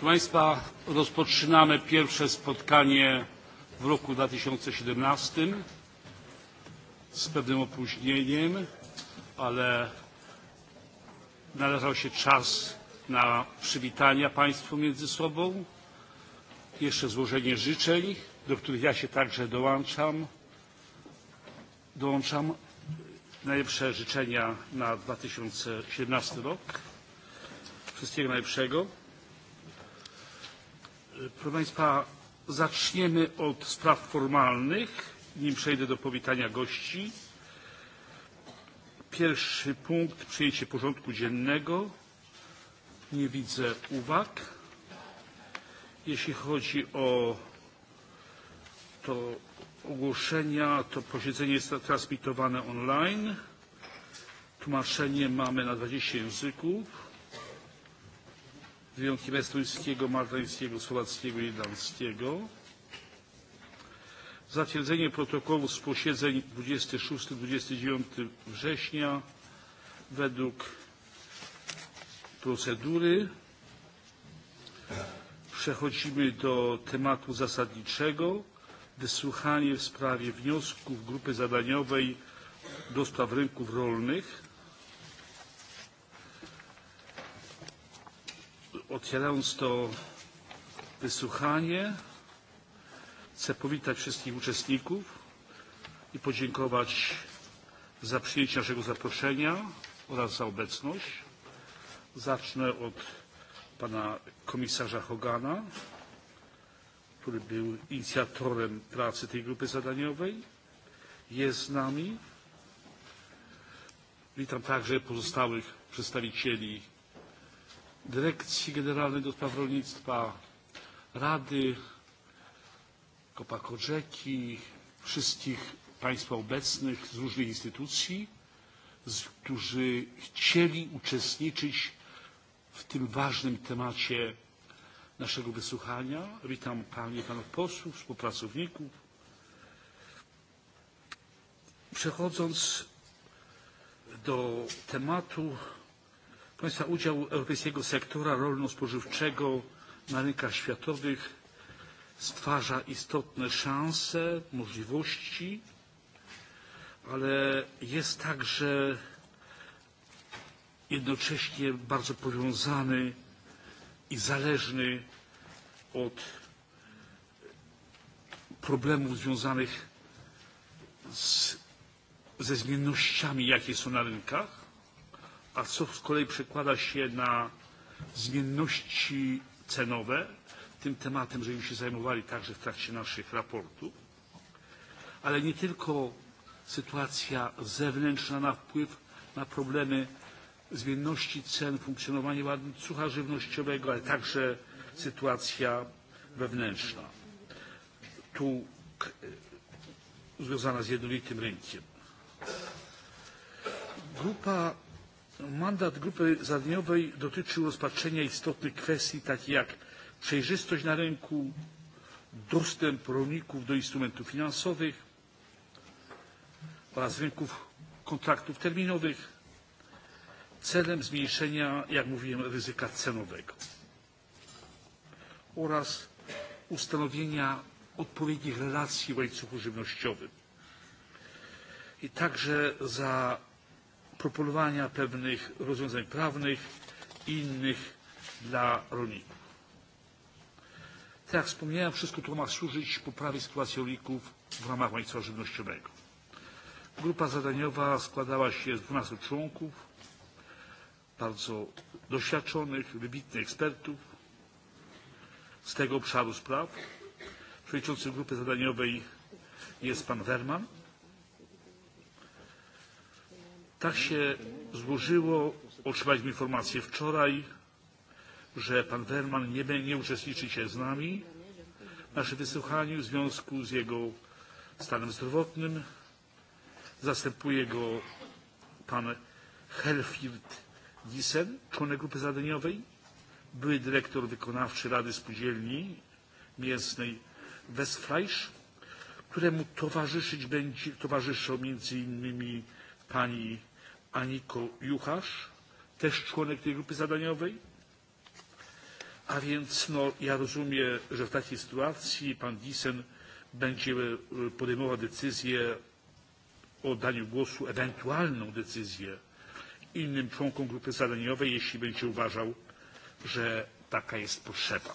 Proszę Państwa, rozpoczynamy pierwsze spotkanie w roku 2017 z pewnym opóźnieniem, ale należał się czas na przywitania Państwu między sobą, jeszcze złożenie życzeń, do których ja się także dołączam. Dołączam najlepsze życzenia na 2017 rok. Wszystkiego najlepszego E, proszę Państwa, zaczniemy od spraw formalnych, nim przejdę do powitania gości. Pierwszy punkt, przyjęcie porządku dziennego. Nie widzę uwag. Jeśli chodzi o to ogłoszenia, to posiedzenie jest transmitowane online. Tłumaczenie mamy na 20 języków wyjątkiem estońskiego, maltańskiego, słowackiego i irlandzkiego. Zatwierdzenie protokołu z posiedzeń 26-29 września według procedury. Przechodzimy do tematu zasadniczego. Wysłuchanie w sprawie wniosków grupy zadaniowej do spraw rynków rolnych otwierając to wysłuchanie, chcę powitać wszystkich uczestników i podziękować za przyjęcie naszego zaproszenia oraz za obecność. Zacznę od pana komisarza Hogana, który był inicjatorem pracy tej grupy zadaniowej. Jest z nami. Witam także pozostałych przedstawicieli Dyrekcji Generalnej do Spraw Rolnictwa, Rady, Kopa Korzeki, wszystkich Państwa obecnych z różnych instytucji, z, którzy chcieli uczestniczyć w tym ważnym temacie naszego wysłuchania. Witam Panie i Panów posłów, współpracowników. Przechodząc do tematu Państwa, udział europejskiego sektora rolno-spożywczego na rynkach światowych stwarza istotne szanse, możliwości, ale jest także jednocześnie bardzo powiązany i zależny od problemów związanych z, ze zmiennościami, jakie są na rynkach a co z kolei przekłada się na zmienności cenowe. Tym tematem żeśmy się zajmowali także w trakcie naszych raportów. Ale nie tylko sytuacja zewnętrzna na wpływ na problemy zmienności cen, funkcjonowanie łańcucha żywnościowego, ale także sytuacja wewnętrzna. Tu e, związana z jednolitym rynkiem. Grupa Mandat grupy zadaniowej dotyczył rozpatrzenia istotnych kwestii takich jak przejrzystość na rynku, dostęp rolników do instrumentów finansowych oraz rynków kontraktów terminowych celem zmniejszenia, jak mówiłem, ryzyka cenowego oraz ustanowienia odpowiednich relacji w łańcuchu żywnościowym. I także za proponowania pewnych rozwiązań prawnych i innych dla rolników. Tak jak wspomniałem, wszystko to ma służyć poprawie sytuacji rolników w ramach łańcucha żywnościowego. Grupa zadaniowa składała się z 12 członków, bardzo doświadczonych, wybitnych ekspertów z tego obszaru spraw. Przewodniczącym grupy zadaniowej jest pan Werman tak się złożyło, otrzymaliśmy informację wczoraj, że pan Werman nie, nie uczestniczy się z nami w naszym wysłuchaniu w związku z jego stanem zdrowotnym. Zastępuje go pan Helfield Dissen, członek grupy zadaniowej, były dyrektor wykonawczy Rady Spółdzielni Mięsnej Westfleisch, któremu towarzyszyć będzie, towarzyszą między innymi pani Aniko Juchasz, też członek tej grupy zadaniowej. A więc no, ja rozumiem, że w takiej sytuacji pan Dissen będzie e, podejmował decyzję o daniu głosu, ewentualną decyzję innym członkom grupy zadaniowej, jeśli będzie uważał, że taka jest potrzeba.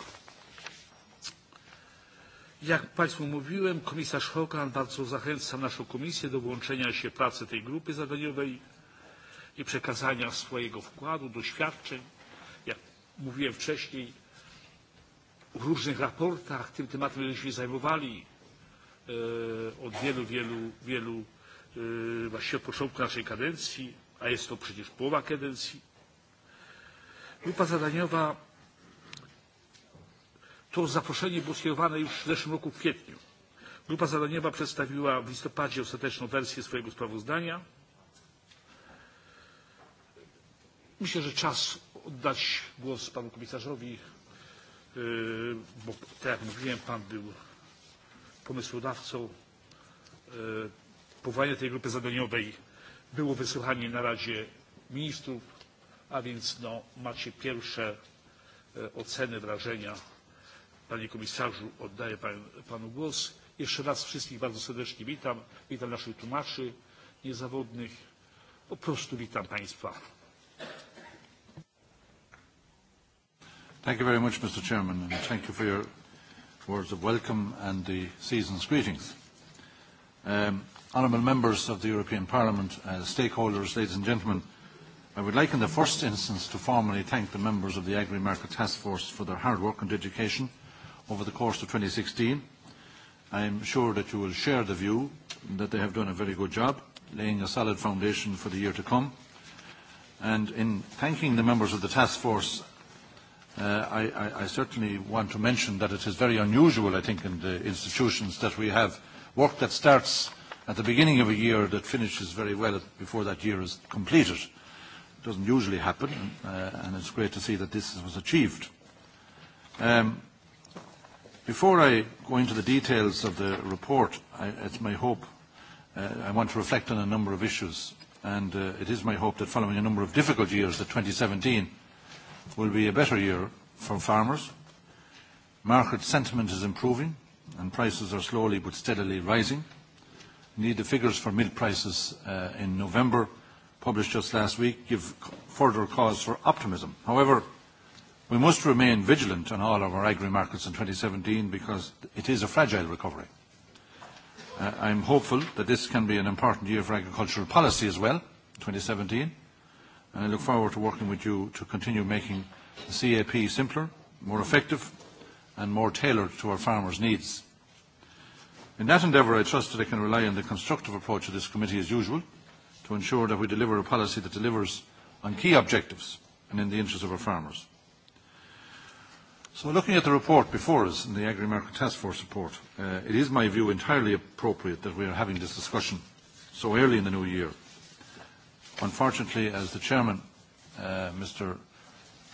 Jak Państwu mówiłem, komisarz Hogan bardzo zachęca naszą komisję do włączenia się pracy tej grupy zadaniowej i przekazania swojego wkładu, doświadczeń. Jak mówiłem wcześniej, w różnych raportach tym tematem się zajmowali e, od wielu, wielu, wielu e, właściwie od początku naszej kadencji, a jest to przecież połowa kadencji. Grupa zadaniowa to zaproszenie było skierowane już w zeszłym roku w kwietniu. Grupa zadaniowa przedstawiła w listopadzie ostateczną wersję swojego sprawozdania Myślę, że czas oddać głos panu komisarzowi, e, bo tak jak mówiłem, pan był pomysłodawcą. E, Powołanie tej grupy zadaniowej było wysłuchanie na Radzie Ministrów, a więc no, macie pierwsze e, oceny, wrażenia. Panie komisarzu, oddaję pan, panu głos. Jeszcze raz wszystkich bardzo serdecznie witam. Witam naszych tłumaczy niezawodnych. Po prostu witam państwa. Thank you very much, Mr. Chairman, and thank you for your words of welcome and the season's greetings. Um, Honourable members of the European Parliament, uh, stakeholders, ladies and gentlemen, I would like in the first instance to formally thank the members of the Agri-Market Task Force for their hard work and dedication over the course of 2016. I am sure that you will share the view that they have done a very good job, laying a solid foundation for the year to come. And in thanking the members of the task force, Uh, I, I certainly want to mention that it is very unusual, I think, in the institutions that we have work that starts at the beginning of a year that finishes very well before that year is completed. It doesn't usually happen, uh, and it's great to see that this was achieved. Um, before I go into the details of the report, I, it's my hope, uh, I want to reflect on a number of issues, and uh, it is my hope that following a number of difficult years, that 2017 will be a better year for farmers. Market sentiment is improving and prices are slowly but steadily rising. Indeed, the figures for milk prices uh, in November published just last week give further cause for optimism. However, we must remain vigilant on all of our agri markets in 2017 because it is a fragile recovery. Uh, I'm hopeful that this can be an important year for agricultural policy as well, 2017, And I look forward to working with you to continue making the CAP simpler, more effective and more tailored to our farmers' needs. In that endeavour, I trust that I can rely on the constructive approach of this committee as usual to ensure that we deliver a policy that delivers on key objectives and in the interests of our farmers. So looking at the report before us in the Agri-Market Task Force report, uh, it is my view entirely appropriate that we are having this discussion so early in the new year Unfortunately, as the chairman, uh, Mr.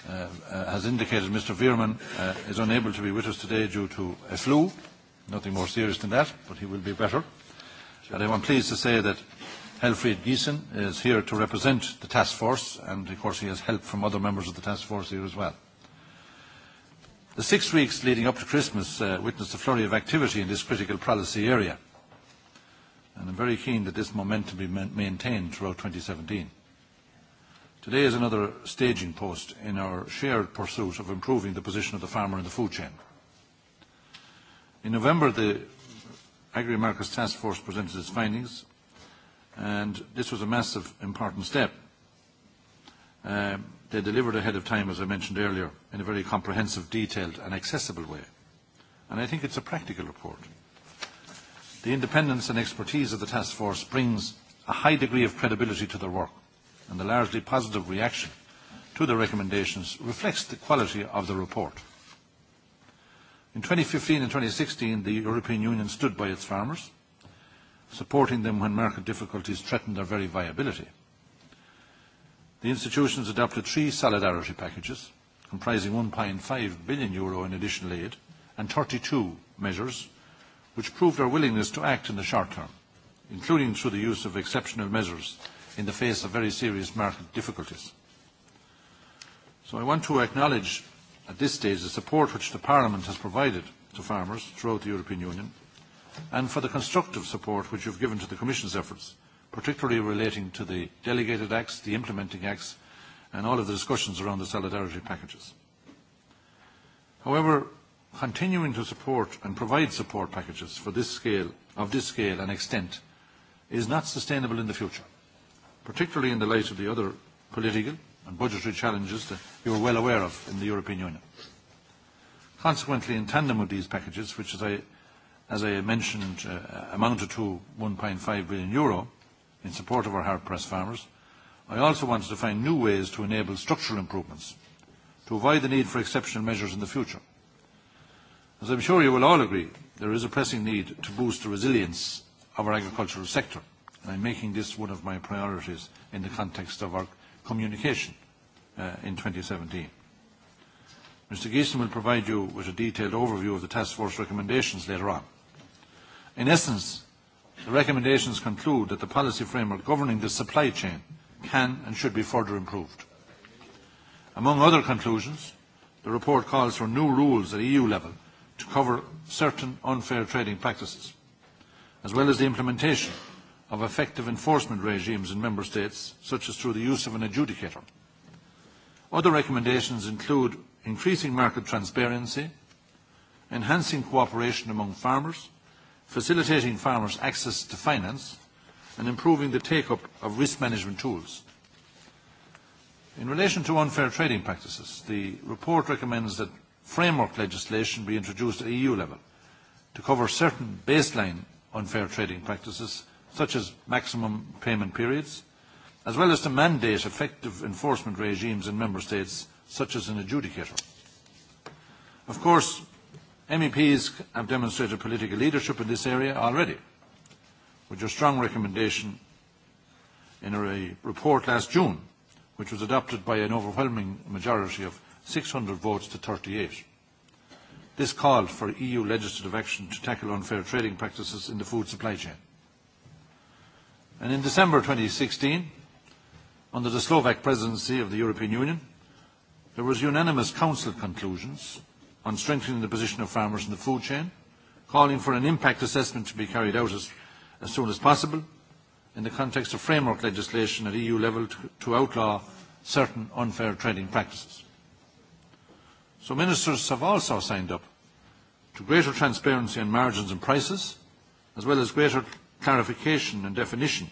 Uh, uh, has indicated, Mr. Veerman uh, is unable to be with us today due to a flu. Nothing more serious than that, but he will be better. And I am pleased to say that Helfried Giesen is here to represent the task force, and of course he has help from other members of the task force here as well. The six weeks leading up to Christmas uh, witnessed a flurry of activity in this critical policy area and I'm very keen that this momentum be maintained throughout 2017. Today is another staging post in our shared pursuit of improving the position of the farmer in the food chain. In November, the Agri-Markets Task Force presented its findings, and this was a massive important step. Um, they delivered ahead of time, as I mentioned earlier, in a very comprehensive, detailed and accessible way. And I think it's a practical report. The independence and expertise of the task force brings a high degree of credibility to their work, and the largely positive reaction to the recommendations reflects the quality of the report. In 2015 and 2016, the European Union stood by its farmers, supporting them when market difficulties threatened their very viability. The institutions adopted three solidarity packages, comprising 1.5 billion euro in additional aid, and 32 measures which proved our willingness to act in the short term, including through the use of exceptional measures in the face of very serious market difficulties. So I want to acknowledge at this stage the support which the Parliament has provided to farmers throughout the European Union and for the constructive support which you've given to the Commission's efforts, particularly relating to the delegated acts, the implementing acts and all of the discussions around the solidarity packages. However, continuing to support and provide support packages for this scale, of this scale and extent is not sustainable in the future, particularly in the light of the other political and budgetary challenges that you are well aware of in the European Union. Consequently, in tandem with these packages, which as I, as I mentioned uh, amounted to 1.5 billion euro in support of our hard-pressed farmers, I also wanted to find new ways to enable structural improvements to avoid the need for exceptional measures in the future As I'm sure you will all agree, there is a pressing need to boost the resilience of our agricultural sector, and I'm making this one of my priorities in the context of our communication uh, in 2017. Mr Geeson will provide you with a detailed overview of the task force recommendations later on. In essence, the recommendations conclude that the policy framework governing the supply chain can and should be further improved. Among other conclusions, the report calls for new rules at EU level to cover certain unfair trading practices, as well as the implementation of effective enforcement regimes in Member States, such as through the use of an adjudicator. Other recommendations include increasing market transparency, enhancing cooperation among farmers, facilitating farmers' access to finance, and improving the take-up of risk management tools. In relation to unfair trading practices, the report recommends that framework legislation be introduced at EU level to cover certain baseline unfair trading practices, such as maximum payment periods, as well as to mandate effective enforcement regimes in Member States, such as an adjudicator. Of course, MEPs have demonstrated political leadership in this area already, with your strong recommendation in a report last June, which was adopted by an overwhelming majority of 600 votes to 38. This called for EU legislative action to tackle unfair trading practices in the food supply chain. And in December 2016, under the Slovak presidency of the European Union, there was unanimous Council conclusions on strengthening the position of farmers in the food chain, calling for an impact assessment to be carried out as, as soon as possible in the context of framework legislation at EU level to, to outlaw certain unfair trading practices. So ministers have also signed up to greater transparency on margins and prices, as well as greater clarification and definition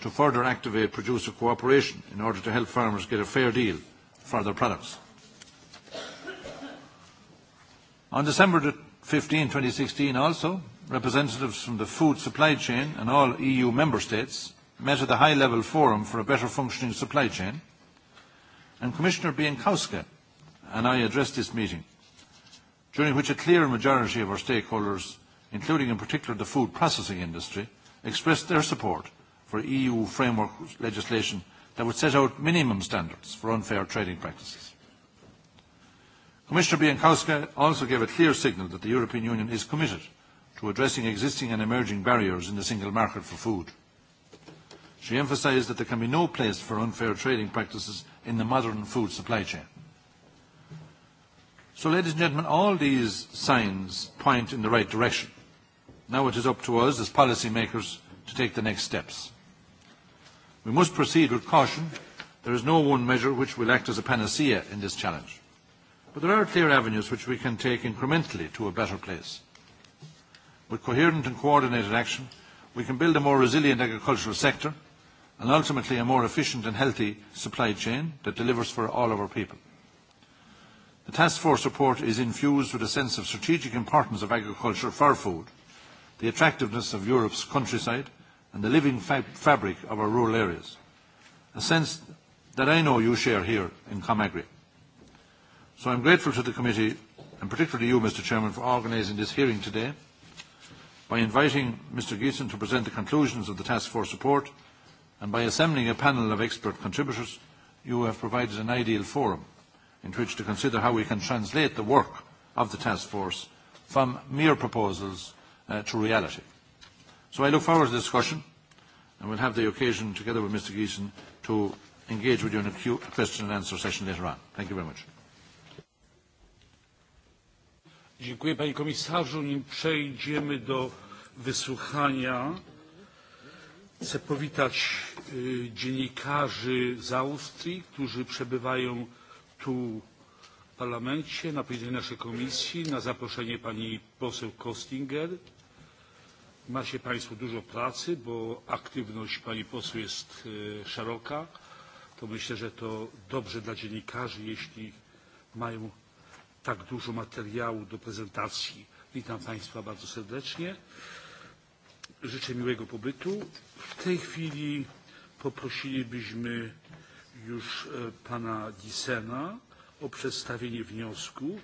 to further activate producer cooperation in order to help farmers get a fair deal for their products. On December 15, 2016 also, representatives from the food supply chain and all EU member states met at the high-level forum for a better functioning supply chain, and Commissioner Bienkowska and I addressed this meeting, during which a clear majority of our stakeholders, including in particular the food processing industry, expressed their support for EU framework legislation that would set out minimum standards for unfair trading practices. Commissioner Biankowska also gave a clear signal that the European Union is committed to addressing existing and emerging barriers in the single market for food. She emphasised that there can be no place for unfair trading practices in the modern food supply chain. So, ladies and gentlemen, all these signs point in the right direction. Now it is up to us as policymakers to take the next steps. We must proceed with caution. There is no one measure which will act as a panacea in this challenge. But there are clear avenues which we can take incrementally to a better place. With coherent and coordinated action, we can build a more resilient agricultural sector and ultimately a more efficient and healthy supply chain that delivers for all of our people. The task force report is infused with a sense of strategic importance of agriculture for food, the attractiveness of Europe's countryside, and the living fa fabric of our rural areas, a sense that I know you share here in ComAgri. So I'm grateful to the committee, and particularly you, Mr Chairman, for organising this hearing today by inviting Mr Gieson to present the conclusions of the task force report and by assembling a panel of expert contributors, you have provided an ideal forum in which to consider how we can translate the work of the task force from mere proposals uh, to reality. So I look forward to the discussion and we'll have the occasion together with Mr Geeson to engage with you in a question and answer session later on. Thank you very much. Dziękuję panie komisarzu. Nim przejdziemy do wysłuchania, chcę powitać y, dziennikarzy z Austrii, którzy przebywają tu w parlamencie, na posiedzeniu naszej komisji, na zaproszenie pani poseł Kostinger. Macie Państwo dużo pracy, bo aktywność pani poseł jest e, szeroka. To myślę, że to dobrze dla dziennikarzy, jeśli mają tak dużo materiału do prezentacji. Witam Państwa bardzo serdecznie. Życzę miłego pobytu. W tej chwili poprosilibyśmy już e, pana Dissena o przedstawienie wniosku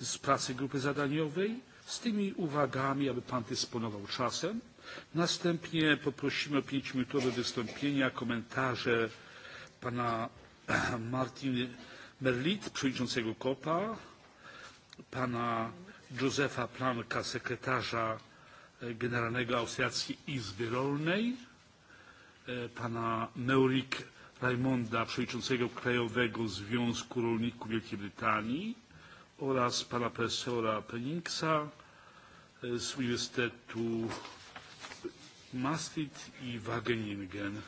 z pracy grupy zadaniowej z tymi uwagami, aby pan dysponował czasem. Następnie poprosimy o pięciominutowe wystąpienia, komentarze pana Martin Merlit, przewodniczącego COPA, pana Józefa Planka, sekretarza e, generalnego Austriackiej Izby Rolnej, e, pana Meurik Raymonda, przewodniczącego Krajowego Związku Rolników Wielkiej Brytanii oraz pana profesora Penningsa z Uniwersytetu Maastricht i Wageningen.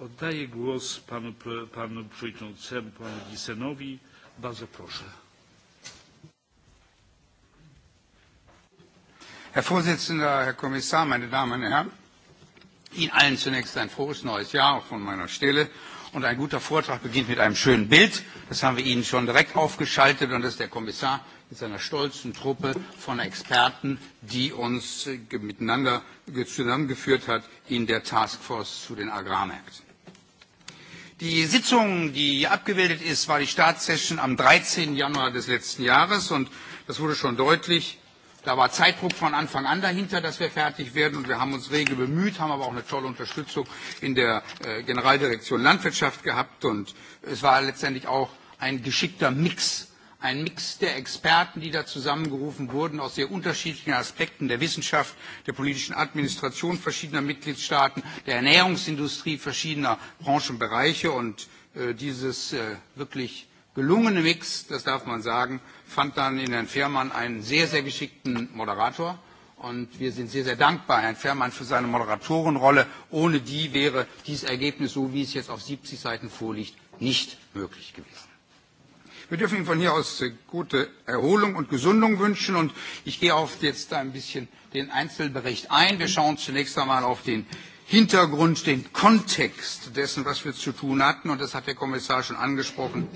Oddaję głos panu, panu przewodniczącemu, panu Gisenowi. Bardzo proszę. Herr Vorsitzender, Herr Kommissar, meine Damen und Herren! Ihnen allen zunächst ein frohes neues Jahr auch von meiner Stelle. Und ein guter Vortrag beginnt mit einem schönen Bild. Das haben wir Ihnen schon direkt aufgeschaltet. Und das ist der Kommissar mit seiner stolzen Truppe von Experten, die uns äh, miteinander zusammengeführt hat in der Taskforce zu den Agrarmärkten. Die Sitzung, die abgebildet ist, war die Startsession am 13. Januar des letzten Jahres. Und das wurde schon deutlich Da war Zeitdruck von Anfang an dahinter, dass wir fertig werden und wir haben uns rege bemüht, haben aber auch eine tolle Unterstützung in der äh, Generaldirektion Landwirtschaft gehabt und es war letztendlich auch ein geschickter Mix ein Mix der Experten, die da zusammengerufen wurden aus sehr unterschiedlichen Aspekten der Wissenschaft, der politischen Administration verschiedener Mitgliedstaaten, der Ernährungsindustrie verschiedener Branchenbereiche und äh, dieses äh, wirklich gelungene Mix, das darf man sagen, fand dann in Herrn Fährmann einen sehr, sehr geschickten Moderator. Und wir sind sehr, sehr dankbar Herrn Fährmann für seine Moderatorenrolle. Ohne die wäre dieses Ergebnis, so wie es jetzt auf 70 Seiten vorliegt, nicht möglich gewesen. Wir dürfen ihm von hier aus äh, gute Erholung und Gesundung wünschen. Und ich gehe auf jetzt ein bisschen den Einzelbericht ein. Wir schauen zunächst einmal auf den Hintergrund, den Kontext dessen, was wir zu tun hatten. Und das hat der Kommissar schon angesprochen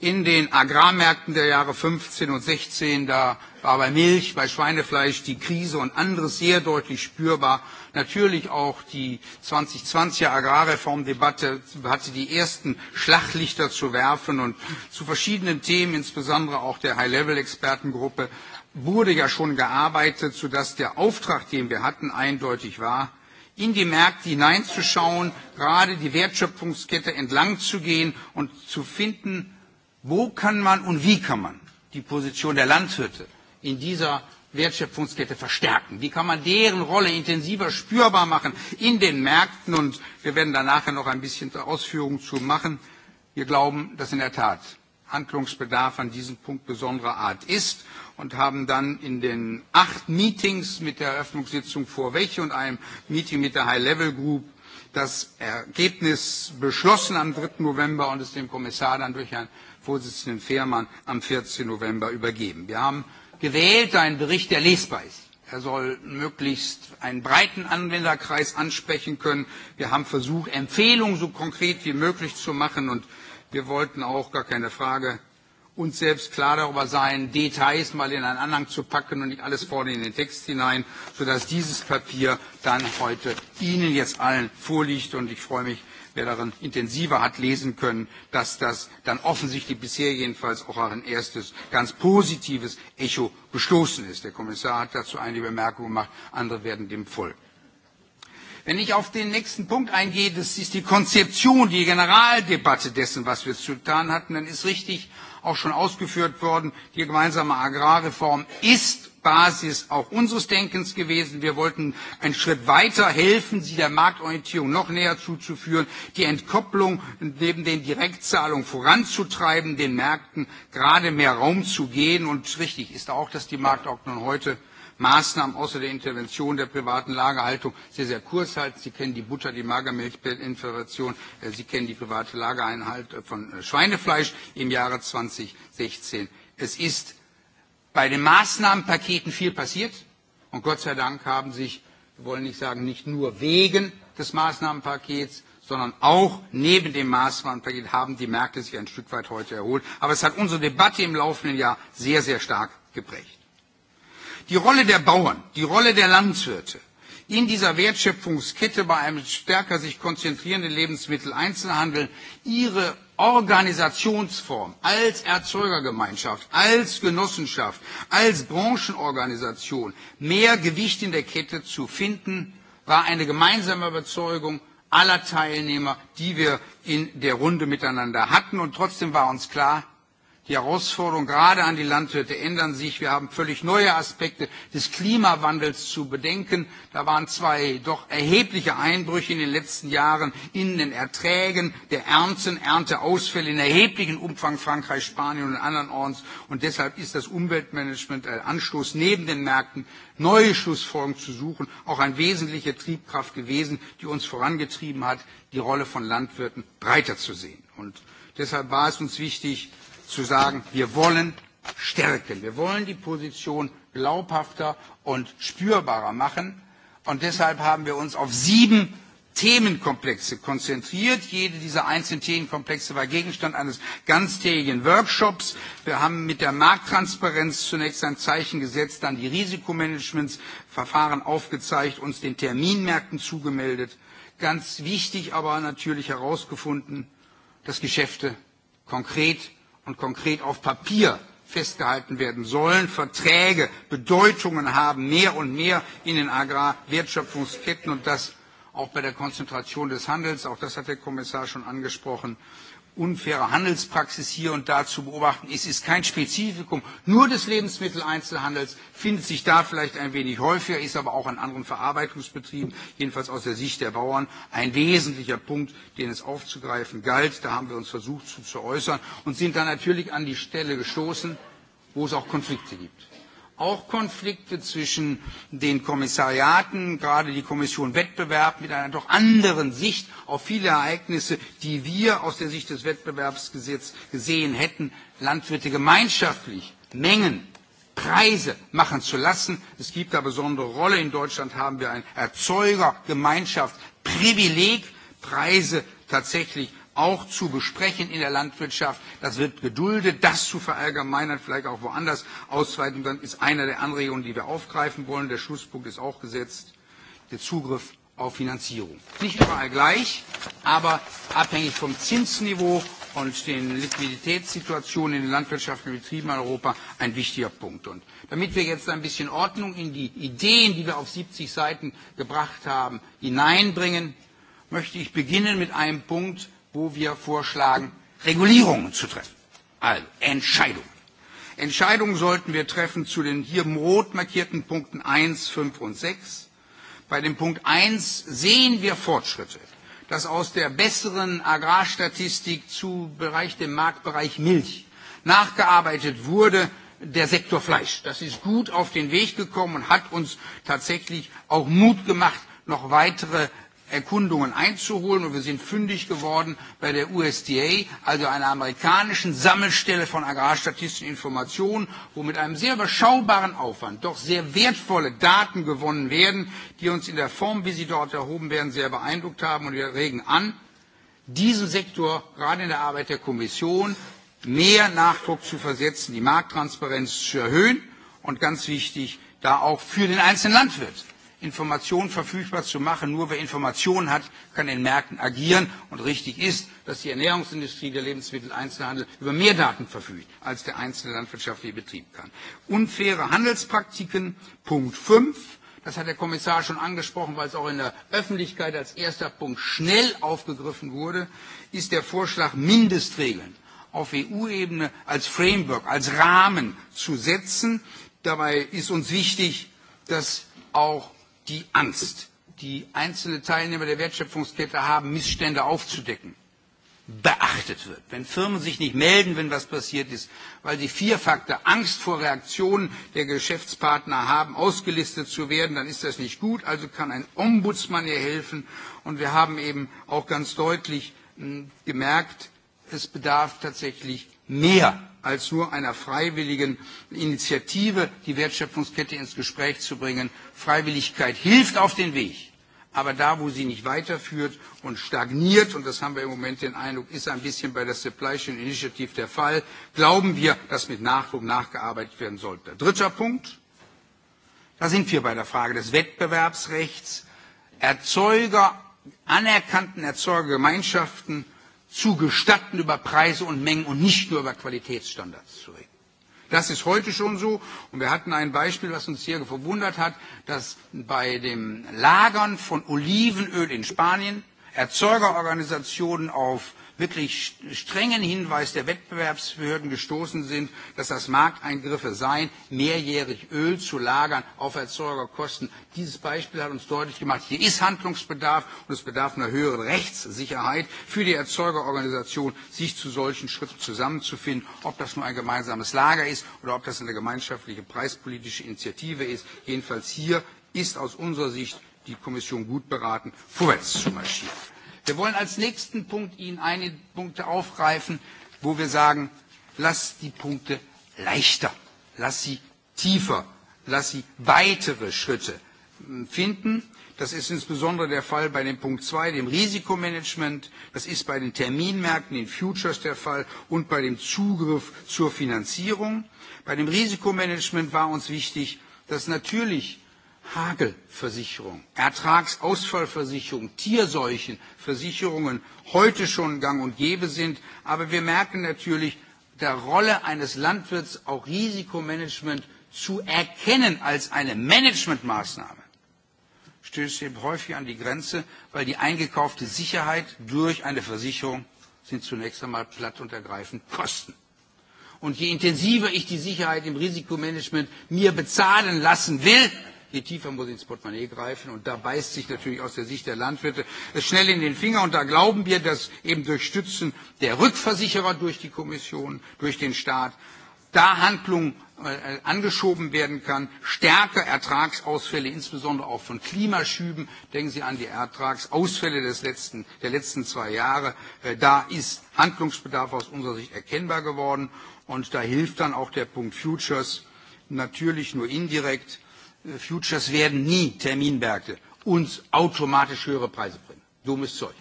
in den Agrarmärkten der Jahre 15 und 16, da war bei Milch, bei Schweinefleisch die Krise und anderes sehr deutlich spürbar. Natürlich auch die 2020er Agrarreformdebatte hatte die ersten Schlachtlichter zu werfen und zu verschiedenen Themen, insbesondere auch der High-Level-Expertengruppe, wurde ja schon gearbeitet, sodass der Auftrag, den wir hatten, eindeutig war, in die Märkte hineinzuschauen, gerade die Wertschöpfungskette entlang zu gehen und zu finden, Wo kann man und wie kann man die Position der Landwirte in dieser Wertschöpfungskette verstärken? Wie kann man deren Rolle intensiver spürbar machen in den Märkten? Und wir werden da nachher noch ein bisschen Ausführungen zu machen. Wir glauben, dass in der Tat Handlungsbedarf an diesem Punkt besonderer Art ist und haben dann in den acht Meetings mit der Eröffnungssitzung vor welche und einem Meeting mit der High-Level-Group das Ergebnis beschlossen am 3. November und es dem Kommissar dann durch ein Vorsitzenden Fehrmann am 14. November übergeben. Wir haben gewählt einen Bericht, der lesbar ist. Er soll möglichst einen breiten Anwenderkreis ansprechen können. Wir haben versucht, Empfehlungen so konkret wie möglich zu machen und wir wollten auch gar keine Frage uns selbst klar darüber sein, Details mal in einen Anhang zu packen und nicht alles vorne in den Text hinein, sodass dieses Papier dann heute Ihnen jetzt allen vorliegt. Und ich freue mich, wer darin intensiver hat lesen können, dass das dann offensichtlich bisher jedenfalls auch ein erstes ganz positives Echo gestoßen ist. Der Kommissar hat dazu einige Bemerkungen gemacht, andere werden dem folgen. Wenn ich auf den nächsten Punkt eingehe, das ist die Konzeption, die Generaldebatte dessen, was wir zu tun hatten, dann ist richtig auch schon ausgeführt worden, die gemeinsame Agrarreform ist Basis auch unseres Denkens gewesen. Wir wollten einen Schritt weiter helfen, sie der Marktorientierung noch näher zuzuführen, die Entkopplung neben den Direktzahlungen voranzutreiben, den Märkten gerade mehr Raum zu geben. Und richtig ist auch, dass die Marktordnung heute Maßnahmen außer der Intervention der privaten Lagerhaltung sehr, sehr kurz halten. Sie kennen die Butter, die Magermilchinflation, äh, Sie kennen die private Lagereinhalt von äh, Schweinefleisch im Jahre 2016. Es ist bei den Maßnahmenpaketen viel passiert. Und Gott sei Dank haben sich, wir wollen nicht sagen, nicht nur wegen des Maßnahmenpakets, sondern auch neben dem Maßnahmenpaket haben die Märkte sich ein Stück weit heute erholt. Aber es hat unsere Debatte im laufenden Jahr sehr, sehr stark geprägt. Die Rolle der Bauern, die Rolle der Landwirte, in dieser Wertschöpfungskette bei einem stärker sich konzentrierenden Lebensmitteleinzelhandel ihre Organisationsform als Erzeugergemeinschaft, als Genossenschaft, als Branchenorganisation mehr Gewicht in der Kette zu finden, war eine gemeinsame Überzeugung aller Teilnehmer, die wir in der Runde miteinander hatten. Und trotzdem war uns klar, Die Herausforderungen gerade an die Landwirte ändern sich. Wir haben völlig neue Aspekte des Klimawandels zu bedenken. Da waren zwei doch erhebliche Einbrüche in den letzten Jahren in den Erträgen der Ernten, Ernteausfälle in erheblichem Umfang Frankreich, Spanien und anderen Orten. Und deshalb ist das Umweltmanagement ein Anstoß neben den Märkten neue Schlussfolgerungen zu suchen, auch eine wesentliche Triebkraft gewesen, die uns vorangetrieben hat, die Rolle von Landwirten breiter zu sehen. Und deshalb war es uns wichtig, zu sagen, wir wollen stärken. Wir wollen die Position glaubhafter und spürbarer machen. Und deshalb haben wir uns auf sieben Themenkomplexe konzentriert. Jede dieser einzelnen Themenkomplexe war Gegenstand eines ganztägigen Workshops. Wir haben mit der Markttransparenz zunächst ein Zeichen gesetzt, dann die Risikomanagementsverfahren aufgezeigt, uns den Terminmärkten zugemeldet. Ganz wichtig aber natürlich herausgefunden, dass Geschäfte konkret und konkret auf Papier festgehalten werden sollen. Verträge Bedeutungen haben mehr und mehr in den Agrarwertschöpfungsketten und das auch bei der Konzentration des Handels. Auch das hat der Kommissar schon angesprochen unfaire Handelspraxis hier und da zu beobachten ist, ist kein Spezifikum nur des Lebensmitteleinzelhandels, findet sich da vielleicht ein wenig häufiger, ist aber auch an anderen Verarbeitungsbetrieben, jedenfalls aus der Sicht der Bauern, ein wesentlicher Punkt, den es aufzugreifen galt. Da haben wir uns versucht zu, zu äußern und sind dann natürlich an die Stelle gestoßen, wo es auch Konflikte gibt auch Konflikte zwischen den Kommissariaten, gerade die Kommission Wettbewerb mit einer doch anderen Sicht auf viele Ereignisse, die wir aus der Sicht des Wettbewerbsgesetzes gesehen hätten, Landwirte gemeinschaftlich Mengen Preise machen zu lassen. Es gibt da besondere Rolle. In Deutschland haben wir ein Erzeugergemeinschaftsprivileg, Preise tatsächlich auch zu besprechen in der Landwirtschaft. Das wird geduldet. Das zu verallgemeinern, vielleicht auch woanders ausweiten können, ist einer der Anregungen, die wir aufgreifen wollen. Der Schlusspunkt ist auch gesetzt. Der Zugriff auf Finanzierung. Nicht überall gleich, aber abhängig vom Zinsniveau und den Liquiditätssituationen in den landwirtschaftlichen Betrieben in Europa ein wichtiger Punkt. Und damit wir jetzt ein bisschen Ordnung in die Ideen, die wir auf 70 Seiten gebracht haben, hineinbringen, möchte ich beginnen mit einem Punkt, wo wir vorschlagen, Regulierungen zu treffen. Also Entscheidungen. Entscheidungen sollten wir treffen zu den hier rot markierten Punkten 1, 5 und 6. Bei dem Punkt 1 sehen wir Fortschritte, dass aus der besseren Agrarstatistik zu Bereich, dem Marktbereich Milch nachgearbeitet wurde, der Sektor Fleisch. Das ist gut auf den Weg gekommen und hat uns tatsächlich auch Mut gemacht, noch weitere Erkundungen einzuholen und wir sind fündig geworden bei der USDA, also einer amerikanischen Sammelstelle von agrarstatistischen Informationen, wo mit einem sehr überschaubaren Aufwand doch sehr wertvolle Daten gewonnen werden, die uns in der Form, wie sie dort erhoben werden, sehr beeindruckt haben und wir regen an, diesem Sektor gerade in der Arbeit der Kommission mehr Nachdruck zu versetzen, die Markttransparenz zu erhöhen und ganz wichtig, da auch für den einzelnen Landwirt Informationen verfügbar zu machen. Nur wer Informationen hat, kann in Märkten agieren. Und richtig ist, dass die Ernährungsindustrie, der Lebensmitteleinzelhandel über mehr Daten verfügt, als der einzelne landwirtschaftliche Betrieb kann. Unfaire Handelspraktiken, Punkt 5. Das hat der Kommissar schon angesprochen, weil es auch in der Öffentlichkeit als erster Punkt schnell aufgegriffen wurde, ist der Vorschlag, Mindestregeln auf EU-Ebene als Framework, als Rahmen zu setzen. Dabei ist uns wichtig, dass auch die Angst, die einzelne Teilnehmer der Wertschöpfungskette haben, Missstände aufzudecken, beachtet wird. Wenn Firmen sich nicht melden, wenn was passiert ist, weil sie vier Faktor Angst vor Reaktionen der Geschäftspartner haben, ausgelistet zu werden, dann ist das nicht gut. Also kann ein Ombudsmann hier helfen. Und wir haben eben auch ganz deutlich hm, gemerkt, es bedarf tatsächlich mehr als nur einer freiwilligen Initiative, die Wertschöpfungskette ins Gespräch zu bringen. Freiwilligkeit hilft auf den Weg. Aber da, wo sie nicht weiterführt und stagniert, und das haben wir im Moment den Eindruck, ist ein bisschen bei der Supply Chain Initiative der Fall, glauben wir, dass mit Nachdruck nachgearbeitet werden sollte. Dritter Punkt. Da sind wir bei der Frage des Wettbewerbsrechts. Erzeuger, anerkannten Erzeugergemeinschaften zu gestatten, über Preise und Mengen und nicht nur über Qualitätsstandards zu reden. Das ist heute schon so. Und wir hatten ein Beispiel, was uns hier verwundert hat, dass bei dem Lagern von Olivenöl in Spanien Erzeugerorganisationen auf wirklich strengen Hinweis der Wettbewerbsbehörden gestoßen sind, dass das Markteingriffe seien, mehrjährig Öl zu lagern auf Erzeugerkosten. Dieses Beispiel hat uns deutlich gemacht, hier ist Handlungsbedarf und es bedarf einer höheren Rechtssicherheit für die Erzeugerorganisation, sich zu solchen Schritten zusammenzufinden, ob das nur ein gemeinsames Lager ist oder ob das eine gemeinschaftliche preispolitische Initiative ist. Jedenfalls hier ist aus unserer Sicht die Kommission gut beraten, vorwärts zu marschieren. Wir wollen als nächsten Punkt Ihnen einige Punkte aufgreifen, wo wir sagen, lass die Punkte leichter, lass sie tiefer, lass sie weitere Schritte hm, finden. Das ist insbesondere der Fall bei dem Punkt 2, dem Risikomanagement. Das ist bei den Terminmärkten, den Futures der Fall und bei dem Zugriff zur Finanzierung. Bei dem Risikomanagement war uns wichtig, dass natürlich Hagelversicherung, Ertragsausfallversicherung, Tierseuchenversicherungen heute schon gang und gäbe sind. Aber wir merken natürlich, der Rolle eines Landwirts auch Risikomanagement zu erkennen als eine Managementmaßnahme stößt eben häufig an die Grenze, weil die eingekaufte Sicherheit durch eine Versicherung sind zunächst einmal platt und ergreifend Kosten. Und je intensiver ich die Sicherheit im Risikomanagement mir bezahlen lassen will, je tiefer muss ins Portemonnaie greifen. Und da beißt sich natürlich aus der Sicht der Landwirte es schnell in den Finger. Und da glauben wir, dass eben durch Stützen der Rückversicherer durch die Kommission, durch den Staat, da Handlung äh, angeschoben werden kann, stärker Ertragsausfälle, insbesondere auch von Klimaschüben, denken Sie an die Ertragsausfälle des letzten, der letzten zwei Jahre, äh, da ist Handlungsbedarf aus unserer Sicht erkennbar geworden und da hilft dann auch der Punkt Futures natürlich nur indirekt, Futures werden nie Terminmärkte uns automatisch höhere Preise bringen. Dummes Zeug.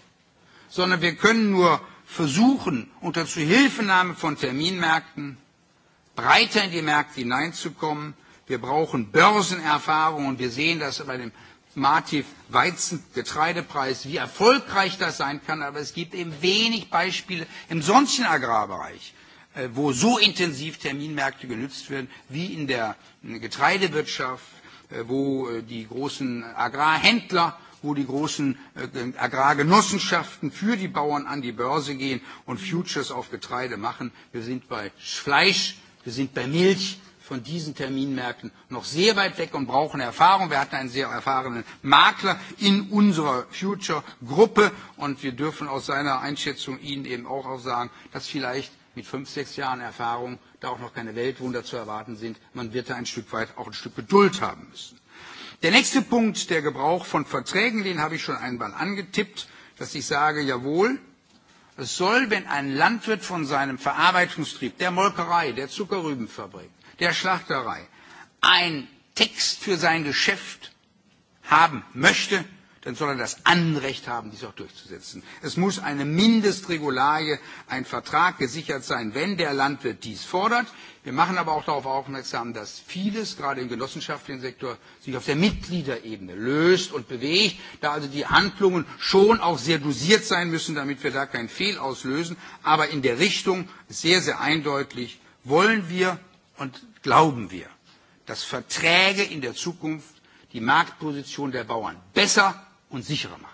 Sondern wir können nur versuchen, unter Zuhilfenahme von Terminmärkten breiter in die Märkte hineinzukommen. Wir brauchen Börsenerfahrung und wir sehen das bei dem Mativ Weizen Getreidepreis, wie erfolgreich das sein kann, aber es gibt eben wenig Beispiele im sonstigen Agrarbereich, äh, wo so intensiv Terminmärkte genützt werden wie in der äh, Getreidewirtschaft, Äh, wo äh, die großen Agrarhändler wo die großen äh, Agrargenossenschaften für die Bauern an die Börse gehen und Futures auf Getreide machen. Wir sind bei Fleisch, wir sind bei Milch von diesen Terminmärkten noch sehr weit weg und brauchen Erfahrung. Wir hatten einen sehr erfahrenen Makler in unserer Future-Gruppe und wir dürfen aus seiner Einschätzung Ihnen eben auch, auch sagen, dass vielleicht mit fünf, sechs Jahren Erfahrung da auch noch keine Weltwunder zu erwarten sind. Man wird da ein Stück weit auch ein Stück Geduld haben müssen. Der nächste Punkt, der Gebrauch von Verträgen, den habe ich schon einmal angetippt, dass ich sage, jawohl, es soll, wenn ein Landwirt von seinem Verarbeitungstrieb, der Molkerei, der Zuckerrübenfabrik, der Schlachterei, ein Text für sein Geschäft haben möchte, dann soll er das Anrecht haben, dies auch durchzusetzen. Es muss eine Mindestregularie, ein Vertrag gesichert sein, wenn der Landwirt dies fordert. Wir machen aber auch darauf aufmerksam, dass vieles, gerade im genossenschaftlichen Sektor, sich auf der Mitgliederebene löst und bewegt, da also die Handlungen schon auch sehr dosiert sein müssen, damit wir da keinen Fehl auslösen. Aber in der Richtung sehr, sehr eindeutig wollen wir und glauben wir, dass Verträge in der Zukunft die Marktposition der Bauern besser und sicherer machen.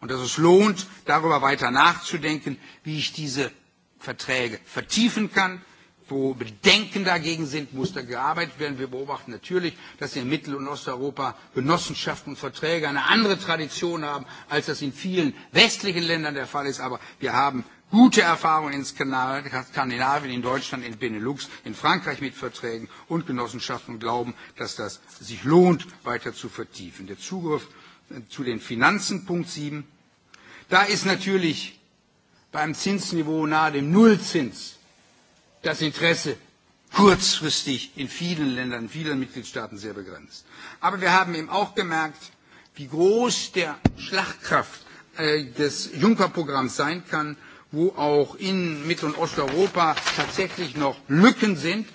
Und dass es lohnt, darüber weiter nachzudenken, wie ich diese Verträge vertiefen kann, wo Bedenken dagegen sind, muss da gearbeitet werden. Wir beobachten natürlich, dass in Mittel- und Osteuropa Genossenschaften und Verträge eine andere Tradition haben, als das in vielen westlichen Ländern der Fall ist. Aber wir haben gute Erfahrungen in Skandinavien, in Deutschland, in Benelux, in Frankreich mit Verträgen und Genossenschaften und glauben, dass das sich lohnt, weiter zu vertiefen. Der Zugriff zu den Finanzen, Punkt 7. Da ist natürlich beim Zinsniveau nahe dem Nullzins das Interesse kurzfristig in vielen Ländern, in vielen Mitgliedstaaten sehr begrenzt. Aber wir haben eben auch gemerkt, wie groß der Schlagkraft äh, des Juncker-Programms sein kann, wo auch in Mittel- und Osteuropa tatsächlich noch Lücken sind,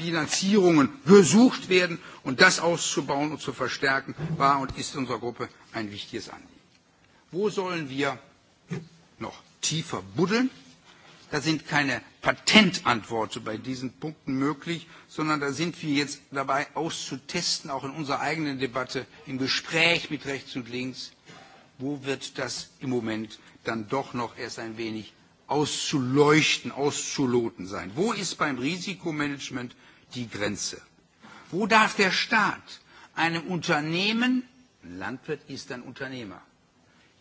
Finanzierungen gesucht werden. Und das auszubauen und zu verstärken war und ist unserer Gruppe ein wichtiges Anliegen. Wo sollen wir noch tiefer buddeln? Da sind keine Patentantworten bei diesen Punkten möglich, sondern da sind wir jetzt dabei auszutesten, auch in unserer eigenen Debatte, im Gespräch mit rechts und links, wo wird das im Moment dann doch noch erst ein wenig auszuleuchten, auszuloten sein. Wo ist beim Risikomanagement die Grenze? Wo darf der Staat einem Unternehmen, ein Landwirt ist ein Unternehmer,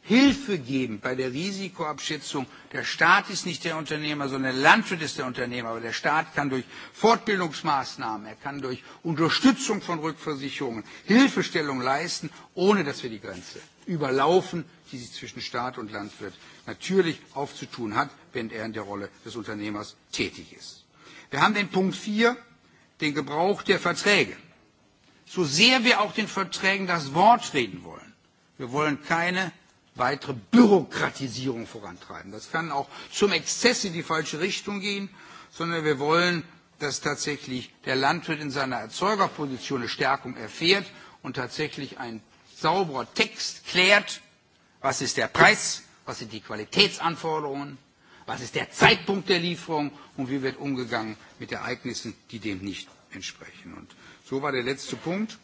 Hilfe geben bei der Risikoabschätzung. Der Staat ist nicht der Unternehmer, sondern der Landwirt ist der Unternehmer. Aber der Staat kann durch Fortbildungsmaßnahmen, er kann durch Unterstützung von Rückversicherungen Hilfestellung leisten, ohne dass wir die Grenze überlaufen, die sich zwischen Staat und Landwirt natürlich aufzutun hat, wenn er in der Rolle des Unternehmers tätig ist. Wir haben den Punkt 4 den Gebrauch der Verträge. So sehr wir auch den Verträgen das Wort reden wollen, wir wollen keine weitere Bürokratisierung vorantreiben. Das kann auch zum Exzess in die falsche Richtung gehen, sondern wir wollen, dass tatsächlich der Landwirt in seiner Erzeugerposition eine Stärkung erfährt und tatsächlich ein sauberer Text klärt, was ist der Preis, was sind die Qualitätsanforderungen, was ist der Zeitpunkt der Lieferung und wie wird umgegangen mit Ereignissen, die dem nicht entsprechen. Und so war der letzte Punkt.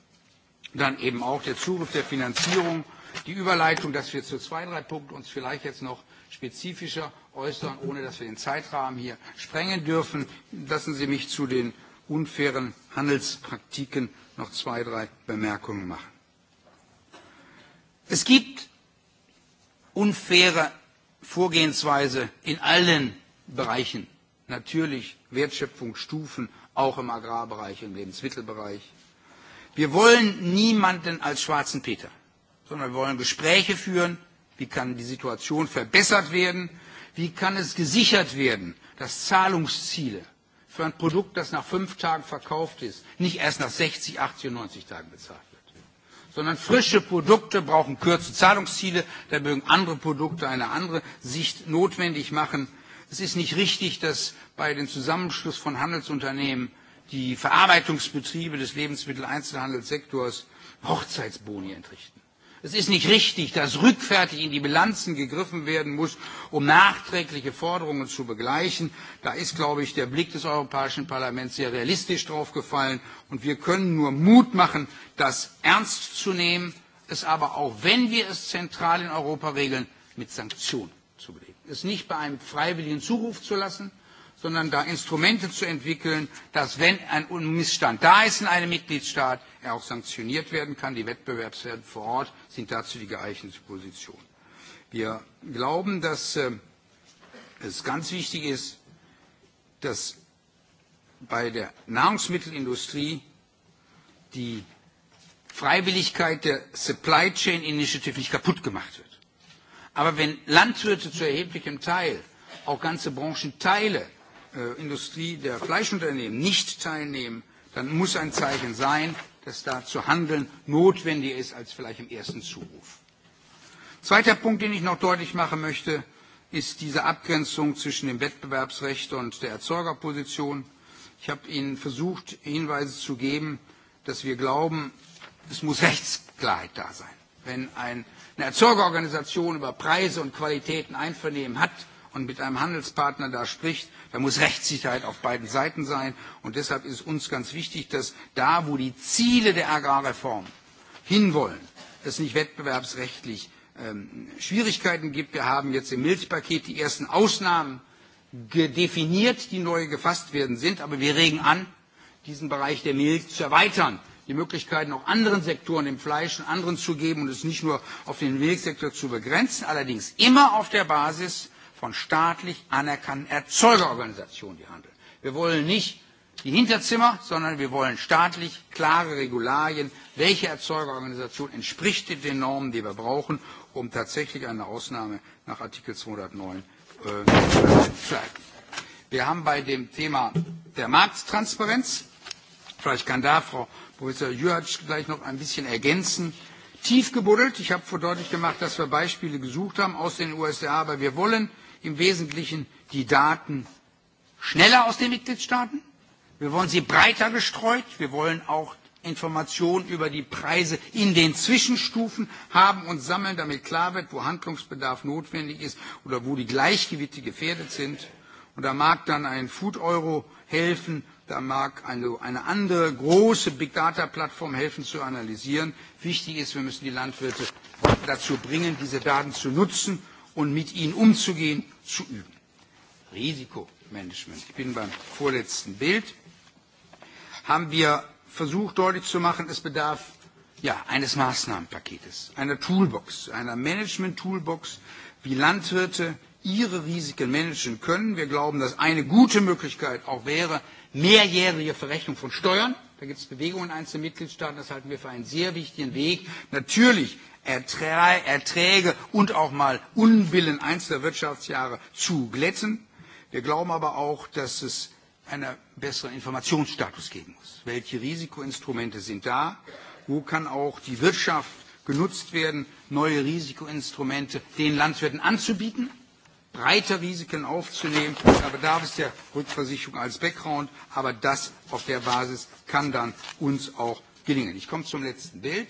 Dann eben auch der Zugriff der Finanzierung, die Überleitung, dass wir zu zwei, drei Punkten uns vielleicht jetzt noch spezifischer äußern, ohne dass wir den Zeitrahmen hier sprengen dürfen. Lassen Sie mich zu den unfairen Handelspraktiken noch zwei, drei Bemerkungen machen. Es gibt unfaire Vorgehensweise in allen Bereichen, natürlich Wertschöpfungsstufen, auch im Agrarbereich, im Lebensmittelbereich. Wir wollen niemanden als schwarzen Peter, sondern wir wollen Gespräche führen, wie kann die Situation verbessert werden, wie kann es gesichert werden, dass Zahlungsziele für ein Produkt, das nach fünf Tagen verkauft ist, nicht erst nach 60, 80 und 90 Tagen bezahlt werden sondern frische Produkte brauchen kürze Zahlungsziele, da mögen andere Produkte eine andere Sicht notwendig machen. Es ist nicht richtig, dass bei dem Zusammenschluss von Handelsunternehmen die Verarbeitungsbetriebe des Lebensmitteleinzelhandelssektors Hochzeitsboni entrichten. Es ist nicht richtig, dass rückfertig in die Bilanzen gegriffen werden muss, um nachträgliche Forderungen zu begleichen. Da ist, glaube ich, der Blick des Europäischen Parlaments sehr realistisch draufgefallen. Und wir können nur Mut machen, das ernst zu nehmen, es aber auch, wenn wir es zentral in Europa regeln, mit Sanktionen zu belegen. Es nicht bei einem freiwilligen Zuruf zu lassen, sondern da Instrumente zu entwickeln, dass wenn ein Missstand da ist in einem Mitgliedstaat, er auch sanktioniert werden kann. Die Wettbewerbsherren vor Ort sind dazu die geeignete Position. Wir glauben, dass äh, es ganz wichtig ist, dass bei der Nahrungsmittelindustrie die Freiwilligkeit der Supply Chain Initiative nicht kaputt gemacht wird. Aber wenn Landwirte zu erheblichem Teil, auch ganze Branchenteile, äh, Industrie der Fleischunternehmen nicht teilnehmen, dann muss ein Zeichen sein, dass da zu handeln notwendiger ist als vielleicht im ersten Zuruf. Zweiter Punkt, den ich noch deutlich machen möchte, ist diese Abgrenzung zwischen dem Wettbewerbsrecht und der Erzeugerposition. Ich habe Ihnen versucht, Hinweise zu geben, dass wir glauben, es muss Rechtsklarheit da sein. Wenn eine Erzeugerorganisation über Preise und Qualitäten Einvernehmen hat und mit einem Handelspartner da spricht, Da muss Rechtssicherheit auf beiden Seiten sein. Und deshalb ist uns ganz wichtig, dass da, wo die Ziele der Agrarreform hinwollen, es nicht wettbewerbsrechtlich ähm, Schwierigkeiten gibt. Wir haben jetzt im Milchpaket die ersten Ausnahmen definiert, die neu gefasst werden sind. Aber wir regen an, diesen Bereich der Milch zu erweitern die Möglichkeiten auch anderen Sektoren im Fleisch und anderen zu geben und es nicht nur auf den Milchsektor zu begrenzen, allerdings immer auf der Basis von staatlich anerkannten Erzeugerorganisationen, die handeln. Wir wollen nicht die Hinterzimmer, sondern wir wollen staatlich klare Regularien, welche Erzeugerorganisation entspricht den Normen, die wir brauchen, um tatsächlich eine Ausnahme nach Artikel 209 äh, zu leiten. Wir haben bei dem Thema der Markttransparenz, vielleicht kann da Frau Professor Jürg gleich noch ein bisschen ergänzen, tief gebuddelt. Ich habe deutlich gemacht, dass wir Beispiele gesucht haben aus den USA, aber wir wollen im Wesentlichen die Daten schneller aus den Mitgliedstaaten. Wir wollen sie breiter gestreut. Wir wollen auch Informationen über die Preise in den Zwischenstufen haben und sammeln, damit klar wird, wo Handlungsbedarf notwendig ist oder wo die Gleichgewichte gefährdet sind. Und da mag dann ein Food Euro helfen Da mag eine, eine andere große Big Data Plattform helfen zu analysieren. Wichtig ist, wir müssen die Landwirte dazu bringen, diese Daten zu nutzen und mit ihnen umzugehen, zu üben. Risikomanagement. Ich bin beim vorletzten Bild. Haben wir versucht deutlich zu machen, es bedarf ja, eines Maßnahmenpaketes, einer Toolbox, einer Management-Toolbox, wie Landwirte ihre Risiken managen können. Wir glauben, dass eine gute Möglichkeit auch wäre, mehrjährige Verrechnung von Steuern. Da gibt es Bewegungen in einzelnen Mitgliedstaaten. Das halten wir für einen sehr wichtigen Weg. Natürlich Erträge und auch mal Unwillen einzelner Wirtschaftsjahre zu glätten. Wir glauben aber auch, dass es einen besseren Informationsstatus geben muss. Welche Risikoinstrumente sind da? Wo kann auch die Wirtschaft genutzt werden, neue Risikoinstrumente den Landwirten anzubieten? breiter Risiken aufzunehmen. Da bedarf es der Rückversicherung als Background, aber das auf der Basis kann dann uns auch gelingen. Ich komme zum letzten Bild.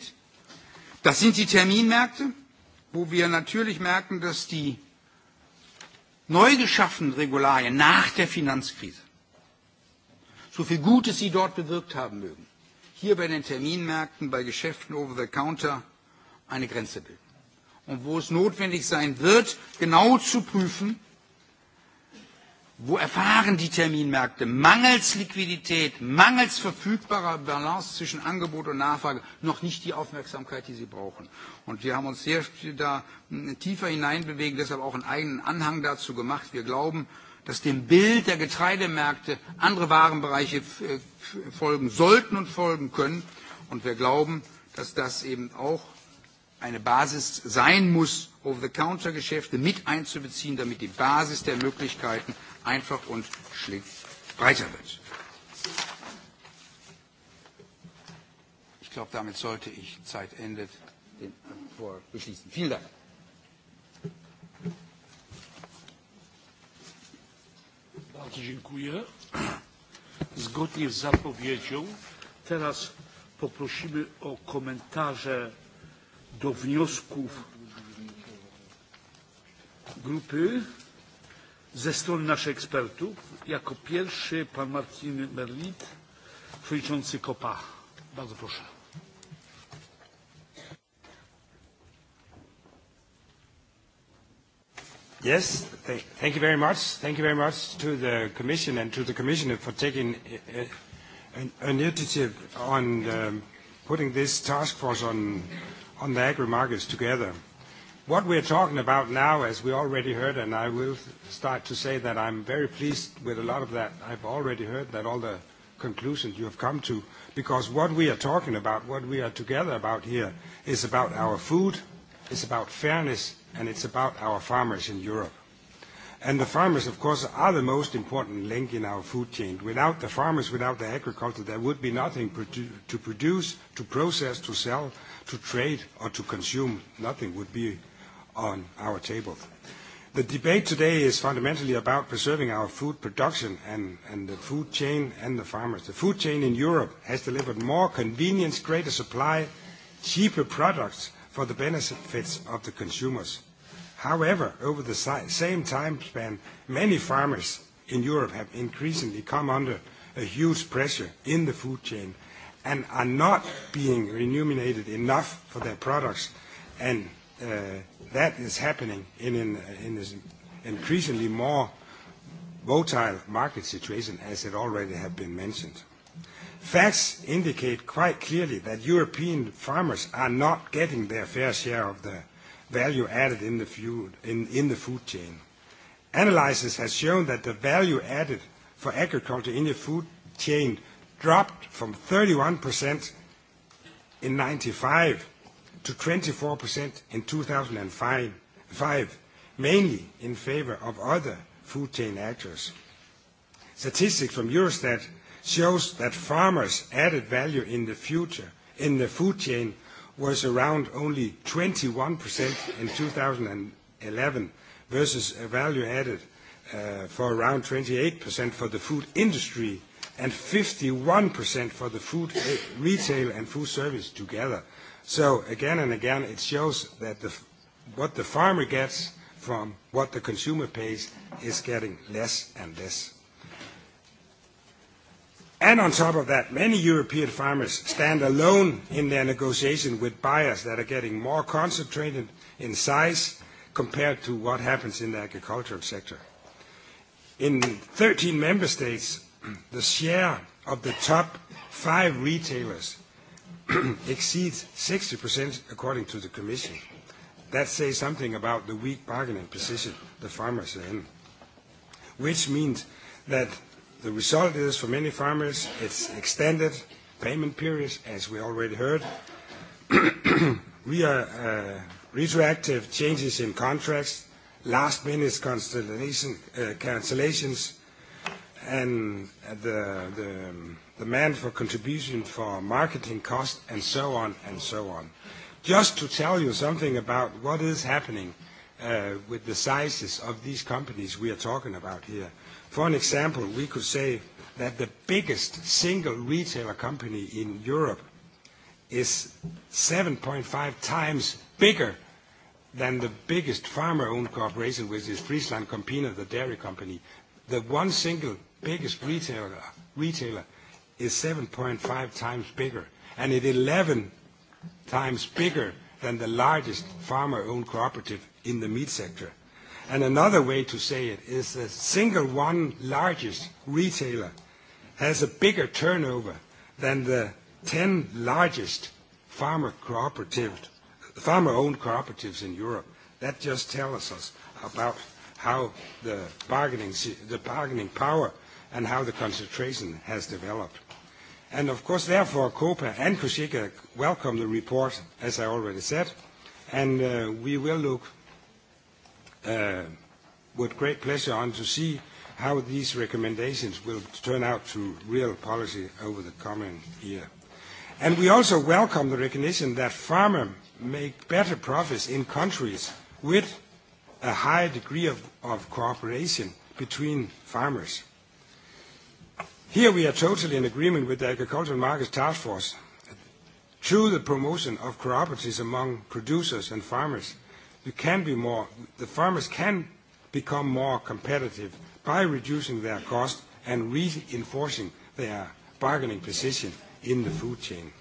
Das sind die Terminmärkte, wo wir natürlich merken, dass die neu geschaffenen Regularien nach der Finanzkrise, so viel Gutes sie dort bewirkt haben mögen, hier bei den Terminmärkten, bei Geschäften over the counter eine Grenze bilden und wo es notwendig sein wird, genau zu prüfen, wo erfahren die Terminmärkte mangels Liquidität, mangels verfügbarer Balance zwischen Angebot und Nachfrage noch nicht die Aufmerksamkeit, die sie brauchen. Und wir haben uns sehr da hm, tiefer hineinbewegt, deshalb auch einen eigenen Anhang dazu gemacht. Wir glauben, dass dem Bild der Getreidemärkte andere Warenbereiche äh, folgen sollten und folgen können. Und wir glauben, dass das eben auch eine Basis sein muss, Over-the-Counter-Geschäfte mit einzubeziehen, damit die Basis der Möglichkeiten einfach und schlicht breiter wird. Ich glaube, damit sollte ich, Zeit endet, den Vor beschließen. Vielen Dank. Bardzo dziękuję. Zgodnie z zapowiedzią teraz poprosimy o komentarze do wniosków grupy ze strony naszych ekspertów. Jako pierwszy pan Martin Merlit, przewodniczący COPA. Bardzo proszę. Yes. Thank you very much. Thank you very much to the commission and to the commissioner for taking uh, an initiative on um, putting this task force on on the agri-markets together. What we're talking about now, as we already heard, and I will start to say that I'm very pleased with a lot of that. I've already heard that all the conclusions you have come to, because what we are talking about, what we are together about here, is about our food, it's about fairness, and it's about our farmers in Europe. And the farmers, of course, are the most important link in our food chain. Without the farmers, without the agriculture, there would be nothing produ to produce, to process, to sell, to trade or to consume. Nothing would be on our table. The debate today is fundamentally about preserving our food production and, and the food chain and the farmers. The food chain in Europe has delivered more convenience, greater supply, cheaper products for the benefits of the consumers. However, over the si same time span, many farmers in Europe have increasingly come under a huge pressure in the food chain and are not being remunerated enough for their products. And uh, that is happening in, in, in increasingly more volatile market situation, as it already has been mentioned. Facts indicate quite clearly that European farmers are not getting their fair share of the value added in the food, in, in the food chain. Analysis has shown that the value added for agriculture in the food chain dropped from 31% in 95 to 24% in 2005, mainly in favor of other food chain actors. Statistics from Eurostat shows that farmers' added value in the future in the food chain was around only 21% in 2011 versus a value added uh, for around 28% for the food industry and 51% for the food retail and food service together. So again and again, it shows that the, what the farmer gets from what the consumer pays is getting less and less. And on top of that, many European farmers stand alone in their negotiation with buyers that are getting more concentrated in size compared to what happens in the agricultural sector. In 13 member states, the share of the top five retailers exceeds 60% according to the Commission. That says something about the weak bargaining position the farmers are in, which means that the result is for many farmers it's extended payment periods, as we already heard, re uh, retroactive changes in contracts, last-minute uh, cancellations, and the, demand for contribution for marketing cost, and so on and so on. Just to tell you something about what is happening uh, with the sizes of these companies we are talking about here. For an example, we could say that the biggest single retailer company in Europe is 7.5 times bigger than the biggest farmer-owned corporation, which is Friesland Campina, the dairy company. The one single biggest retailer, retailer is 7.5 times bigger, and it 11 times bigger than the largest farmer-owned cooperative in the meat sector. And Another way to say it is the single one largest retailer has a bigger turnover than the 10 largest farmer cooperatives, farmer-owned cooperatives in Europe. That just tells us about how the bargaining, the bargaining power and how the concentration has developed. And of course, therefore, COPA and COSIGA welcome the report, as I already said, and uh, we will look uh, with great pleasure on to see how these recommendations will turn out to real policy over the coming year. And we also welcome the recognition that farmers make better profits in countries with a high degree of, of cooperation between farmers. Here we are totally in agreement with the Agricultural Markets Task Force. Through the promotion of cooperatives among producers and farmers, you can be more, the farmers can become more competitive by reducing their cost and reinforcing their bargaining position in the food chain.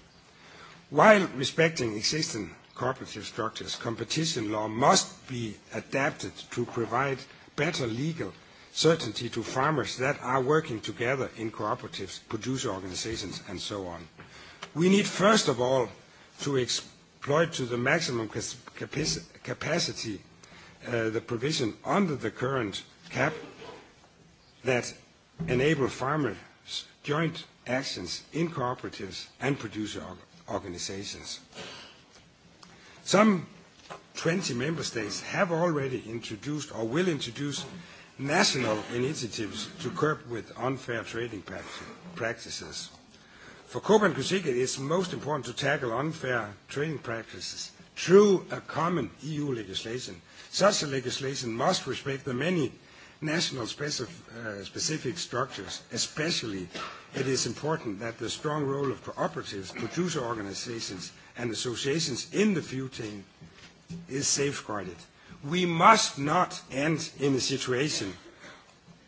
While respecting existing cooperative structures, competition law must be adapted to provide better legal certainty to farmers that are working together in cooperatives, producer organizations, and so on. We need, first of all, to exploit to the maximum capacity uh, the provision under the current cap that enable farmers joint actions in cooperatives and producer organizations. Some 20 member states have already introduced or will introduce national initiatives to curb with unfair trading practices. For Copenhagen Kusica, it is most important to tackle unfair trading practices through a common EU legislation. Such a legislation must respect the many national specif uh, specific structures, especially it is important that the strong role of cooperatives, producer organizations, and associations in the food chain is safeguarded we must not end in a situation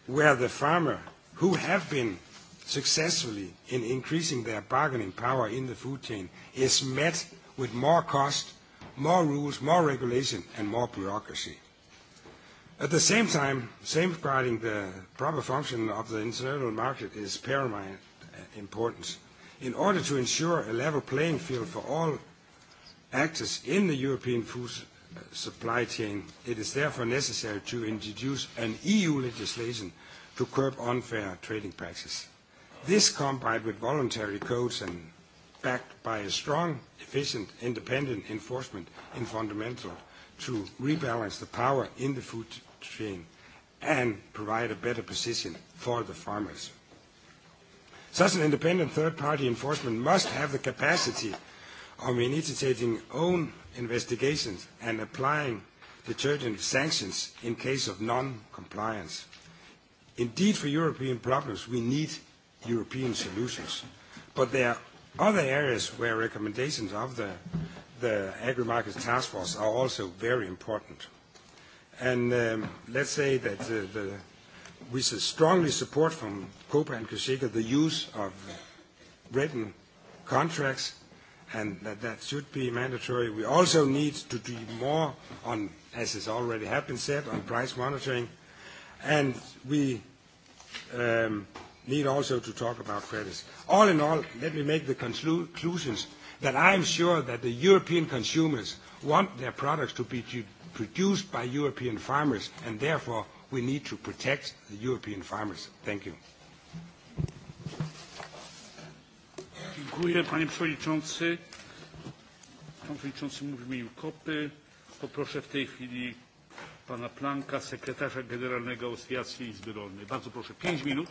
where the farmer, who have been successfully in increasing their bargaining power in the food chain, is met with more cost, more rules, more regulation, and more bureaucracy. At the same time, safeguarding the proper function of the internal market is paramount importance. In order to ensure a level playing field for all actors in the European food supply chain, it is therefore necessary to introduce an EU legislation to curb unfair trading practices. This, combined with voluntary codes and backed by a strong, efficient, independent enforcement, is fundamental to rebalance the power in the food chain and provide a better position for the farmers. Such an independent third-party enforcement must have the capacity on initiating own investigations and applying deterrent sanctions in case of non-compliance. Indeed, for European problems, we need European solutions. But there are other areas where recommendations of the, the Agri-Markets Task Force are also very important. And um, let's say that uh, the, we strongly support from COPA and COSIGA the use of written contracts and that, that should be mandatory. We also need to do more on, as has already have been said, on price monitoring, and we um, need also to talk about credits. All in all, let me make the conclusions that I am sure that the European consumers want their products to be produced by European farmers, and therefore we need to protect the European farmers. Thank you. panie przewodniczący. Pan przewodniczący mówi w imieniu KOPy. Poproszę w tej chwili pana Planka, sekretarza generalnego Austriackiej Izby Rolnej. Bardzo proszę, pięć minut,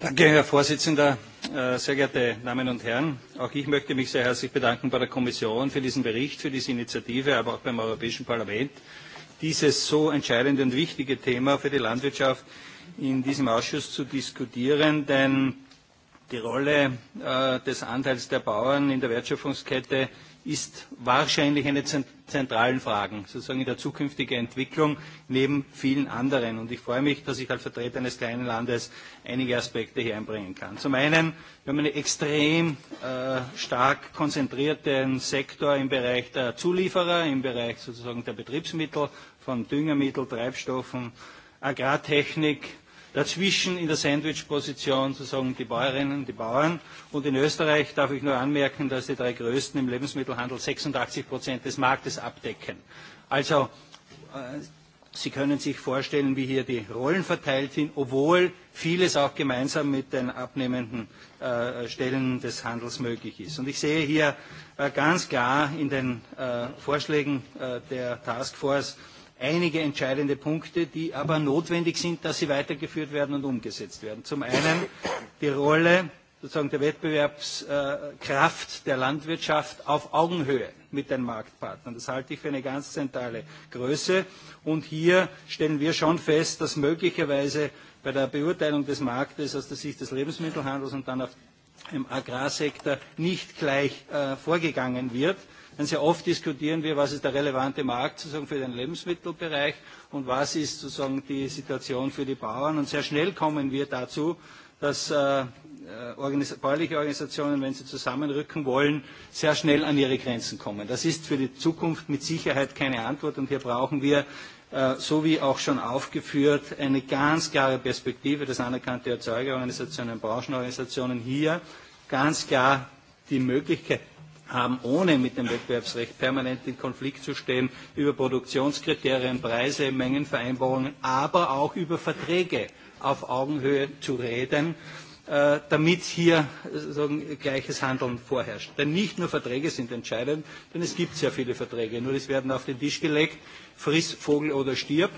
Danke, Herr Vorsitzender, äh, sehr geehrte Damen und Herren. Auch ich möchte mich sehr herzlich bedanken bei der Kommission für diesen Bericht, für diese Initiative, aber auch beim Europäischen Parlament, dieses so entscheidende und wichtige Thema für die Landwirtschaft in diesem Ausschuss zu diskutieren, denn die Rolle äh, des Anteils der Bauern in der Wertschöpfungskette ist wahrscheinlich eine zentralen Fragen, sozusagen in der zukünftigen Entwicklung neben vielen anderen. Und ich freue mich, dass ich als Vertreter eines kleinen Landes einige Aspekte hier einbringen kann. Zum einen, wir haben einen extrem äh, stark konzentrierten Sektor im Bereich der Zulieferer, im Bereich sozusagen der Betriebsmittel, von Düngemittel, Treibstoffen, Agrartechnik, Dazwischen in der Sandwich-Position sozusagen die Bäuerinnen und die Bauern. Und in Österreich darf ich nur anmerken, dass die drei Größten im Lebensmittelhandel 86 Prozent des Marktes abdecken. Also äh, Sie können sich vorstellen, wie hier die Rollen verteilt sind, obwohl vieles auch gemeinsam mit den abnehmenden äh, Stellen des Handels möglich ist. Und ich sehe hier äh, ganz klar in den äh, Vorschlägen äh, der Taskforce, äh, einige entscheidende Punkte, die aber notwendig sind, dass sie weitergeführt werden und umgesetzt werden. Zum einen die Rolle sozusagen der Wettbewerbskraft der Landwirtschaft auf Augenhöhe mit den Marktpartnern. Das halte ich für eine ganz zentrale Größe. Und hier stellen wir schon fest, dass möglicherweise bei der Beurteilung des Marktes aus der Sicht des Lebensmittelhandels und dann auch im Agrarsektor nicht gleich äh, vorgegangen wird. Denn sehr oft diskutieren wir, was ist der relevante Markt sozusagen für den Lebensmittelbereich und was ist sozusagen die Situation für die Bauern. Und sehr schnell kommen wir dazu, dass äh, äh organis bäuerliche Organisationen, wenn sie zusammenrücken wollen, sehr schnell an ihre Grenzen kommen. Das ist für die Zukunft mit Sicherheit keine Antwort und hier brauchen wir äh, so wie auch schon aufgeführt, eine ganz klare Perspektive, dass anerkannte Erzeugerorganisationen, Branchenorganisationen hier ganz klar die Möglichkeit haben, ohne mit dem Wettbewerbsrecht permanent in Konflikt zu stehen, über Produktionskriterien, Preise, Mengenvereinbarungen, aber auch über Verträge auf Augenhöhe zu reden, äh, damit hier äh, sozusagen gleiches Handeln vorherrscht. Denn nicht nur Verträge sind entscheidend, denn es gibt sehr viele Verträge, nur es werden auf den Tisch gelegt, friss Vogel oder stirb.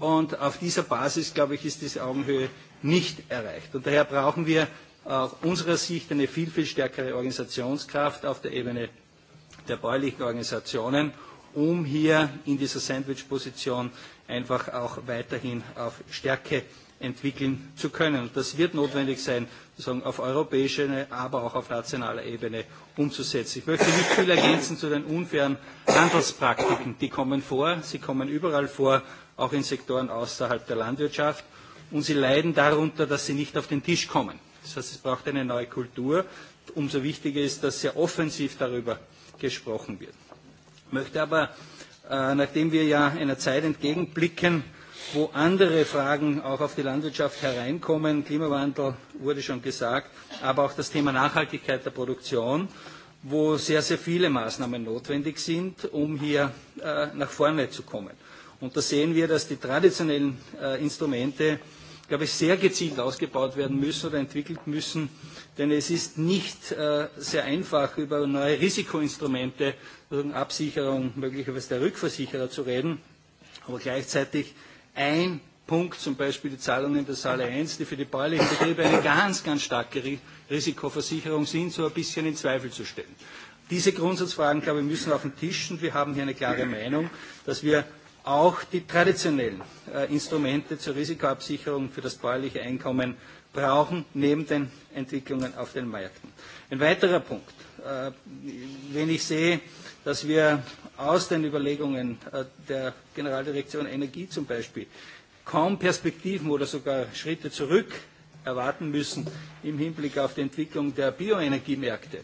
Und auf dieser Basis, glaube ich, ist diese Augenhöhe nicht erreicht. Und daher brauchen wir aus unserer Sicht eine viel, viel stärkere Organisationskraft auf der Ebene der bäuerlichen Organisationen, um hier in dieser Sandwich-Position einfach auch weiterhin auf Stärke entwickeln zu können. Und das wird notwendig sein, sozusagen auf europäischer, Ebene, aber auch auf nationaler Ebene umzusetzen. Ich möchte nicht viel ergänzen zu den unfairen Handelspraktiken. Die kommen vor, sie kommen überall vor, auch in Sektoren außerhalb der Landwirtschaft. Und sie leiden darunter, dass sie nicht auf den Tisch kommen. Das heißt, es braucht eine neue Kultur. Umso wichtiger ist, dass sehr offensiv darüber gesprochen wird. Ich möchte aber, äh, nachdem wir ja einer Zeit entgegenblicken, wo andere Fragen auch auf die Landwirtschaft hereinkommen, Klimawandel wurde schon gesagt, aber auch das Thema Nachhaltigkeit der Produktion, wo sehr, sehr viele Maßnahmen notwendig sind, um hier äh, nach vorne zu kommen. Und da sehen wir, dass die traditionellen äh, Instrumente glaube ich, sehr gezielt ausgebaut werden müssen oder entwickelt müssen, denn es ist nicht äh, sehr einfach, über neue Risikoinstrumente, also Absicherung, möglicherweise der Rückversicherer zu reden, aber gleichzeitig ein Punkt, zum Beispiel die Zahlungen der Saale 1, die für die bäuerlichen Betriebe eine ganz, ganz starke Risikoversicherung sind, so ein bisschen in Zweifel zu stellen. Diese Grundsatzfragen, glaube ich, müssen auf den Tisch und wir haben hier eine klare Meinung, dass wir Auch die traditionellen äh, Instrumente zur Risikoabsicherung für das bäuerliche Einkommen brauchen neben den Entwicklungen auf den Märkten. Ein weiterer Punkt, äh, wenn ich sehe, dass wir aus den Überlegungen äh, der Generaldirektion Energie zum Beispiel kaum Perspektiven oder sogar Schritte zurück erwarten müssen im Hinblick auf die Entwicklung der Bioenergiemärkte,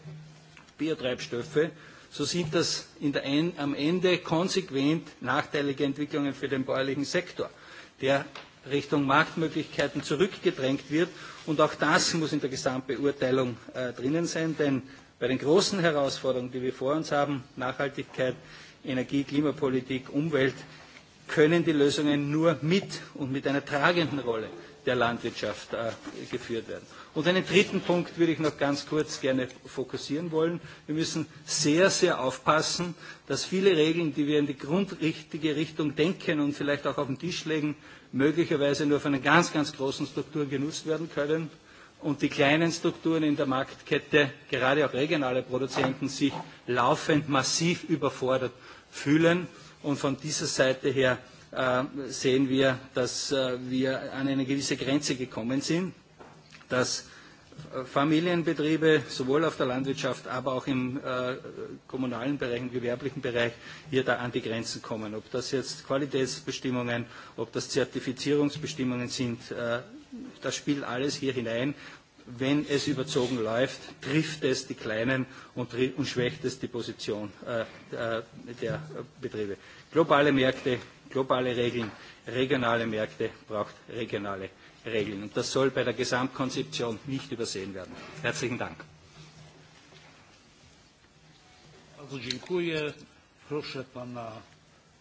Biotreibstoffe, so sind das Ein am Ende konsequent nachteilige Entwicklungen für den bäuerlichen Sektor, der Richtung Marktmöglichkeiten zurückgedrängt wird. Und auch das muss in der Gesamtbeurteilung äh, drinnen sein, denn bei den großen Herausforderungen, die wir vor uns haben, Nachhaltigkeit, Energie, Klimapolitik, Umwelt, können die Lösungen nur mit und mit einer tragenden Rolle der Landwirtschaft äh, geführt werden. Und einen dritten Punkt würde ich noch ganz kurz gerne fokussieren wollen. Wir müssen sehr, sehr aufpassen, dass viele Regeln, die wir in die grundrichtige Richtung denken und vielleicht auch auf den Tisch legen, möglicherweise nur von einer ganz, ganz großen Strukturen genutzt werden können und die kleinen Strukturen in der Marktkette, gerade auch regionale Produzenten, sich laufend massiv überfordert fühlen. Und von dieser Seite her äh, sehen wir, dass äh, wir an eine gewisse Grenze gekommen sind dass Familienbetriebe sowohl auf der Landwirtschaft, aber auch im äh, kommunalen Bereich, im gewerblichen Bereich hier da an die Grenzen kommen. Ob das jetzt Qualitätsbestimmungen, ob das Zertifizierungsbestimmungen sind, äh, das spielt alles hier hinein. Wenn es überzogen läuft, trifft es die Kleinen und, und schwächt es die Position äh, äh, der Betriebe. Globale Märkte, globale Regeln, regionale Märkte braucht regionale Regeln regeln. Und das soll bei der Gesamtkonzeption nicht übersehen werden. Herzlichen Dank. Bardzo dziękuję. Proszę pana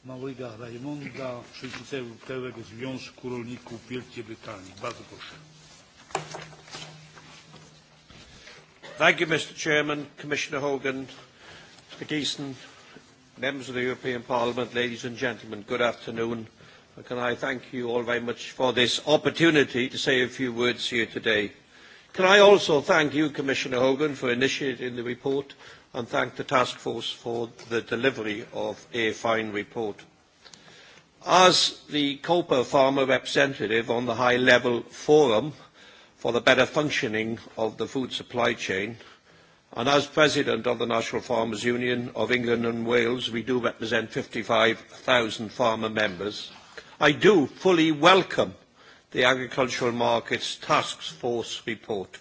Mauriga Raymonda, przewodniczącego Krajowego Związku Rolników Wielkiej Brytanii. Bardzo proszę. Thank you, Mr Chairman, Commissioner Hogan, Mr Geeson, members of the European Parliament, ladies and gentlemen, good afternoon. Can I thank you all very much for this opportunity to say a few words here today. Can I also thank you, Commissioner Hogan, for initiating the report and thank the task force for the delivery of a fine report. As the COPA farmer representative on the high-level forum for the better functioning of the food supply chain, and as president of the National Farmers Union of England and Wales, we do represent 55,000 farmer members i do fully welcome the Agricultural Markets Task Force report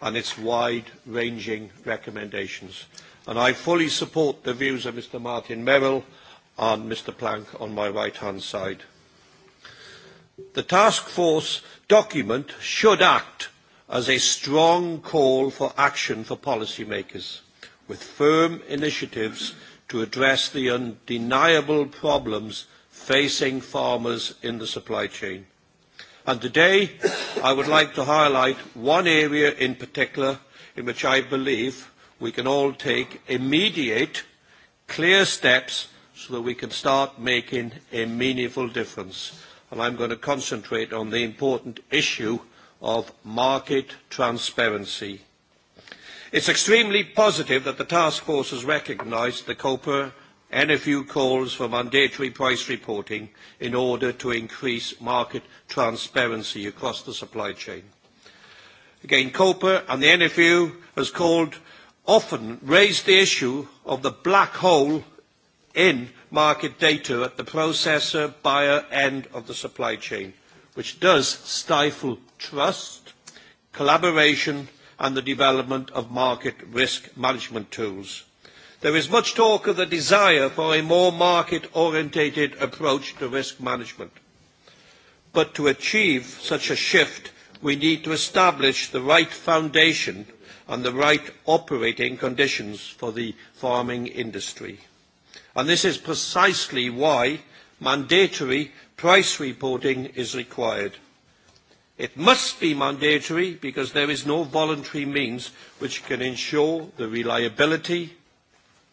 and its wide-ranging recommendations. And I fully support the views of Mr Martin Merrill and Mr Plank on my right-hand side. The task force document should act as a strong call for action for policymakers with firm initiatives to address the undeniable problems facing farmers in the supply chain. And today, I would like to highlight one area in particular in which I believe we can all take immediate, clear steps so that we can start making a meaningful difference. And I'm going to concentrate on the important issue of market transparency. It's extremely positive that the task force has recognised the COPA and a few calls for mandatory price reporting in order to increase market transparency across the supply chain. Again, COPA and the NFU has called, often raised the issue of the black hole in market data at the processor buyer end of the supply chain, which does stifle trust, collaboration and the development of market risk management tools. There is much talk of the desire for a more market-orientated approach to risk management. But to achieve such a shift, we need to establish the right foundation and the right operating conditions for the farming industry. And this is precisely why mandatory price reporting is required. It must be mandatory because there is no voluntary means which can ensure the reliability,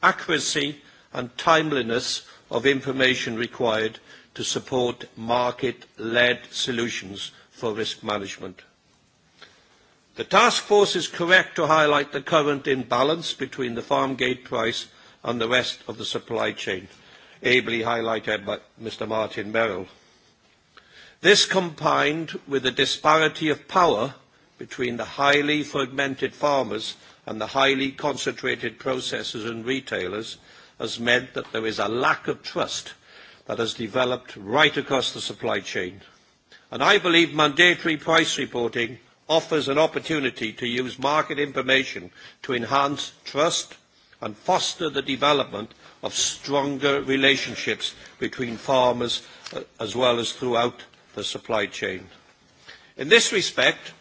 accuracy and timeliness of information required to support market-led solutions for risk management. The task force is correct to highlight the current imbalance between the farm gate price and the rest of the supply chain, ably highlighted by Mr Martin Merrill. This combined with the disparity of power between the highly fragmented farmers and the highly concentrated processors and retailers has meant that there is a lack of trust that has developed right across the supply chain. And I believe mandatory price reporting offers an opportunity to use market information to enhance trust and foster the development of stronger relationships between farmers uh, as well as throughout the supply chain. In this respect,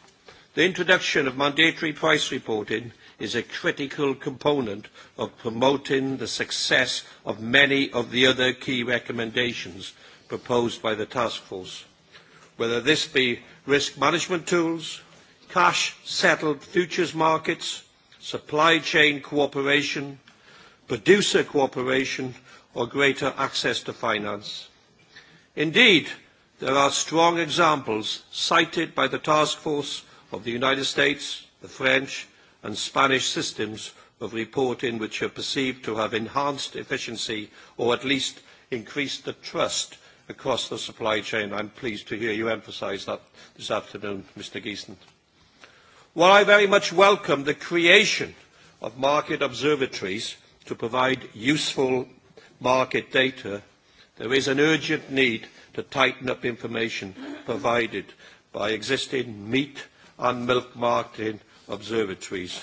The introduction of mandatory price reporting is a critical component of promoting the success of many of the other key recommendations proposed by the task force, whether this be risk management tools, cash-settled futures markets, supply chain cooperation, producer cooperation, or greater access to finance. Indeed, there are strong examples cited by the task force of the United States, the French and Spanish systems of reporting which are perceived to have enhanced efficiency or at least increased the trust across the supply chain. I'm pleased to hear you emphasise that this afternoon, Mr Giesen. While I very much welcome the creation of market observatories to provide useful market data, there is an urgent need to tighten up information provided by existing meat and milk marketing observatories.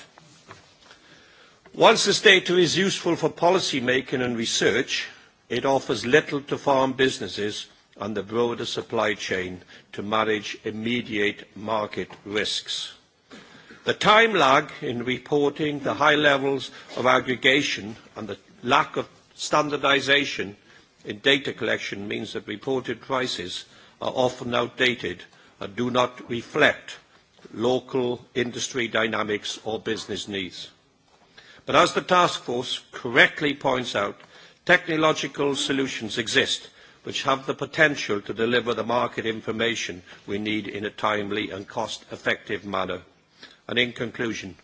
Once this data is useful for policy making and research, it offers little to farm businesses and the broader supply chain to manage immediate market risks. The time lag in reporting the high levels of aggregation and the lack of standardisation in data collection means that reported prices are often outdated and do not reflect local industry dynamics or business needs. But as the task force correctly points out, technological solutions exist which have the potential to deliver the market information we need in a timely and cost-effective manner. And in conclusion,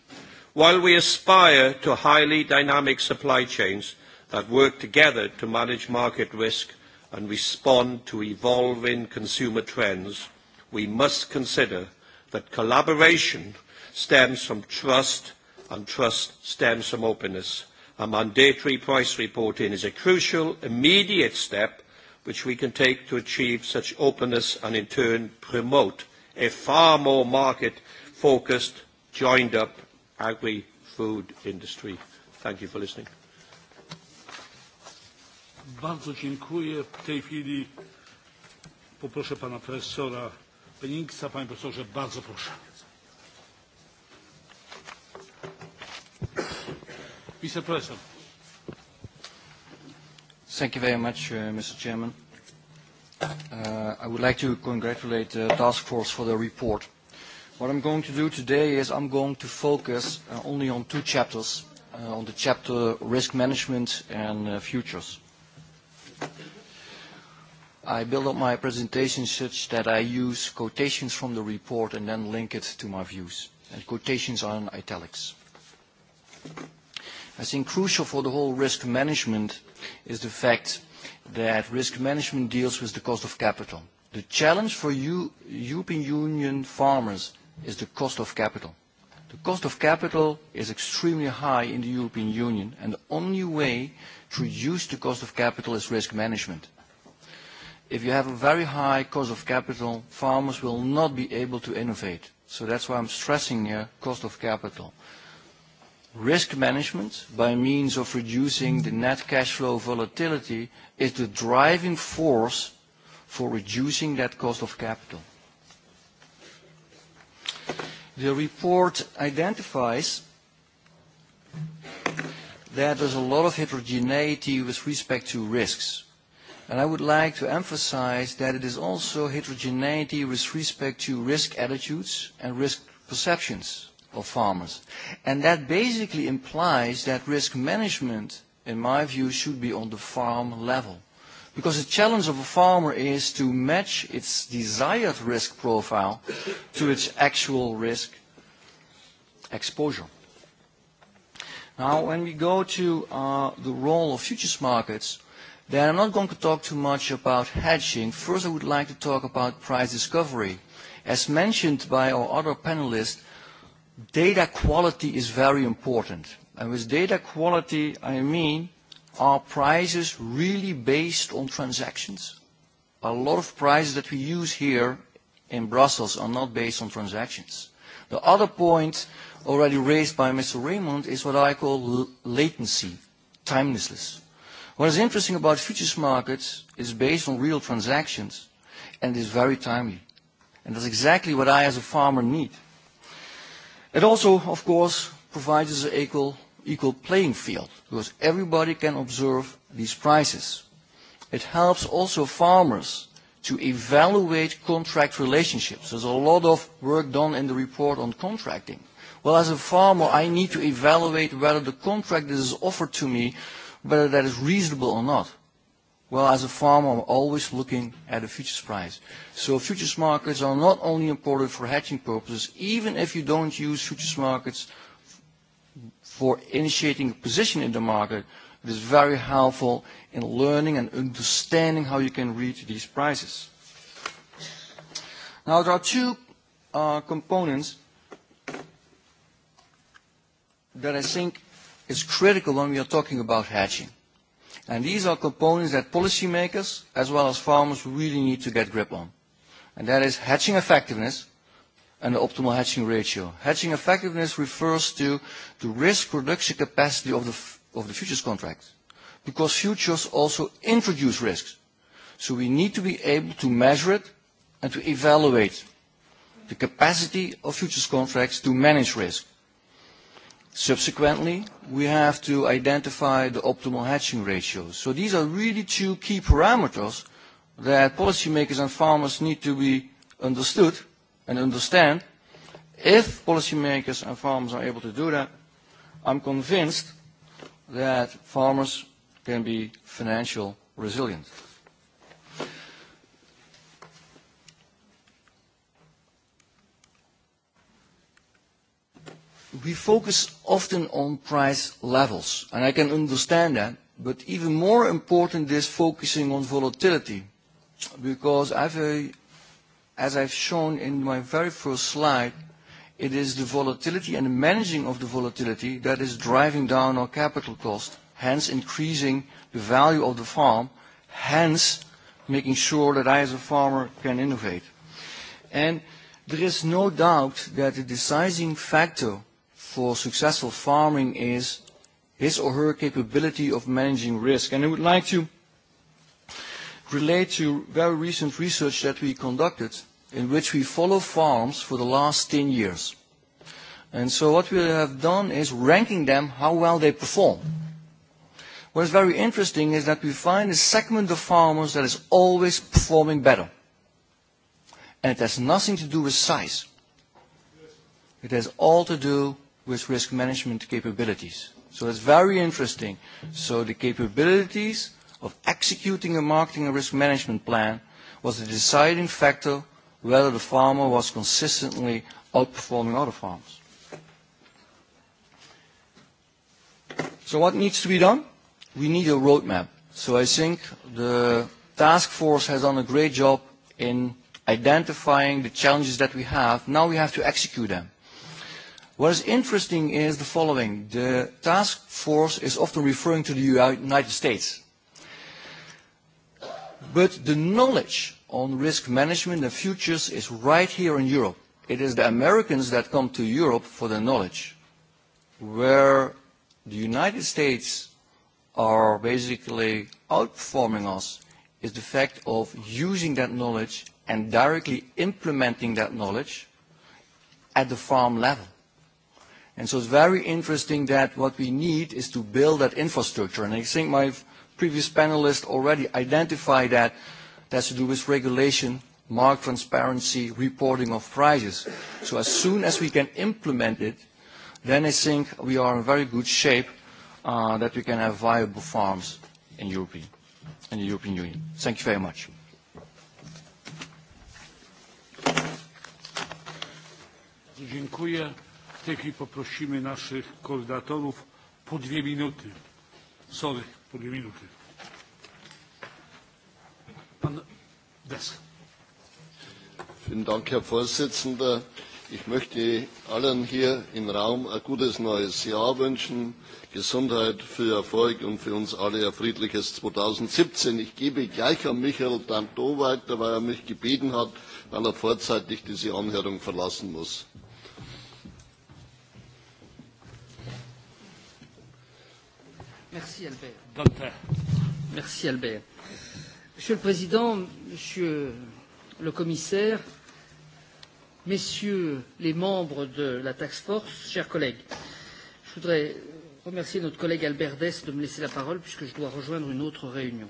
while we aspire to highly dynamic supply chains that work together to manage market risk and respond to evolving consumer trends, we must consider that collaboration stems from trust and trust stems from openness. A mandatory price reporting is a crucial, immediate step which we can take to achieve such openness and in turn promote a far more market-focused, joined-up agri-food industry. Thank you for listening. Bardzo dziękuję. W tej chwili poproszę pana profesora Peniksa. Panie profesorze, bardzo proszę. vice Thank you very much, uh, Mr. Chairman. Uh, I would like to congratulate the task force for the report. What I'm going to do today is I'm going to focus uh, only on two chapters, uh, on the chapter risk management and uh, futures. Uh, i build up my presentation such that I use quotations from the report and then link it to my views. And quotations are in italics. I think crucial for the whole risk management is the fact that risk management deals with the cost of capital. The challenge for you, European Union farmers is the cost of capital. The cost of capital is extremely high in the European Union, and the only way to reduce the cost of capital is risk management if you have a very high cost of capital, farmers will not be able to innovate. So that's why I'm stressing here cost of capital. Risk management by means of reducing the net cash flow volatility is the driving force for reducing that cost of capital. The report identifies that there's a lot of heterogeneity with respect to risks. And I would like to emphasize that it is also heterogeneity with respect to risk attitudes and risk perceptions of farmers. And that basically implies that risk management, in my view, should be on the farm level. Because the challenge of a farmer is to match its desired risk profile to its actual risk exposure. Now, when we go to uh, the role of futures markets, Then I'm not going to talk too much about hedging. First, I would like to talk about price discovery. As mentioned by our other panelists, data quality is very important. And with data quality, I mean, are prices really based on transactions? A lot of prices that we use here in Brussels are not based on transactions. The other point already raised by Mr. Raymond is what I call latency, timelessness. What is interesting about futures markets is based on real transactions and is very timely. And that's exactly what I as a farmer need. It also, of course, provides us an equal, equal playing field because everybody can observe these prices. It helps also farmers to evaluate contract relationships. There's a lot of work done in the report on contracting. Well, as a farmer, I need to evaluate whether the contract that is offered to me whether that is reasonable or not. Well, as a farmer, I'm always looking at a futures price. So futures markets are not only important for hedging purposes, even if you don't use futures markets for initiating a position in the market, it is very helpful in learning and understanding how you can read these prices. Now, there are two uh, components that I think is critical when we are talking about hatching. And these are components that policymakers as well as farmers really need to get grip on. And that is hatching effectiveness and the optimal hatching ratio. Hatching effectiveness refers to the risk production capacity of the, f of the futures contracts, because futures also introduce risks. So we need to be able to measure it and to evaluate the capacity of futures contracts to manage risk. Subsequently, we have to identify the optimal hatching ratios. So these are really two key parameters that policymakers and farmers need to be understood and understand. If policymakers and farmers are able to do that, I'm convinced that farmers can be financially resilient. we focus often on price levels, and I can understand that, but even more important is focusing on volatility, because I've a, uh, as I've shown in my very first slide, it is the volatility and the managing of the volatility that is driving down our capital cost, hence increasing the value of the farm, hence making sure that I as a farmer can innovate. And there is no doubt that the deciding factor for successful farming is his or her capability of managing risk. And I would like to relate to very recent research that we conducted in which we follow farms for the last 10 years. And so what we have done is ranking them how well they perform. What is very interesting is that we find a segment of farmers that is always performing better. And it has nothing to do with size. It has all to do with risk management capabilities. So that's very interesting. So the capabilities of executing a marketing and risk management plan was the deciding factor whether the farmer was consistently outperforming other farms. So what needs to be done? We need a roadmap. So I think the task force has done a great job in identifying the challenges that we have. Now we have to execute them. What is interesting is the following. The task force is often referring to the United States. But the knowledge on risk management and futures is right here in Europe. It is the Americans that come to Europe for the knowledge. Where the United States are basically outperforming us is the fact of using that knowledge and directly implementing that knowledge at the farm level. And so it's very interesting that what we need is to build that infrastructure. And I think my previous panelists already identified that. That's to do with regulation, mark transparency, reporting of prices. So as soon as we can implement it, then I think we are in very good shape uh, that we can have viable farms in, Europe, in the European Union. Thank you very much. Dziękuję. W tej chwili poprosimy naszych koordynatorów po dwie minuty. Sorry, po dwie minuty. Pan Des. Vielen Dank, Herr Vorsitzender. Ich möchte allen hier im Raum ein gutes neues Jahr wünschen, Gesundheit für Erfolg und für uns alle ein friedliches 2017. Ich gebe gleich an Michael Danto weiter, weil er mich gebeten hat, weil er vorzeitig diese Anhörung verlassen muss. Merci Albert. Dante. Merci Albert. Monsieur le Président, Monsieur le Commissaire, Messieurs les membres de la Task Force, chers collègues, je voudrais remercier notre collègue Albert Dess de me laisser la parole puisque je dois rejoindre une autre réunion.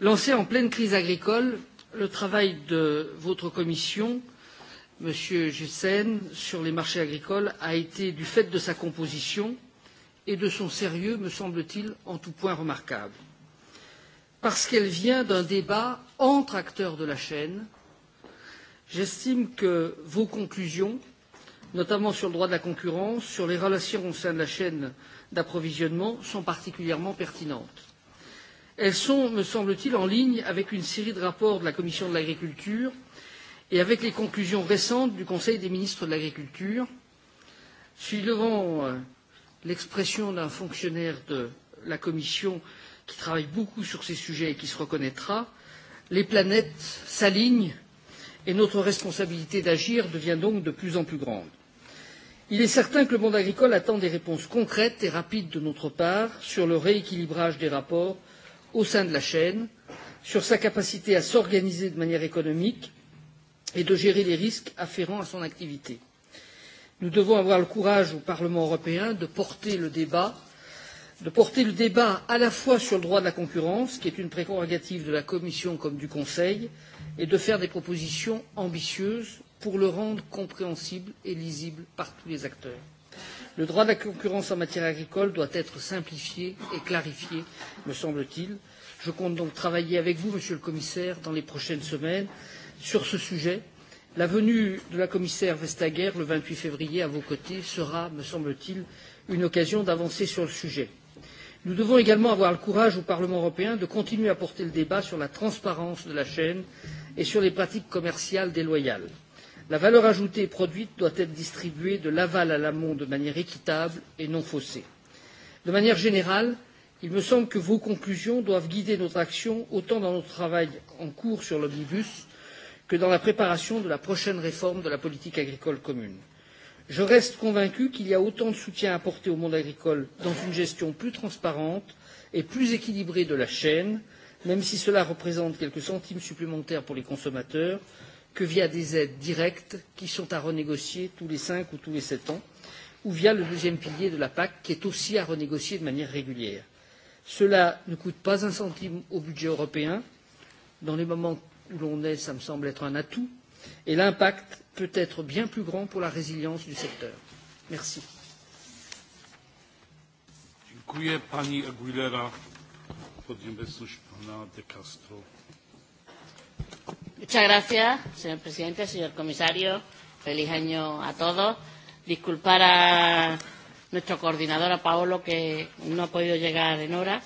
Lancé en pleine crise agricole, le travail de votre commission, Monsieur Gissen, sur les marchés agricoles a été, du fait de sa composition, et de son sérieux, me semble-t-il, en tout point remarquable, parce qu'elle vient d'un débat entre acteurs de la chaîne. J'estime que vos conclusions, notamment sur le droit de la concurrence, sur les relations au sein de la chaîne d'approvisionnement, sont particulièrement pertinentes. Elles sont, me semble-t-il, en ligne avec une série de rapports de la Commission de l'agriculture et avec les conclusions récentes du Conseil des ministres de l'agriculture, suivant euh, l'expression d'un fonctionnaire de la Commission qui travaille beaucoup sur ces sujets et qui se reconnaîtra, les planètes s'alignent et notre responsabilité d'agir devient donc de plus en plus grande. Il est certain que le monde agricole attend des réponses concrètes et rapides de notre part sur le rééquilibrage des rapports au sein de la chaîne, sur sa capacité à s'organiser de manière économique et de gérer les risques afférents à son activité. Nous devons avoir le courage au Parlement européen de porter le débat de porter le débat à la fois sur le droit de la concurrence, qui est une prérogative de la Commission comme du Conseil, et de faire des propositions ambitieuses pour le rendre compréhensible et lisible par tous les acteurs. Le droit de la concurrence en matière agricole doit être simplifié et clarifié, me semble-t-il. Je compte donc travailler avec vous, Monsieur le Commissaire, dans les prochaines semaines sur ce sujet La venue de la commissaire Vestager le 28 février à vos côtés sera, me semble-t-il, une occasion d'avancer sur le sujet. Nous devons également avoir le courage au Parlement européen de continuer à porter le débat sur la transparence de la chaîne et sur les pratiques commerciales déloyales. La valeur ajoutée produite doit être distribuée de l'aval à l'amont de manière équitable et non faussée. De manière générale, il me semble que vos conclusions doivent guider notre action autant dans notre travail en cours sur l'omnibus que dans la préparation de la prochaine réforme de la politique agricole commune. Je reste convaincu qu'il y a autant de soutien à apporter au monde agricole dans une gestion plus transparente et plus équilibrée de la chaîne, même si cela représente quelques centimes supplémentaires pour les consommateurs, que via des aides directes qui sont à renégocier tous les cinq ou tous les sept ans, ou via le deuxième pilier de la PAC qui est aussi à renégocier de manière régulière. Cela ne coûte pas un centime au budget européen dans les moments où l'on est, ça me semble être un atout, et l'impact peut être bien plus grand pour la résilience du secteur. Merci. Dziękuję pani Aguilera por obecność pana de Castro. Muchas gracias, señor presidente, señor comisario. Feliz año a todos. Disculpar a nuestro coordinador, a Paolo, que no ha podido llegar en hora.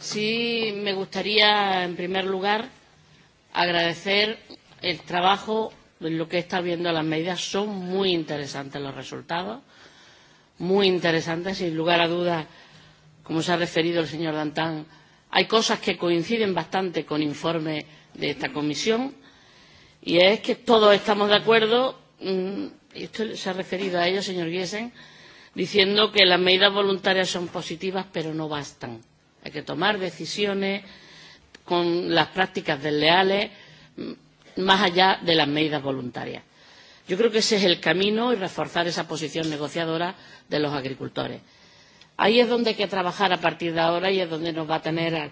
Sí, me gustaría, en primer lugar, agradecer el trabajo, lo que está viendo las medidas, son muy interesantes los resultados, muy interesantes, sin lugar a dudas, como se ha referido el señor Dantán, hay cosas que coinciden bastante con informes de esta comisión y es que todos estamos de acuerdo, mm, y esto se ha referido a ello, señor Giesen, diciendo que las medidas voluntarias son positivas pero no bastan. Hay que tomar decisiones, con las prácticas desleales mm, más allá de las medidas voluntarias. Yo creo que ese es el camino y reforzar esa posición negociadora de los agricultores. Ahí es donde hay que trabajar a partir de ahora y es donde nos va a tener a,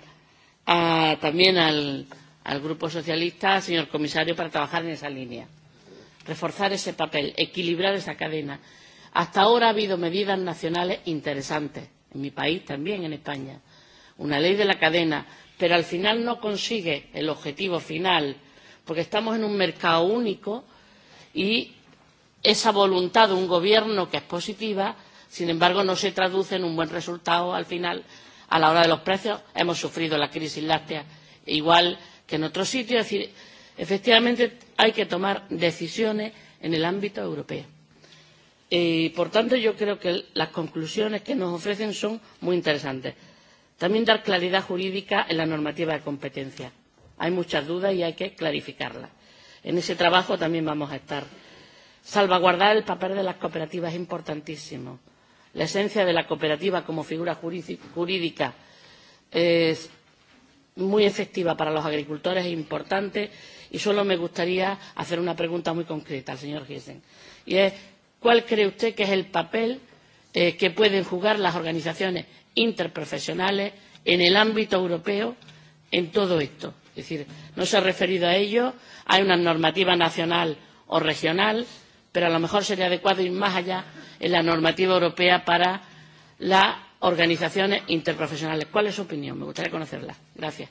a, también al, al Grupo Socialista, señor comisario, para trabajar en esa línea. Reforzar ese papel, equilibrar esa cadena. Hasta ahora ha habido medidas nacionales interesantes, en mi país también, en España. Una ley de la cadena, pero al final no consigue el objetivo final, porque estamos en un mercado único y esa voluntad de un gobierno que es positiva, sin embargo, no se traduce en un buen resultado al final a la hora de los precios. Hemos sufrido la crisis láctea igual que en otros sitios. Es decir, efectivamente hay que tomar decisiones en el ámbito europeo. Y, eh, por tanto, yo creo que las conclusiones que nos ofrecen son muy interesantes. También dar claridad jurídica en la normativa de competencia. Hay muchas dudas y hay que clarificarlas. En ese trabajo también vamos a estar. Salvaguardar el papel de las cooperativas es importantísimo. La esencia de la cooperativa como figura jurídica es muy efectiva para los agricultores e importante. Y solo me gustaría hacer una pregunta muy concreta al señor Giesen. Y es, ¿cuál cree usted que es el papel eh, que pueden jugar las organizaciones interprofesionales en el ámbito europeo en todo esto. Es decir, no se ha referido a ello, hay una normativa nacional o regional, pero a lo mejor sería adecuado ir más allá en la normativa europea para las organizaciones interprofesionales. ¿Cuál es su opinión? Me gustaría conocerla. Gracias.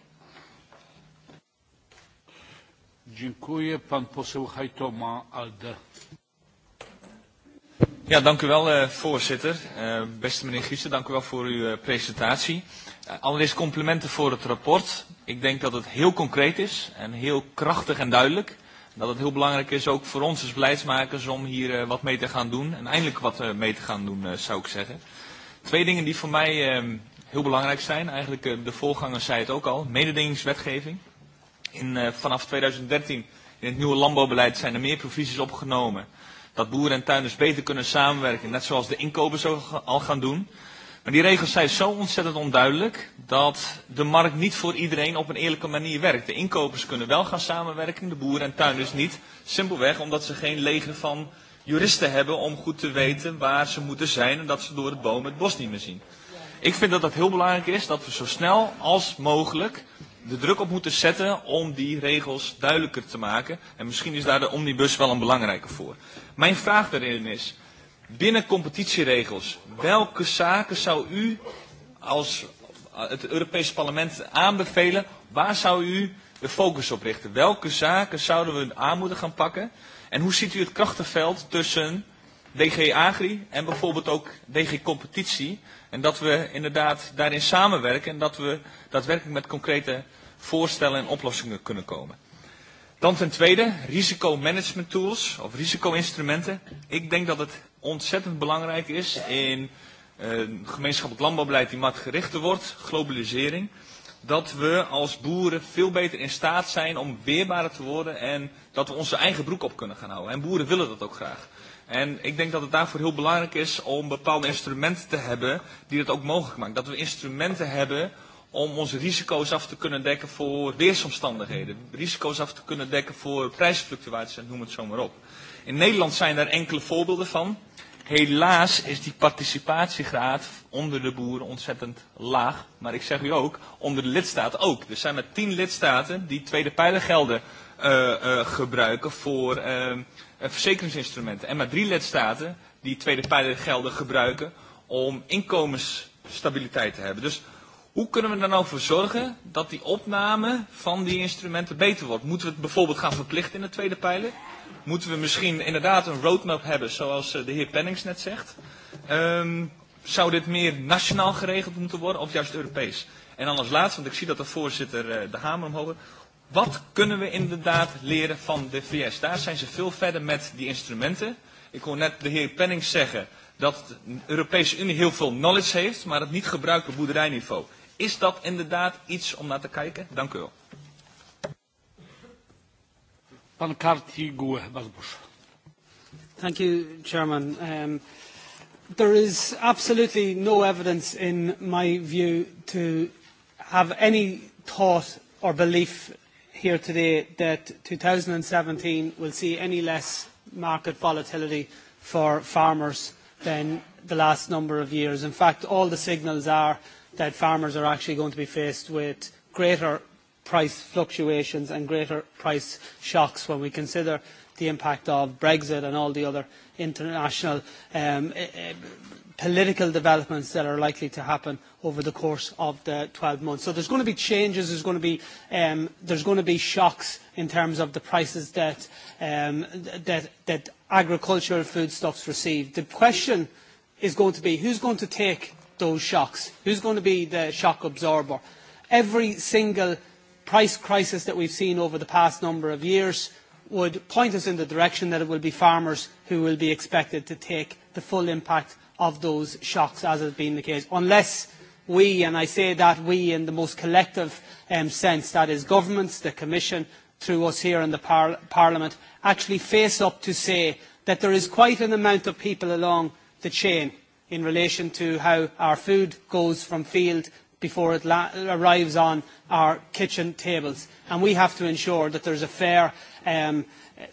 Dziękuję. Pan poseł Hajtoma Alde. Ja, dank u wel, uh, voorzitter. Uh, beste meneer Giesen, dank u wel voor uw uh, presentatie. Uh, allereerst complimenten voor het rapport. Ik denk dat het heel concreet is en heel krachtig en duidelijk. Dat het heel belangrijk is, ook voor ons als beleidsmakers, om hier uh, wat mee te gaan doen. En eindelijk wat uh, mee te gaan doen, uh, zou ik zeggen. Twee dingen die voor mij uh, heel belangrijk zijn. Eigenlijk uh, de voorganger zei het ook al. Mededingingswetgeving. In, uh, vanaf 2013 in het nieuwe landbouwbeleid zijn er meer provisies opgenomen dat boeren en tuinders beter kunnen samenwerken, net zoals de inkopers al gaan doen. Maar die regels zijn zo ontzettend onduidelijk dat de markt niet voor iedereen op een eerlijke manier werkt. De inkopers kunnen wel gaan samenwerken, de boeren en tuinders niet. Simpelweg omdat ze geen leger van juristen hebben om goed te weten waar ze moeten zijn en dat ze door de boom het bos niet meer zien. Ik vind dat dat heel belangrijk is, dat we zo snel als mogelijk de druk op moeten zetten om die regels duidelijker te maken. En misschien is daar de omnibus wel een belangrijke voor. Mijn vraag daarin is, binnen competitieregels, welke zaken zou u als eh, het Europese parlement aanbevelen? Waar zou u de focus op richten? Welke zaken zouden we aan moeten gaan pakken? En hoe ziet u het krachtenveld tussen DG Agri en bijvoorbeeld ook DG Competitie? En dat we inderdaad daarin samenwerken en dat we daadwerkelijk met concrete voorstellen en oplossingen kunnen komen. Dan ten tweede, risicomanagement tools of risico-instrumenten. Ik denk dat het ontzettend belangrijk is in uh, gemeenschappelijk landbouwbeleid die marktgerichter wordt, globalisering, dat we als boeren veel beter in staat zijn om weerbaarder te worden en dat we onze eigen broek op kunnen gaan houden. En boeren willen dat ook graag. En ik denk dat het daarvoor heel belangrijk is om bepaalde instrumenten te hebben die dat ook mogelijk maken. Dat we instrumenten hebben om onze risico's af te kunnen dekken voor weersomstandigheden. Risico's af te kunnen dekken voor prijsfluctuaties en noem het zo maar op. In Nederland zijn daar er enkele voorbeelden van. Helaas is die participatiegraad onder de boeren ontzettend laag. Maar ik zeg u ook, onder de lidstaten ook. Er zijn maar tien lidstaten die tweede pijlergelden uh, eh, uh, eh, gebruiken voor uh, verzekeringsinstrumenten. En maar drie lidstaten die tweede pijlergelden gebruiken om inkomensstabiliteit te hebben. Dus Hoe kunnen we er nou voor zorgen dat die opname van die instrumenten beter wordt? Moeten we het bijvoorbeeld gaan verplichten in de tweede pijler? Moeten we misschien inderdaad een roadmap hebben, zoals eh, de heer Pennings net zegt? Um, zou dit meer nationaal geregeld moeten worden of juist Europees? En dan als laatste, want ik zie dat de voorzitter eh, de hamer omhoog. Wat kunnen we inderdaad leren van de VS? Daar zijn ze veel verder met die instrumenten. Ik hoor net de heer Pennings zeggen dat de Europese Unie heel veel knowledge heeft, maar het niet gebruikt op boerderijniveau. Is dat inderdaad iets om naar te kijken? Dank u wel. Pan Karti Gue, Thank you, Chairman. Um, there is absolutely no evidence, in my view, to have any thought or belief here today that 2017 will see any less market volatility for farmers than the last number of years. In fact, all the signals are that farmers are actually going to be faced with greater price fluctuations and greater price shocks when we consider the impact of Brexit and all the other international um, eh, eh, political developments that are likely to happen over the course of the 12 months. So there's going to be changes, there's going to be, um, there's going to be shocks in terms of the prices that, um, that, that agricultural foodstuffs receive. The question is going to be who's going to take those shocks? Who's going to be the shock absorber? Every single price crisis that we've seen over the past number of years would point us in the direction that it will be farmers who will be expected to take the full impact of those shocks, as has been the case, unless we, and I say that we in the most collective um, sense, that is governments, the Commission, through us here in the par Parliament, actually face up to say that there is quite an amount of people along the chain in relation to how our food goes from field before it arrives on our kitchen tables. And we have to ensure that there is a fair, um,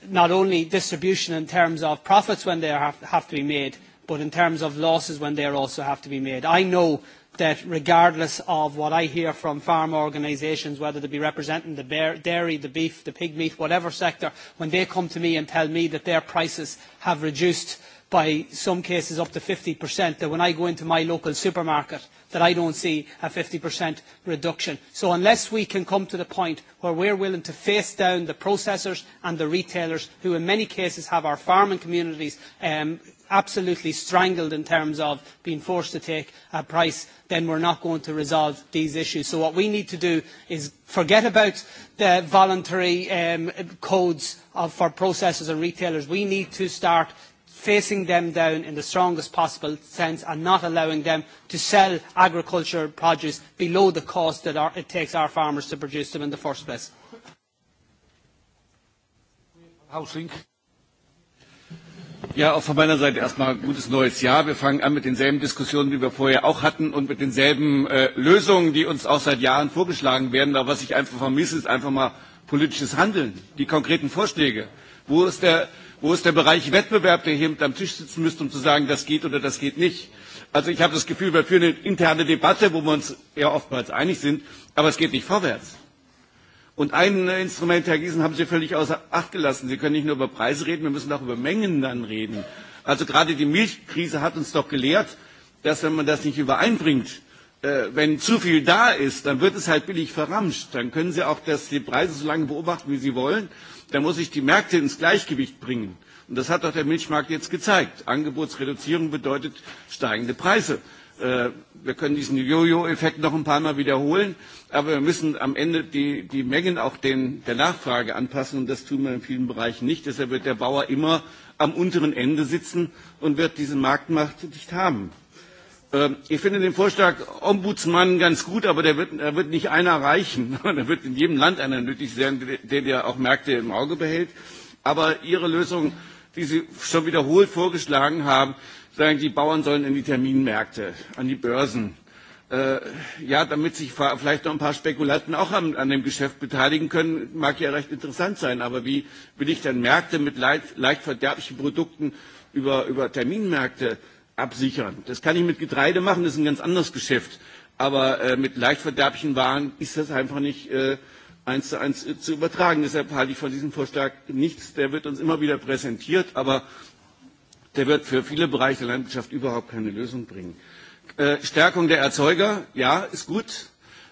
not only distribution in terms of profits when they have, have to be made, but in terms of losses when they also have to be made. I know that regardless of what I hear from farm organisations, whether they be representing the bear, dairy, the beef, the pig meat, whatever sector, when they come to me and tell me that their prices have reduced by some cases up to 50%, that when I go into my local supermarket, that I don't see a 50% reduction. So unless we can come to the point where we're willing to face down the processors and the retailers, who in many cases have our farming communities um, absolutely strangled in terms of being forced to take a price, then we're not going to resolve these issues. So what we need to do is forget about the voluntary um, codes of, for processors and retailers. We need to start facing them down in the strongest possible sense and not allowing them to sell agriculture produce below the cost that our, it takes our farmers to produce them in the first place. Hausling. Ja, auch von meiner Seite erstmal gutes neues Jahr. Wir fangen an mit denselben Diskussionen, die wir vorher auch hatten und mit denselben äh, Lösungen, die uns auch seit Jahren vorgeschlagen werden. Aber was ich einfach vermisse, ist einfach mal politisches Handeln, die konkreten Vorschläge. Wo ist der Wo ist der Bereich Wettbewerb, der hier mit am Tisch sitzen müsste, um zu sagen, das geht oder das geht nicht? Also ich habe das Gefühl, wir führen eine interne Debatte, wo wir uns ja oftmals einig sind, aber es geht nicht vorwärts. Und ein Instrument, Herr Giesen, haben Sie völlig außer Acht gelassen. Sie können nicht nur über Preise reden, wir müssen auch über Mengen dann reden. Also gerade die Milchkrise hat uns doch gelehrt, dass wenn man das nicht übereinbringt, äh, wenn zu viel da ist, dann wird es halt billig verramscht. Dann können Sie auch das, die Preise so lange beobachten, wie Sie wollen. Da muss ich die Märkte ins Gleichgewicht bringen. Und das hat doch der Milchmarkt jetzt gezeigt. Angebotsreduzierung bedeutet steigende Preise. Äh, wir können diesen Jojo-Effekt noch ein paar Mal wiederholen, aber wir müssen am Ende die, die Mengen auch den, der Nachfrage anpassen und das tun wir in vielen Bereichen nicht. Deshalb wird der Bauer immer am unteren Ende sitzen und wird diese Marktmacht nicht haben. Ähm, ich finde den Vorschlag Ombudsmann ganz gut, aber der wird, der wird nicht einer reichen. Da wird in jedem Land einer nötig sein, der, der auch Märkte im Auge behält. Aber Ihre Lösung, die Sie schon wiederholt vorgeschlagen haben, sagen, die Bauern sollen in die Terminmärkte, an die Börsen. Äh, ja, damit sich vielleicht noch ein paar Spekulanten auch an, an dem Geschäft beteiligen können, mag ja recht interessant sein. Aber wie will ich dann Märkte mit leicht, leicht verderblichen Produkten über, über Terminmärkte absichern. Das kann ich mit Getreide machen, das ist ein ganz anderes Geschäft. Aber äh, mit leicht verderblichen Waren ist das einfach nicht äh, eins zu eins äh, zu übertragen. Deshalb halte ich von diesem Vorschlag nichts. Der wird uns immer wieder präsentiert, aber der wird für viele Bereiche der Landwirtschaft überhaupt keine Lösung bringen. Äh, Stärkung der Erzeuger, ja, ist gut.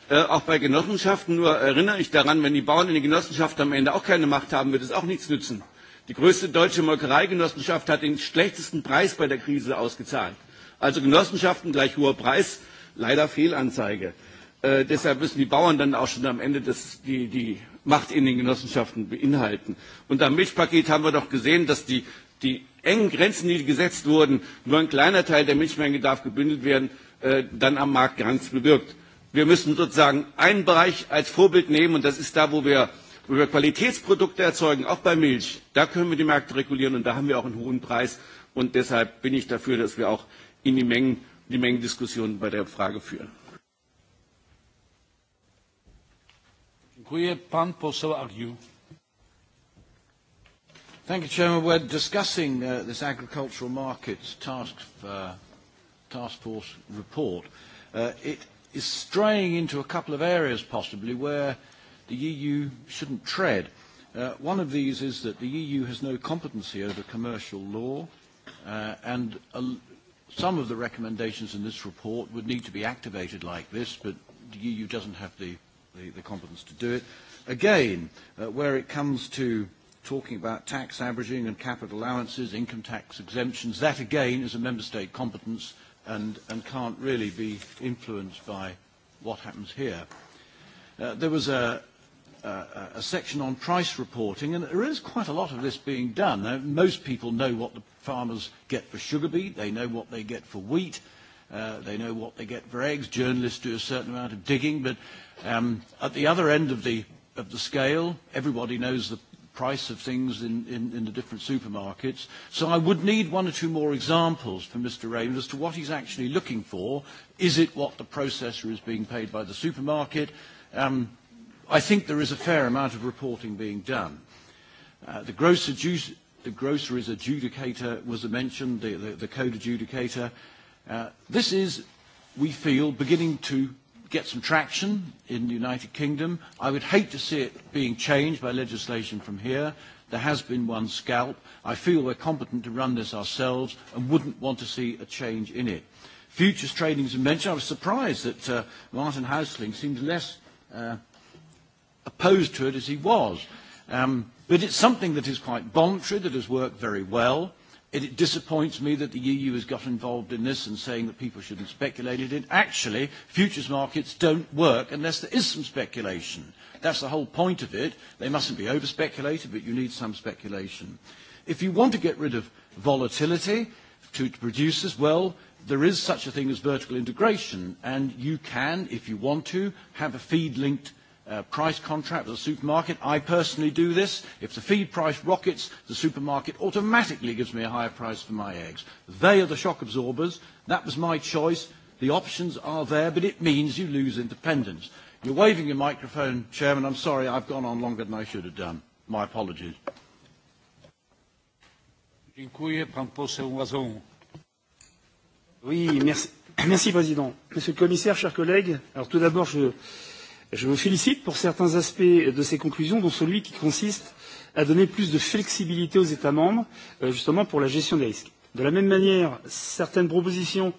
Äh, auch bei Genossenschaften, nur erinnere ich daran, wenn die Bauern in den Genossenschaften am Ende auch keine Macht haben, wird es auch nichts nützen. Äh, Die größte deutsche Molkereigenossenschaft hat den schlechtesten Preis bei der Krise ausgezahlt. Also Genossenschaften gleich hoher Preis, leider Fehlanzeige. Äh, deshalb müssen die Bauern dann auch schon am Ende das, die, die Macht in den Genossenschaften beinhalten. Und am Milchpaket haben wir doch gesehen, dass die, die engen Grenzen, die gesetzt wurden, nur ein kleiner Teil der Milchmenge darf gebündelt werden, äh, dann am Markt gar nichts bewirkt. Wir müssen sozusagen einen Bereich als Vorbild nehmen, und das ist da, wo wir wo wir Qualitätsprodukte erzeugen, auch bei Milch, da können wir die Märkte regulieren und da haben wir auch einen hohen Preis. Und deshalb bin ich dafür, dass wir auch in die, Mengen, die Mengendiskussion bei der Frage führen. Thank you, Chairman. We're discussing uh, this agricultural markets task, uh, task force report. Uh, it is straying into a couple of areas possibly where the EU shouldn't tread. Uh, one of these is that the EU has no competency over commercial law, uh, and a, some of the recommendations in this report would need to be activated like this, but the EU doesn't have the, the, the competence to do it. Again, uh, where it comes to talking about tax averaging and capital allowances, income tax exemptions, that again is a member state competence and, and can't really be influenced by what happens here. Uh, there was a, Uh, a section on price reporting, and there is quite a lot of this being done. Now, most people know what the farmers get for sugar beet, they know what they get for wheat, uh, they know what they get for eggs. Journalists do a certain amount of digging, but um, at the other end of the, of the scale, everybody knows the price of things in, in, in the different supermarkets. So I would need one or two more examples for Mr. Raymond as to what he's actually looking for. Is it what the processor is being paid by the supermarket? Um, i think there is a fair amount of reporting being done. Uh, the, gross adjudic- the groceries adjudicator was mentioned, the, the, the code adjudicator. Uh, this is, we feel, beginning to get some traction in the United Kingdom. I would hate to see it being changed by legislation from here. There has been one scalp. I feel we're competent to run this ourselves and wouldn't want to see a change in it. Futures trading is mentioned. I was surprised that uh, Martin Hausling seemed less uh, opposed to it as he was. Um, but it's something that is quite voluntary, that has worked very well. It, it disappoints me that the EU has got involved in this and saying that people shouldn't speculate in it. Actually, futures markets don't work unless there is some speculation. That's the whole point of it. They mustn't be over-speculated, but you need some speculation. If you want to get rid of volatility to producers, well, there is such a thing as vertical integration, and you can, if you want to, have a feed-linked Uh, price contract with a supermarket. I personally do this. If the feed price rockets, the supermarket automatically gives me a higher price for my eggs. They are the shock absorbers. That was my choice. The options are there, but it means you lose independence. You're waving your microphone, Chairman. I'm sorry, I've gone on longer than I should have done. My apologies. Dziękuję. Pan poseł Łazon. Oui, merci, merci Président. Monsieur le Commissaire, chers collègues, alors tout d'abord, je, je me félicite pour certains aspects de ces conclusions, dont celui qui consiste à donner plus de flexibilité aux États membres, euh, justement pour la gestion des risques. De la même manière, certaines propositions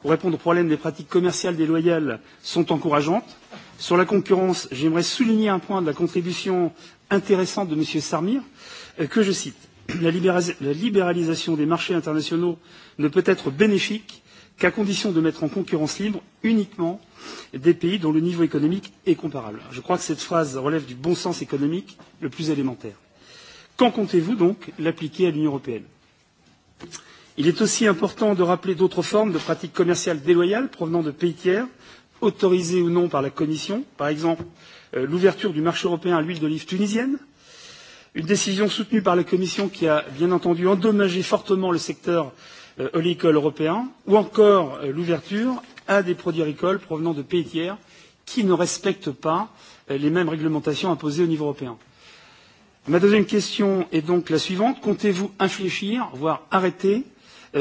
pour répondre au problème des pratiques commerciales déloyales sont encourageantes. Sur la concurrence, j'aimerais souligner un point de la contribution intéressante de M. Sarmir, euh, que je cite. La libéralisation des marchés internationaux ne peut être bénéfique qu'à condition de mettre en concurrence libre uniquement des pays dont le niveau économique est comparable. Je crois que cette phrase relève du bon sens économique le plus élémentaire. Quand comptez-vous donc l'appliquer à l'Union européenne Il est aussi important de rappeler d'autres formes de pratiques commerciales déloyales provenant de pays tiers, autorisées ou non par la Commission, par exemple euh, l'ouverture du marché européen à l'huile d'olive tunisienne, une décision soutenue par la Commission qui a bien entendu endommagé fortement le secteur euh, Euh, oléicole européen, ou encore euh, l'ouverture à des produits agricoles provenant de pays tiers qui ne respectent pas euh, les mêmes réglementations imposées au niveau européen. Ma deuxième question est donc la suivante. Comptez-vous infléchir, voire arrêter,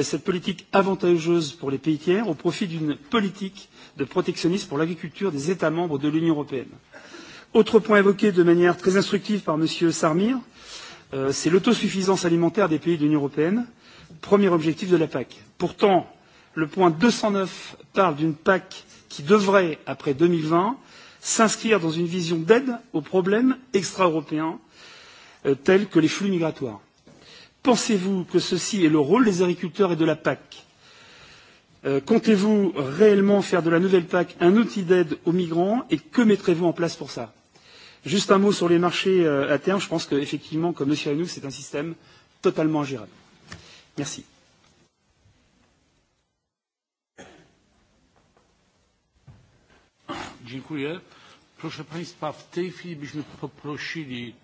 cette politique avantageuse pour les pays tiers au profit d'une politique de protectionnisme pour l'agriculture des États membres de l'Union européenne Autre point évoqué de manière très instructive par M. Sarmir, c'est l'autosuffisance alimentaire des pays de l'Union européenne premier objectif de la PAC. Pourtant, le point 209 parle d'une PAC qui devrait, après 2020, s'inscrire dans une vision d'aide aux problèmes extra-européens euh, tels que les flux migratoires. Pensez-vous que ceci est le rôle des agriculteurs et de la PAC euh, Comptez-vous réellement faire de la nouvelle PAC un outil d'aide aux migrants et que mettrez-vous en place pour ça Juste un mot sur les marchés euh, à terme. Je pense qu'effectivement, comme M. Hanouk, c'est un système totalement ingérable. Merci. Dziękuję. Proszę Państwa, w tej chwili byśmy poprosili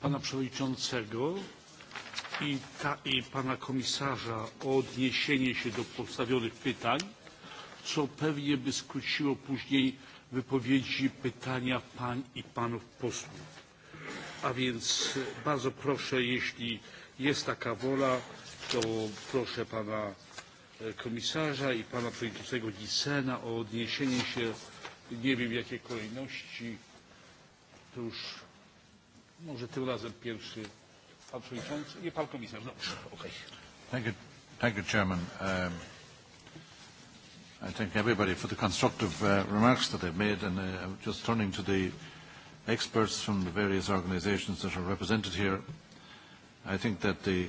Pana Przewodniczącego i, ta, i Pana Komisarza o odniesienie się do postawionych pytań, co pewnie by skróciło później wypowiedzi pytania Pań i Panów posłów. A więc bardzo proszę, jeśli jest taka wola, to proszę pana e, komisarza i pana przewodniczącego Dissena o odniesienie się, nie wiem jakiej kolejności, to już może tym razem pierwszy pan przewodniczący, nie pan komisarz, dobrze, no, okej. Okay. Thank you, thank you Chairman. Um, I thank everybody for the constructive uh, remarks that they've made and uh, just turning to the experts from the various organisations that are represented here, I think that the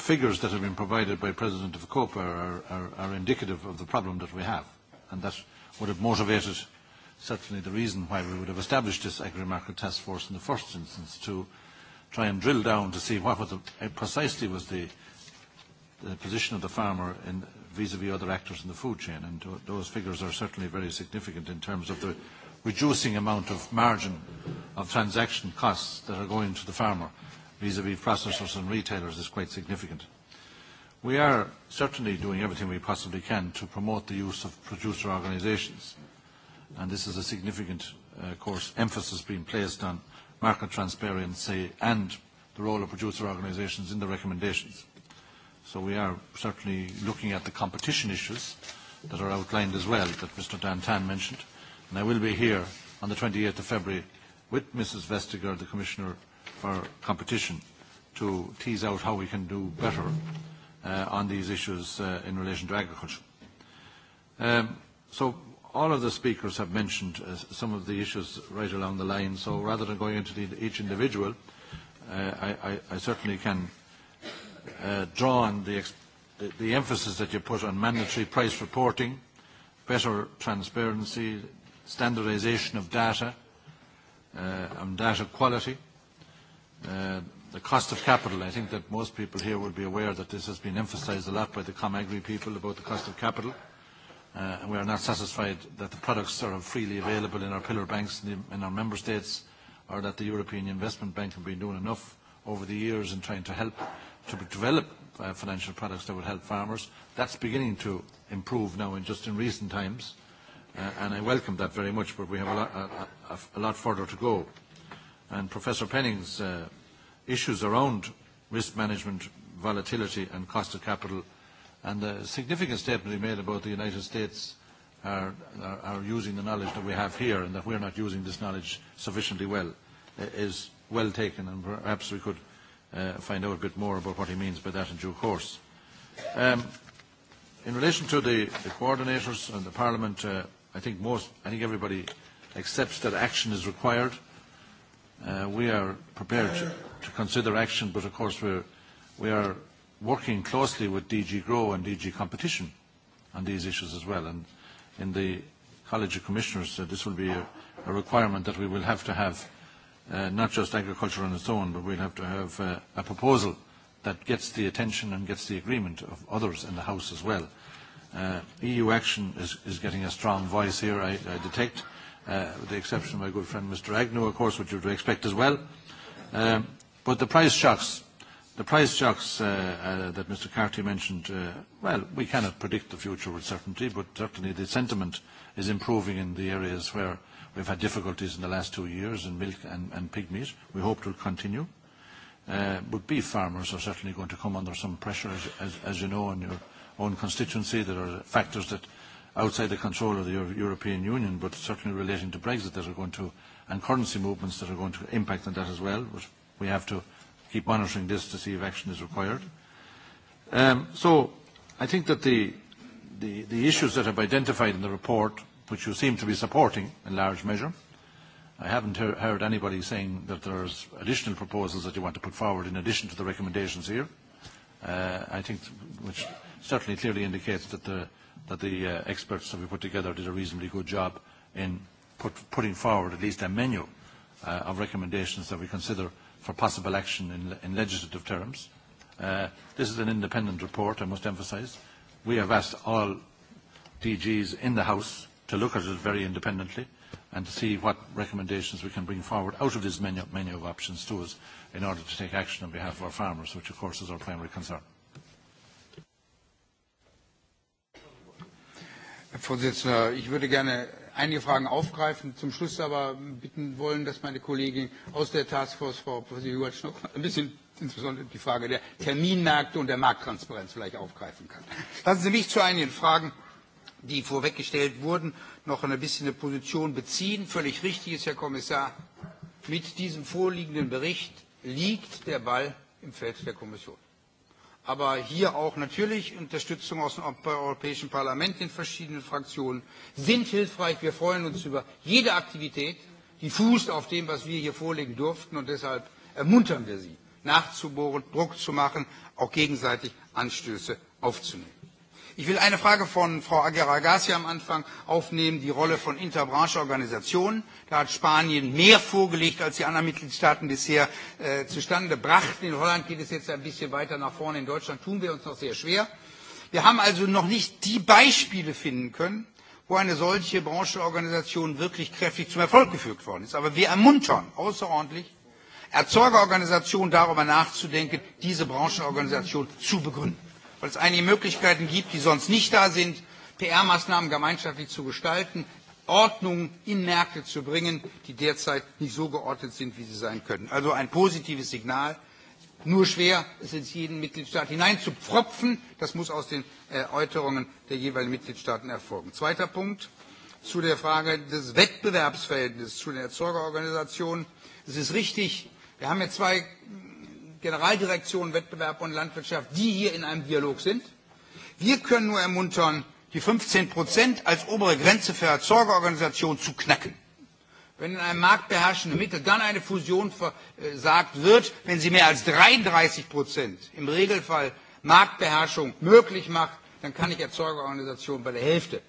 figures that have been provided by President of COPA are, are, are indicative of the problem that we have. And that would have motivated certainly the reason why we would have established this agri-market task force in the first instance to try and drill down to see what was the, eh, precisely was the, the position of the farmer vis-à-vis -vis other actors in the food chain. And to, those figures are certainly very significant in terms of the reducing amount of margin of transaction costs that are going to the farmer vis-à-vis processors and retailers is quite significant. We are certainly doing everything we possibly can to promote the use of producer organisations, and this is a significant, uh, course, emphasis being placed on market transparency and the role of producer organisations in the recommendations. So we are certainly looking at the competition issues that are outlined as well that Mr. Dantan mentioned. And I will be here on the 28th of February with Mrs. Vestager, the Commissioner for competition to tease out how we can do better uh, on these issues uh, in relation to agriculture. Um, so all of the speakers have mentioned uh, some of the issues right along the line, so rather than going into the, each individual, uh, I, I, I certainly can uh, draw on the, the, the emphasis that you put on mandatory price reporting, better transparency, standardization of data, uh, and data quality, uh, Uh, the cost of capital. I think that most people here will be aware that this has been emphasized a lot by the ComAgri people about the cost of capital. Uh, and we are not satisfied that the products are freely available in our pillar banks in, the, in our member states or that the European Investment Bank have been doing enough over the years in trying to help to develop uh, financial products that would help farmers. That's beginning to improve now in just in recent times, uh, and I welcome that very much, but we have a lot, a, a, a lot further to go and Professor Penning's uh, issues around risk management, volatility and cost of capital and the significant statement he made about the United States are, are, are using the knowledge that we have here and that we're not using this knowledge sufficiently well is well taken and perhaps we could uh, find out a bit more about what he means by that in due course. Um, in relation to the, the coordinators and the Parliament, uh, I think most, I think everybody accepts that action is required. Uh, we are prepared to, to consider action, but of course we're, we are working closely with DG Grow and DG Competition on these issues as well. And in the College of Commissioners, uh, this will be a, a requirement that we will have to have uh, not just agriculture on its own, but we'll have to have uh, a proposal that gets the attention and gets the agreement of others in the House as well. Uh, EU action is, is getting a strong voice here, I, I detect. Uh, uh, with the exception of my good friend Mr. Agnew, of course, which you would expect as well. Um, but the price shocks, the price shocks uh, uh, that Mr. Carty mentioned, uh, well, we cannot predict the future with certainty, but certainly the sentiment is improving in the areas where we've had difficulties in the last two years in milk and, and pig meat. We hope it will continue. Uh, but beef farmers are certainly going to come under some pressure, as, as, as you know, in your own constituency. There are factors that outside the control of the Euro European Union, but certainly relating to Brexit that are going to, and currency movements that are going to impact on that as well. But we have to keep monitoring this to see if action is required. Um, so I think that the, the, the issues that have identified in the report, which you seem to be supporting in large measure, I haven't he heard anybody saying that there's additional proposals that you want to put forward in addition to the recommendations here. Uh, I think which certainly clearly indicates that the, that the uh, experts that we put together did a reasonably good job in put, putting forward at least a menu uh, of recommendations that we consider for possible action in, in legislative terms. Uh, this is an independent report, I must emphasise. We have asked all DGs in the House to look at it very independently and to see what recommendations we can bring forward out of this menu, menu of options to us in order to take action on behalf of our farmers, which of course is our primary concern. Herr Vorsitzender, ich würde gerne einige Fragen aufgreifen, zum Schluss aber bitten wollen, dass meine Kollegin aus der Taskforce, Frau Professor Jugatsch, noch ein bisschen insbesondere die Frage der Terminmärkte und der Markttransparenz vielleicht aufgreifen kann. Lassen Sie mich zu einigen Fragen, die vorweggestellt wurden, noch ein bisschen eine Position beziehen. Völlig richtig ist, Herr Kommissar, mit diesem vorliegenden Bericht liegt der Ball im Feld der Kommission aber hier auch natürlich Unterstützung aus dem Europäischen Parlament, den verschiedenen Fraktionen, sind hilfreich. Wir freuen uns über jede Aktivität, die fußt auf dem, was wir hier vorlegen durften. Und deshalb ermuntern wir Sie, nachzubohren, Druck zu machen, auch gegenseitig Anstöße aufzunehmen. Ich will eine Frage von Frau Aguirre-Garcia am Anfang aufnehmen, die Rolle von Interbrancheorganisationen. Da hat Spanien mehr vorgelegt, als die anderen Mitgliedstaaten bisher äh, zustande brachten. In Holland geht es jetzt ein bisschen weiter nach vorne. In Deutschland tun wir uns noch sehr schwer. Wir haben also noch nicht die Beispiele finden können, wo eine solche Brancheorganisation wirklich kräftig zum Erfolg geführt worden ist. Aber wir ermuntern außerordentlich Erzeugerorganisationen darüber nachzudenken, diese Branchenorganisation zu begründen weil es einige Möglichkeiten gibt, die sonst nicht da sind, PR-Maßnahmen gemeinschaftlich zu gestalten, Ordnung in Märkte zu bringen, die derzeit nicht so geordnet sind, wie sie sein können. Also ein positives Signal. Nur schwer ist es jeden Mitgliedstaat hineinzupfropfen. Das muss aus den Erläuterungen äh, der jeweiligen Mitgliedstaaten erfolgen. Zweiter Punkt zu der Frage des Wettbewerbsverhältnisses zu den Erzeugerorganisationen. Es ist richtig, wir haben ja zwei Generaldirektionen Wettbewerb und Landwirtschaft, die hier in einem Dialog sind. Wir können nur ermuntern, die 15 Prozent als obere Grenze für Erzeugerorganisationen zu knacken. Wenn in einem Markt Mittel dann eine Fusion versagt wird, wenn sie mehr als 33 Prozent im Regelfall Marktbeherrschung möglich macht, dann kann ich Erzeugerorganisationen bei der Hälfte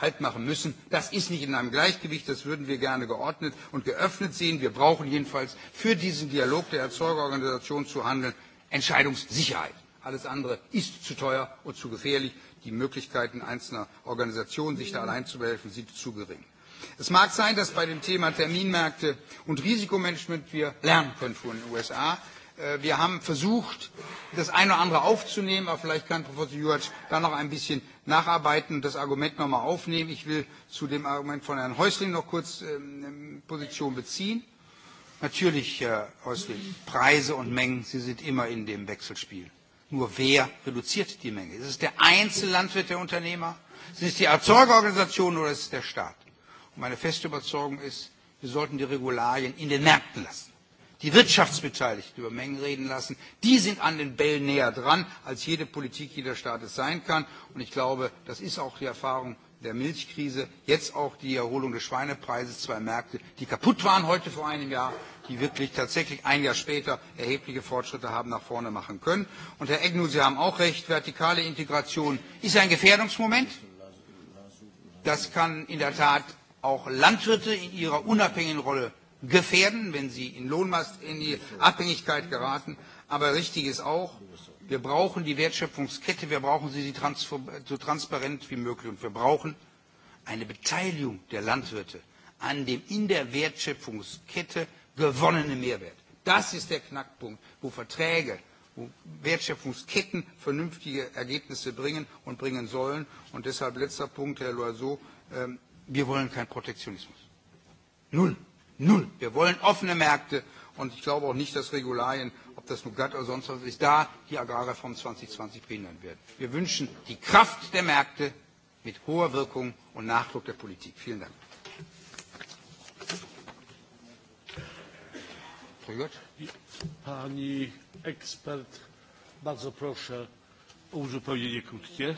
Halt machen müssen. Das ist nicht in einem Gleichgewicht, das würden wir gerne geordnet und geöffnet sehen. Wir brauchen jedenfalls für diesen Dialog der Erzeugerorganisation zu handeln Entscheidungssicherheit. Alles andere ist zu teuer und zu gefährlich. Die Möglichkeiten einzelner Organisationen, sich da allein zu behelfen, sind zu gering. Es mag sein, dass bei dem Thema Terminmärkte und Risikomanagement wir lernen können von den USA. Äh, wir haben versucht, das eine oder andere aufzunehmen, aber vielleicht kann Professor Juhatsch da noch ein bisschen nacharbeiten und das Argument nochmal aufnehmen. Ich will zu dem Argument von Herrn Häusling noch kurz ähm, Position beziehen. Natürlich, Herr äh, Häusling, Preise und Mengen, sie sind immer in dem Wechselspiel. Nur wer reduziert die Menge? Ist es der Einzellandwirt, der Unternehmer? Sind es die Erzeugerorganisationen oder ist es der Staat? Und meine feste Überzeugung ist, wir sollten die Regularien in den Märkten lassen die Wirtschaftsbeteiligten über Mengen reden lassen. Die sind an den Bällen näher dran, als jede Politik jeder Staat es sein kann. Und ich glaube, das ist auch die Erfahrung der Milchkrise, jetzt auch die Erholung des Schweinepreises, zwei Märkte, die kaputt waren heute vor einem Jahr, die wirklich tatsächlich ein Jahr später erhebliche Fortschritte haben nach vorne machen können. Und Herr Egnu, Sie haben auch recht, vertikale Integration ist ein Gefährdungsmoment. Das kann in der Tat auch Landwirte in ihrer unabhängigen Rolle gefährden, wenn sie in Lohnmast in die Abhängigkeit geraten. Aber richtig ist auch, wir brauchen die Wertschöpfungskette, wir brauchen sie so transparent wie möglich und wir brauchen eine Beteiligung der Landwirte an dem in der Wertschöpfungskette gewonnenen Mehrwert. Das ist der Knackpunkt, wo Verträge, wo Wertschöpfungsketten vernünftige Ergebnisse bringen und bringen sollen. Und deshalb letzter Punkt, Herr Loiseau, ähm, wir wollen keinen Protektionismus. Null. Null. Wir wollen offene Märkte und ich glaube auch nicht, dass Regularien, ob das nun glatt oder sonst was ist, da die Agrarreform 2020 behindern werden. Wir wünschen die Kraft der Märkte mit hoher Wirkung und Nachdruck der Politik. Vielen Dank. Pani ekspert, bardzo proszę o uzupełnienie krótkie.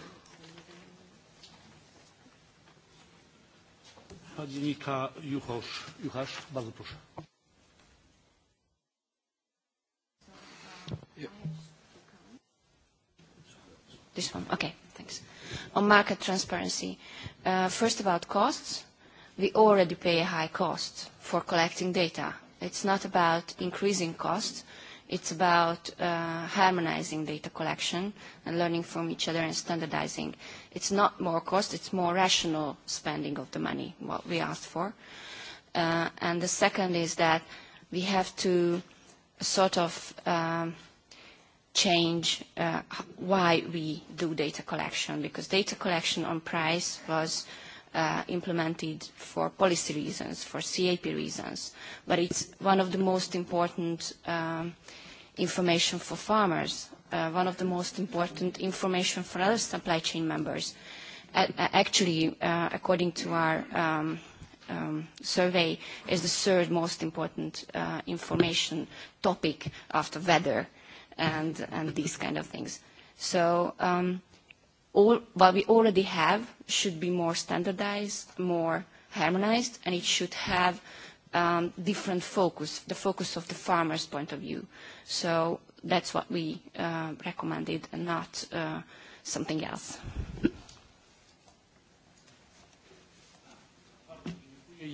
Pani Juchosz. Juchasz, bardzo proszę. This one, okay, thanks. On market transparency, uh, first about costs, we already pay a high cost for collecting data. It's not about increasing costs, It's about uh, harmonizing data collection and learning from each other and standardizing. It's not more cost, it's more rational spending of the money, what we asked for. Uh, and the second is that we have to sort of um, change uh, why we do data collection, because data collection on price was uh, uh, implemented for policy reasons, for CAP reasons. But it's one of the most important um, information for farmers, uh, one of the most important information for other supply chain members. actually, uh, according to our um, um, survey, is the third most important uh, information topic after weather and, and these kind of things. So um, all, what we already have should be more standardized, more harmonized, and it should have um, different focus, the focus of the farmer's point of view. So that's what we uh, recommended and not uh, something else.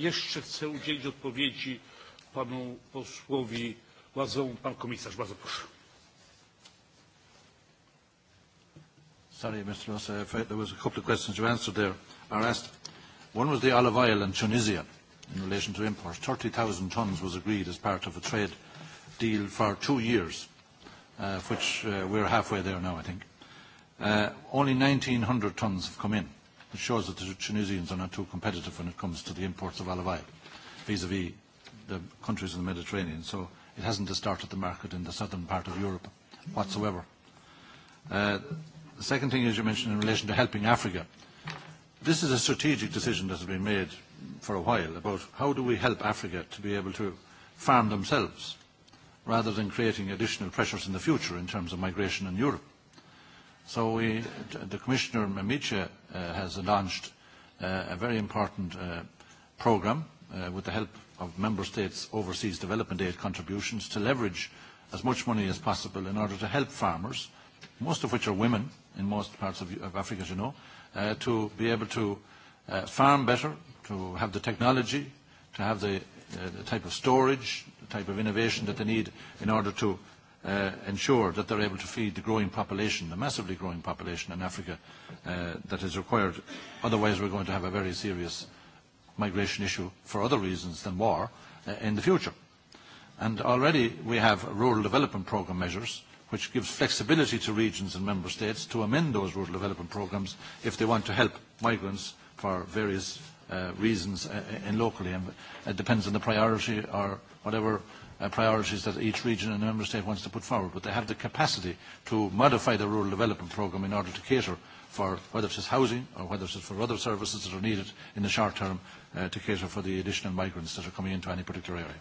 Jeszcze chcę udzielić odpowiedzi panu posłowi Łazowemu. Pan komisarz, bardzo proszę. Sorry, Mr. Rossa, there was a couple of questions you answered there, I asked. One was the olive oil in Tunisia in relation to imports. 30,000 tonnes was agreed as part of a trade deal for two years, uh, which uh, we're halfway there now, I think. Uh, only 1,900 tonnes have come in. It shows that the Tunisians are not too competitive when it comes to the imports of olive oil vis-à-vis -vis the countries in the Mediterranean. So it hasn't distorted the market in the southern part of Europe whatsoever. Uh, The second thing is you mentioned in relation to helping Africa. This is a strategic decision that has been made for a while about how do we help Africa to be able to farm themselves rather than creating additional pressures in the future in terms of migration in Europe. So we, the Commissioner Mamiche uh, has launched uh, a very important uh, programme uh, with the help of Member States' overseas development aid contributions to leverage as much money as possible in order to help farmers uh, most of which are women in most parts of, of Africa, as you know, uh, to be able to uh, farm better, to have the technology, to have the, uh, the type of storage, the type of innovation that they need in order to uh, ensure that they're able to feed the growing population, the massively growing population in Africa uh, that is required. Otherwise, we're going to have a very serious migration issue for other reasons than war uh, in the future. And already we have rural development program measures which gives flexibility to regions and member states to amend those rural development programmes if they want to help migrants for various uh, reasons uh, uh, in locally. And it depends on the priority or whatever uh, priorities that each region and member state wants to put forward. But they have the capacity to modify the rural development programme in order to cater for whether it is housing or whether it is for other services that are needed in the short term uh, to cater for the additional migrants that are coming into any particular area.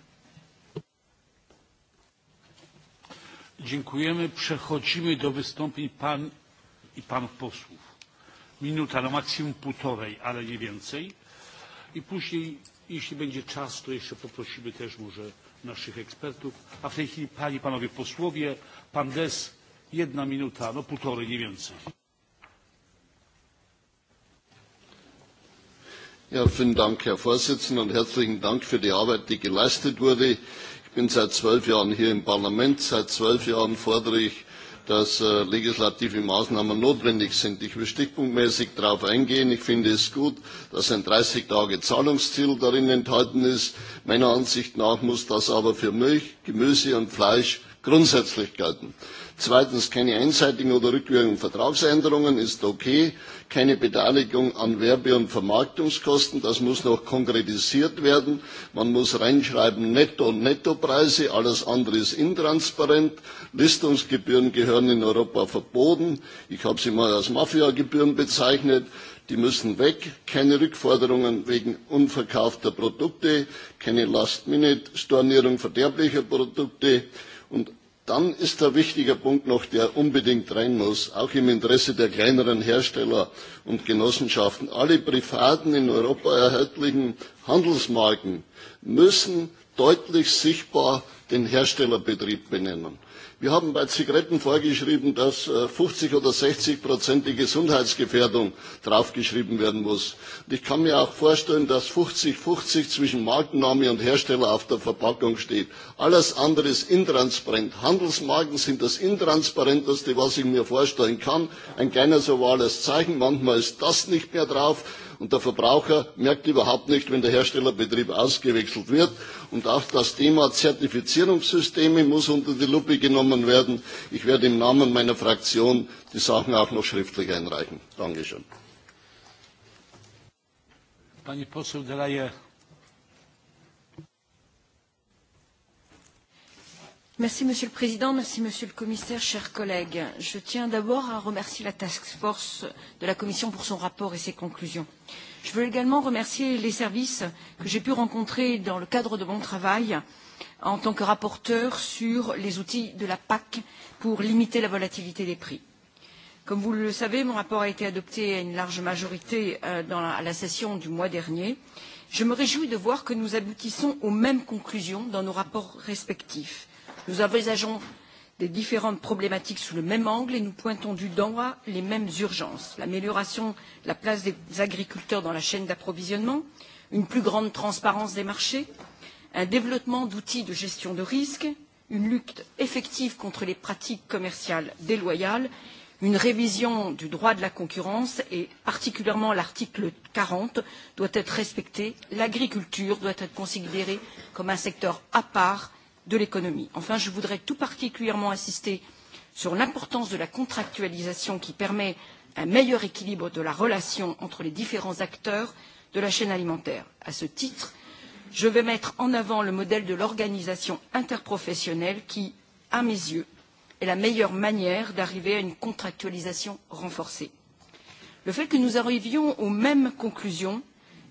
Dziękujemy. Przechodzimy do wystąpień pan i panów posłów. Minuta, no maksimum półtorej, ale nie więcej. I później, jeśli będzie czas, to jeszcze poprosimy też może naszych ekspertów. A w tej chwili panie i panowie posłowie, pan Des, jedna minuta, no półtorej, nie więcej. Ja, vielen Dank, Herr Vorsitzender, und herzlichen Dank für die Arbeit, die geleistet wurde. Ich bin seit zwölf Jahren hier im Parlament. Seit zwölf Jahren fordere ich, dass äh, legislative Maßnahmen notwendig sind. Ich will stichpunktmäßig darauf eingehen. Ich finde es gut, dass ein 30-Tage-Zahlungsziel darin enthalten ist. Meiner Ansicht nach muss das aber für Milch, Gemüse und Fleisch grundsätzlich gelten. Zweitens keine einseitigen oder rückwirkenden Vertragsänderungen ist okay. Keine Beteiligung an Werbe- und Vermarktungskosten, das muss noch konkretisiert werden. Man muss reinschreiben Netto- und Nettopreise, alles andere ist intransparent. Listungsgebühren gehören in Europa verboten. Ich habe sie mal als Mafiagebühren bezeichnet die müssen weg, keine Rückforderungen wegen unverkaufter Produkte, keine Last-Minute-Stornierung verderblicher Produkte und Dann ist der wichtige Punkt noch, der unbedingt rein muss, auch im Interesse der kleineren Hersteller und Genossenschaften. Alle privaten in Europa erhältlichen Handelsmarken müssen deutlich sichtbar den Herstellerbetrieb benennen. Wir haben bei Zigaretten vorgeschrieben, dass 50 äh, oder 60 Prozent die Gesundheitsgefährdung draufgeschrieben werden muss. Und ich kann mir auch vorstellen, dass 50-50 zwischen Markenname und Hersteller auf der Verpackung steht. Alles andere ist intransparent. Handelsmarken sind das intransparenteste, was ich mir vorstellen kann. Ein kleines ovales Zeichen, manchmal ist das nicht mehr drauf Und der Verbraucher merkt überhaupt nicht, wenn der Herstellerbetrieb ausgewechselt wird. Und auch das Thema Zertifizierungssysteme muss unter die Lupe genommen werden. Ich werde im Namen meiner Fraktion die Sachen auch noch schriftlich einreichen. Dankeschön. Pani poseł Delaje Merci Monsieur le Président, merci Monsieur le Commissaire, chers collègues. Je tiens d'abord à remercier la Task Force de la Commission pour son rapport et ses conclusions. Je veux également remercier les services que j'ai pu rencontrer dans le cadre de mon travail en tant que rapporteur sur les outils de la PAC pour limiter la volatilité des prix. Comme vous le savez, mon rapport a été adopté à une large majorité euh, dans la, à la session du mois dernier. Je me réjouis de voir que nous aboutissons aux mêmes conclusions dans nos rapports respectifs Nous envisageons les différentes problématiques sous le même angle et nous pointons du doigt les mêmes urgences l'amélioration de la place des agriculteurs dans la chaîne d'approvisionnement, une plus grande transparence des marchés, un développement d'outils de gestion de risque, une lutte effective contre les pratiques commerciales déloyales, une révision du droit de la concurrence et particulièrement l'article 40 doit être respecté. L'agriculture doit être considérée comme un secteur à part de l'économie. Enfin, je voudrais tout particulièrement insister sur l'importance de la contractualisation qui permet un meilleur équilibre de la relation entre les différents acteurs de la chaîne alimentaire. À ce titre, je vais mettre en avant le modèle de l'organisation interprofessionnelle qui, à mes yeux, est la meilleure manière d'arriver à une contractualisation renforcée. Le fait que nous arrivions aux mêmes conclusions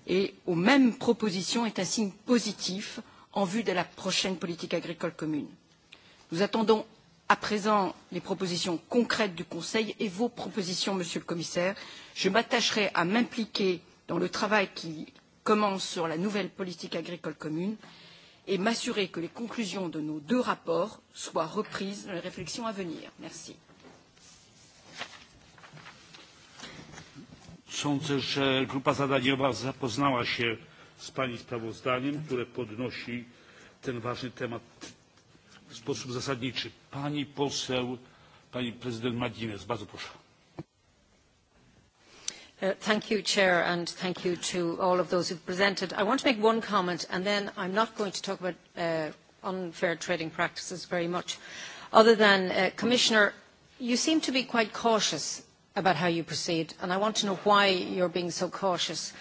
et aux mêmes propositions est un signe positif en vue de la prochaine politique agricole commune. Nous attendons à présent les propositions concrètes du Conseil et vos propositions, Monsieur le Commissaire. Je m'attacherai à m'impliquer dans le travail qui commence sur la nouvelle politique agricole commune et m'assurer que les conclusions de nos deux rapports soient reprises dans les réflexions à venir. Merci. Sądzę, że grupa zadaniowa zapoznała się z Pani sprawozdaniem, które podnosi ten ważny temat w sposób zasadniczy. Pani poseł, Pani prezydent Madines, bardzo proszę. Uh, thank you, Chair, and thank you to all of those who presented. I want to make one comment, and then I'm not going to talk about uh, unfair trading practices very much, other than, uh, Commissioner, you seem to be quite cautious about how you proceed, and I want to know why you're being so cautious. Uh,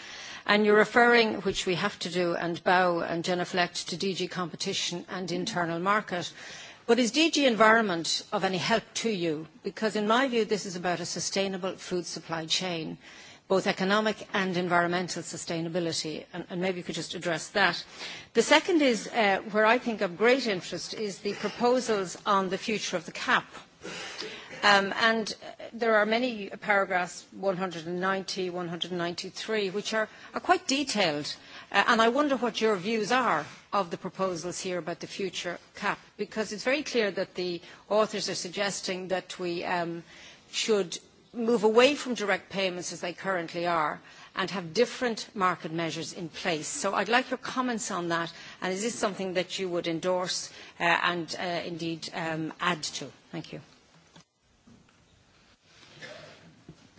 And you're referring, which we have to do, and bow and genuflect to DG competition and internal market. But is DG environment of any help to you? Because in my view, this is about a sustainable food supply chain, both economic and environmental sustainability. And, and maybe you could just address that. The second is uh, where I think of great interest is the proposals on the future of the CAP. Um, and uh, there are many paragraphs 190, 193, which are, are quite detailed. Uh, and I wonder what your views are of the proposals here about the future cap, because it's very clear that the authors are suggesting that we um, should move away from direct payments as they currently are and have different market measures in place. So I'd like your comments on that, and is this something that you would endorse uh, and uh, indeed um, add to? Thank you.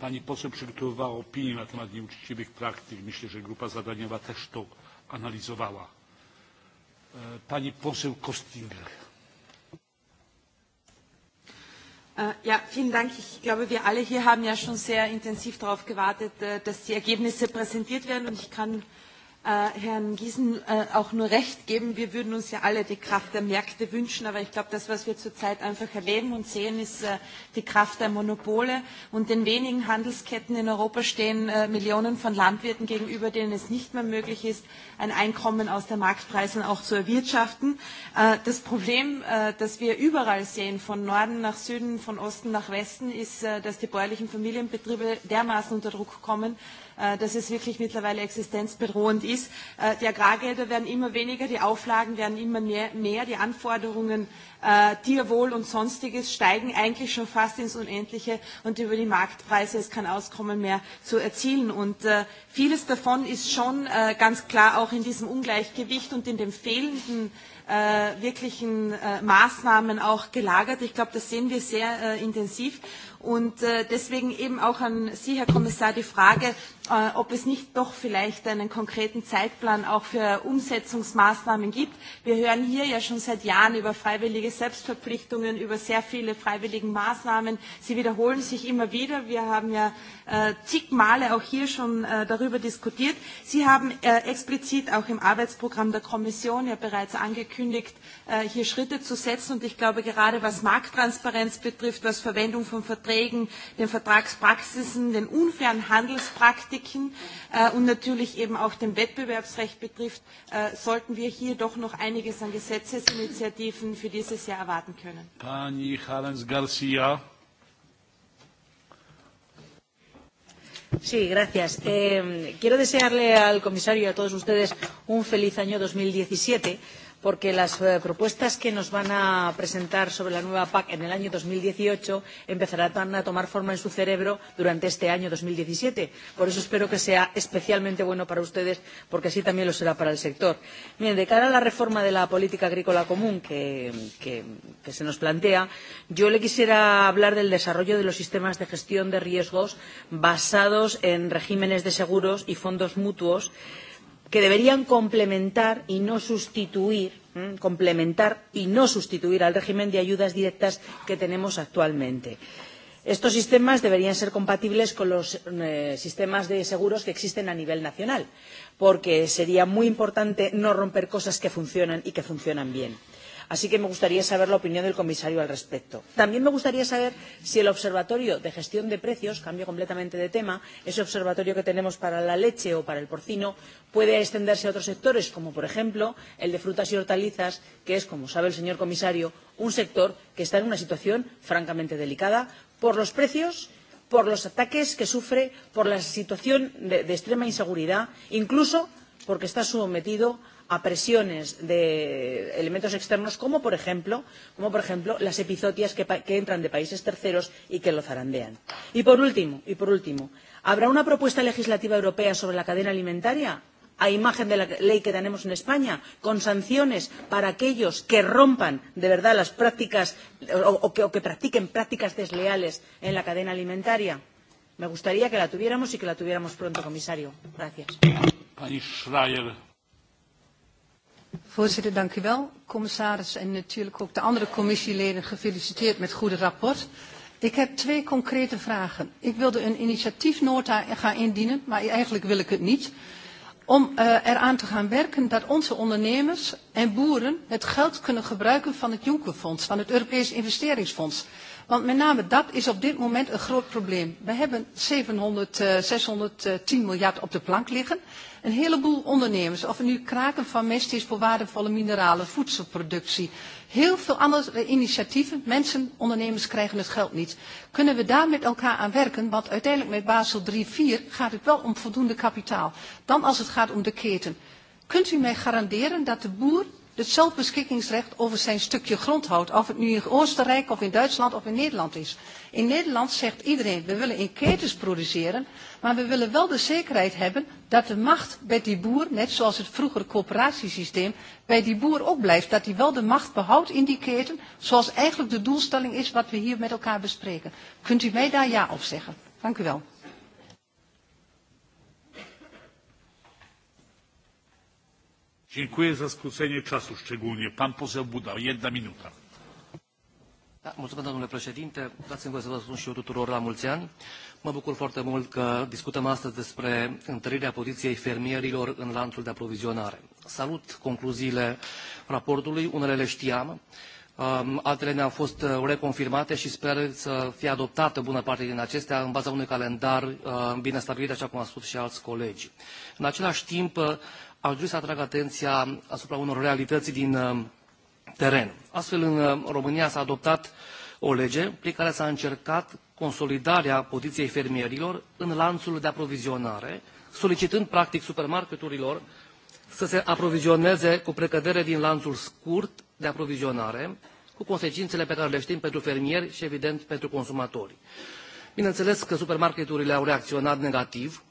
Pani poseł przygotowywała opinię na temat nieuczciwych praktyk. Myślę, że grupa zadaniowa też to analizowała. E, pani poseł Kostinger. E, ja, vielen Dank. Ich glaube, wir alle hier haben ja schon sehr intensiv darauf gewartet, äh, dass die Ergebnisse präsentiert werden. Und ich kann Äh, Herrn Giesen äh, auch nur recht geben. Wir würden uns ja alle die Kraft der Märkte wünschen, aber ich glaube, das, was wir zurzeit einfach erleben und sehen, ist äh, die Kraft der Monopole. Und den wenigen Handelsketten in Europa stehen Millionen von Landwirten gegenüber, denen es nicht mehr möglich ist, ein Einkommen aus den Marktpreisen auch zu erwirtschaften. Das Problem, das wir überall sehen, von Norden nach Süden, von Osten nach Westen, ist, dass die bäuerlichen Familienbetriebe dermaßen unter Druck kommen, Äh, dass es wirklich mittlerweile existenzbedrohend ist. Äh, die Agrargelder werden immer weniger, die Auflagen werden immer mehr, mehr die Anforderungen äh, Tierwohl und Sonstiges steigen eigentlich schon fast ins Unendliche und über die Marktpreise ist kein Auskommen mehr zu erzielen. Und äh, vieles davon ist schon äh, ganz klar auch in diesem Ungleichgewicht und in dem fehlenden äh, wirklichen äh, Maßnahmen auch gelagert. Ich glaube, das sehen wir sehr äh, intensiv. Und äh, deswegen eben auch an Sie, Herr Kommissar, die Frage, äh, ob es nicht doch vielleicht einen konkreten Zeitplan auch für Umsetzungsmaßnahmen gibt. Wir hören hier ja schon seit Jahren über freiwillige Selbstverpflichtungen, über sehr viele freiwillige Maßnahmen. Sie wiederholen sich immer wieder. Wir haben ja äh, zig Male auch hier schon darüber diskutiert. Sie haben explizit auch im Arbeitsprogramm der Kommission ja bereits angekündigt, hier Schritte zu setzen. Und ich glaube, gerade was Markttransparenz betrifft, was Verwendung von Verträgen Verträgen, den Vertragspraxisen, den unfairen Handelspraktiken äh, und natürlich eben auch dem Wettbewerbsrecht betrifft, äh, sollten wir hier doch noch einiges an Gesetzesinitiativen für dieses Jahr erwarten können. Pani Harens Garcia. Sí, gracias. Eh, quiero desearle al comisario y a todos ustedes un feliz año 2017 porque las eh, propuestas que nos van a presentar sobre la nueva PAC en el año 2018 empezarán a tomar forma en su cerebro durante este año 2017. Por eso espero que sea especialmente bueno para ustedes, porque así también lo será para el sector. Miren, de cara a la reforma de la política agrícola común que, que, que se nos plantea, yo le quisiera hablar del desarrollo de los sistemas de gestión de riesgos basados en regímenes de seguros y fondos mutuos que deberían complementar y no sustituir complementar y no sustituir al régimen de ayudas directas que tenemos actualmente. Estos sistemas deberían ser compatibles con los eh, sistemas de seguros que existen a nivel nacional, porque sería muy importante no romper cosas que funcionan y que funcionan bien. Así que me gustaría saber la opinión del comisario al respecto. También me gustaría saber si el Observatorio de Gestión de Precios, cambio completamente de tema, ese observatorio que tenemos para la leche o para el porcino, puede extenderse a otros sectores, como por ejemplo el de frutas y hortalizas, que es, como sabe el señor comisario, un sector que está en una situación francamente delicada por los precios por los ataques que sufre, por la situación de, de extrema inseguridad, incluso porque está sometido a presiones de elementos externos, como por ejemplo, como por ejemplo las epizotias que, que entran de países terceros y que lo zarandean. Y por último, y por último ¿habrá una propuesta legislativa europea sobre la cadena alimentaria? a imagen de la ley que tenemos en España, con sanciones para aquellos que rompan de verdad las prácticas o, o, que, o que practiquen prácticas desleales en la cadena alimentaria. Me gustaría que la tuviéramos y que la tuviéramos pronto, comisario. Gracias. Voorzitter, dank u wel. Commissaris en natuurlijk ook de andere commissieleden gefeliciteerd met het goede rapport. Ik heb twee concrete vragen. Ik wilde een initiatiefnota gaan indienen, maar eigenlijk wil ik het niet. Om uh, eraan te gaan werken dat onze ondernemers en boeren het geld kunnen gebruiken van het Jonkerfonds, van het Europees Investeringsfonds. Want met name dat is op dit moment een groot probleem. We hebben 700, 610 eh, miljard op de plank liggen. Een heleboel ondernemers, of het nu kraken van mest is voor waardevolle mineralen, voedselproductie, heel veel andere initiatieven. Mensen, ondernemers krijgen het geld niet. Kunnen we daar met elkaar aan werken? Want uiteindelijk met Basel 3, 4 gaat het wel om voldoende kapitaal. Dan als het gaat om de keten. Kunt u mij garanderen dat de boer het zelfbeschikkingsrecht over zijn stukje grond houdt. Of het nu in Oostenrijk of in Duitsland of in Nederland is. In Nederland zegt iedereen, we willen in ketens produceren, maar we willen wel de zekerheid hebben dat de macht bij die boer, net zoals het vroegere coöperatiesysteem, bij die boer ook blijft. Dat hij wel de macht behoudt in die keten, zoals eigenlijk de doelstelling is wat we hier met elkaar bespreken. Kunt u mij daar ja op zeggen? Dank u wel. Dziękuję za skrócenie czasu szczególnie. Pan poseł Buda, jedna minuta. Da, mulțumesc, domnule președinte. Dați-mi voie să vă spun și eu tuturor la mulți ani. Mă bucur foarte mult că discutăm astăzi despre întărirea poziției fermierilor în lanțul de aprovizionare. Salut concluziile raportului, unele le știam, um, altele ne-au fost uh, reconfirmate și sper să fie adoptată bună parte din acestea în baza unui calendar uh, bine stabilit, așa cum a spus și alți colegi. În același timp, uh, aș dori să atrag atenția asupra unor realități din um, teren. Astfel, în um, România s-a adoptat o lege prin care s-a încercat consolidarea poziției fermierilor în lanțul de aprovizionare, solicitând practic supermarketurilor să se aprovizioneze cu precădere din lanțul scurt de aprovizionare, cu consecințele pe care le știm pentru fermieri și, evident, pentru consumatori. Bineînțeles că supermarketurile au reacționat negativ,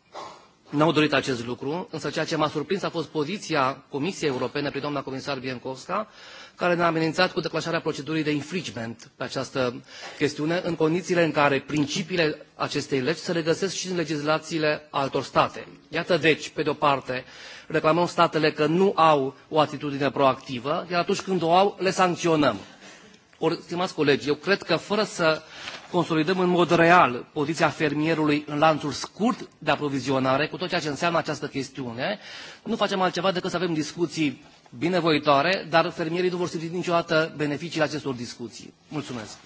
N-au dorit acest lucru, însă ceea ce m-a surprins a fost poziția Comisiei Europene prin doamna comisar Biencovska, care ne-a amenințat cu declanșarea procedurii de infringement pe această chestiune, în condițiile în care principiile acestei legi se regăsesc și în legislațiile altor state. Iată deci, pe de-o parte, reclamăm statele că nu au o atitudine proactivă, iar atunci când o au, le sancționăm. Ori, stimați colegi, eu cred că fără să uh, consolidăm în mod real poziția fermierului în lanțul scurt de aprovizionare, cu tot ceea ce înseamnă această chestiune, nu facem altceva decât să avem discuții binevoitoare, dar fermierii nu vor simți niciodată beneficiile acestor discuții. Mulțumesc.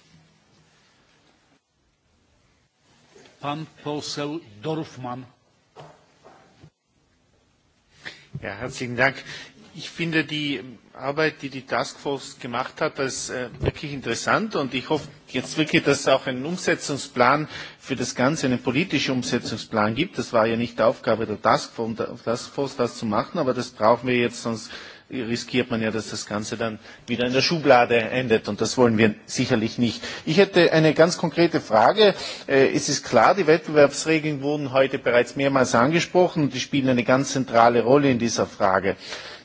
Pan poseł Dorfman. Ja, herzlichen Dank. Ich finde die Arbeit, die die Taskforce gemacht hat, als äh, wirklich interessant und ich hoffe jetzt wirklich, dass es auch einen Umsetzungsplan für das Ganze, einen politischen Umsetzungsplan gibt. Das war ja nicht Aufgabe der Taskforce, der das zu machen, aber das brauchen wir jetzt, sonst riskiert man ja, dass das Ganze dann wieder in der Schublade endet. Und das wollen wir sicherlich nicht. Ich hätte eine ganz konkrete Frage. Äh, es ist klar, die Wettbewerbsregeln wurden heute bereits mehrmals angesprochen und die spielen eine ganz zentrale Rolle in dieser Frage.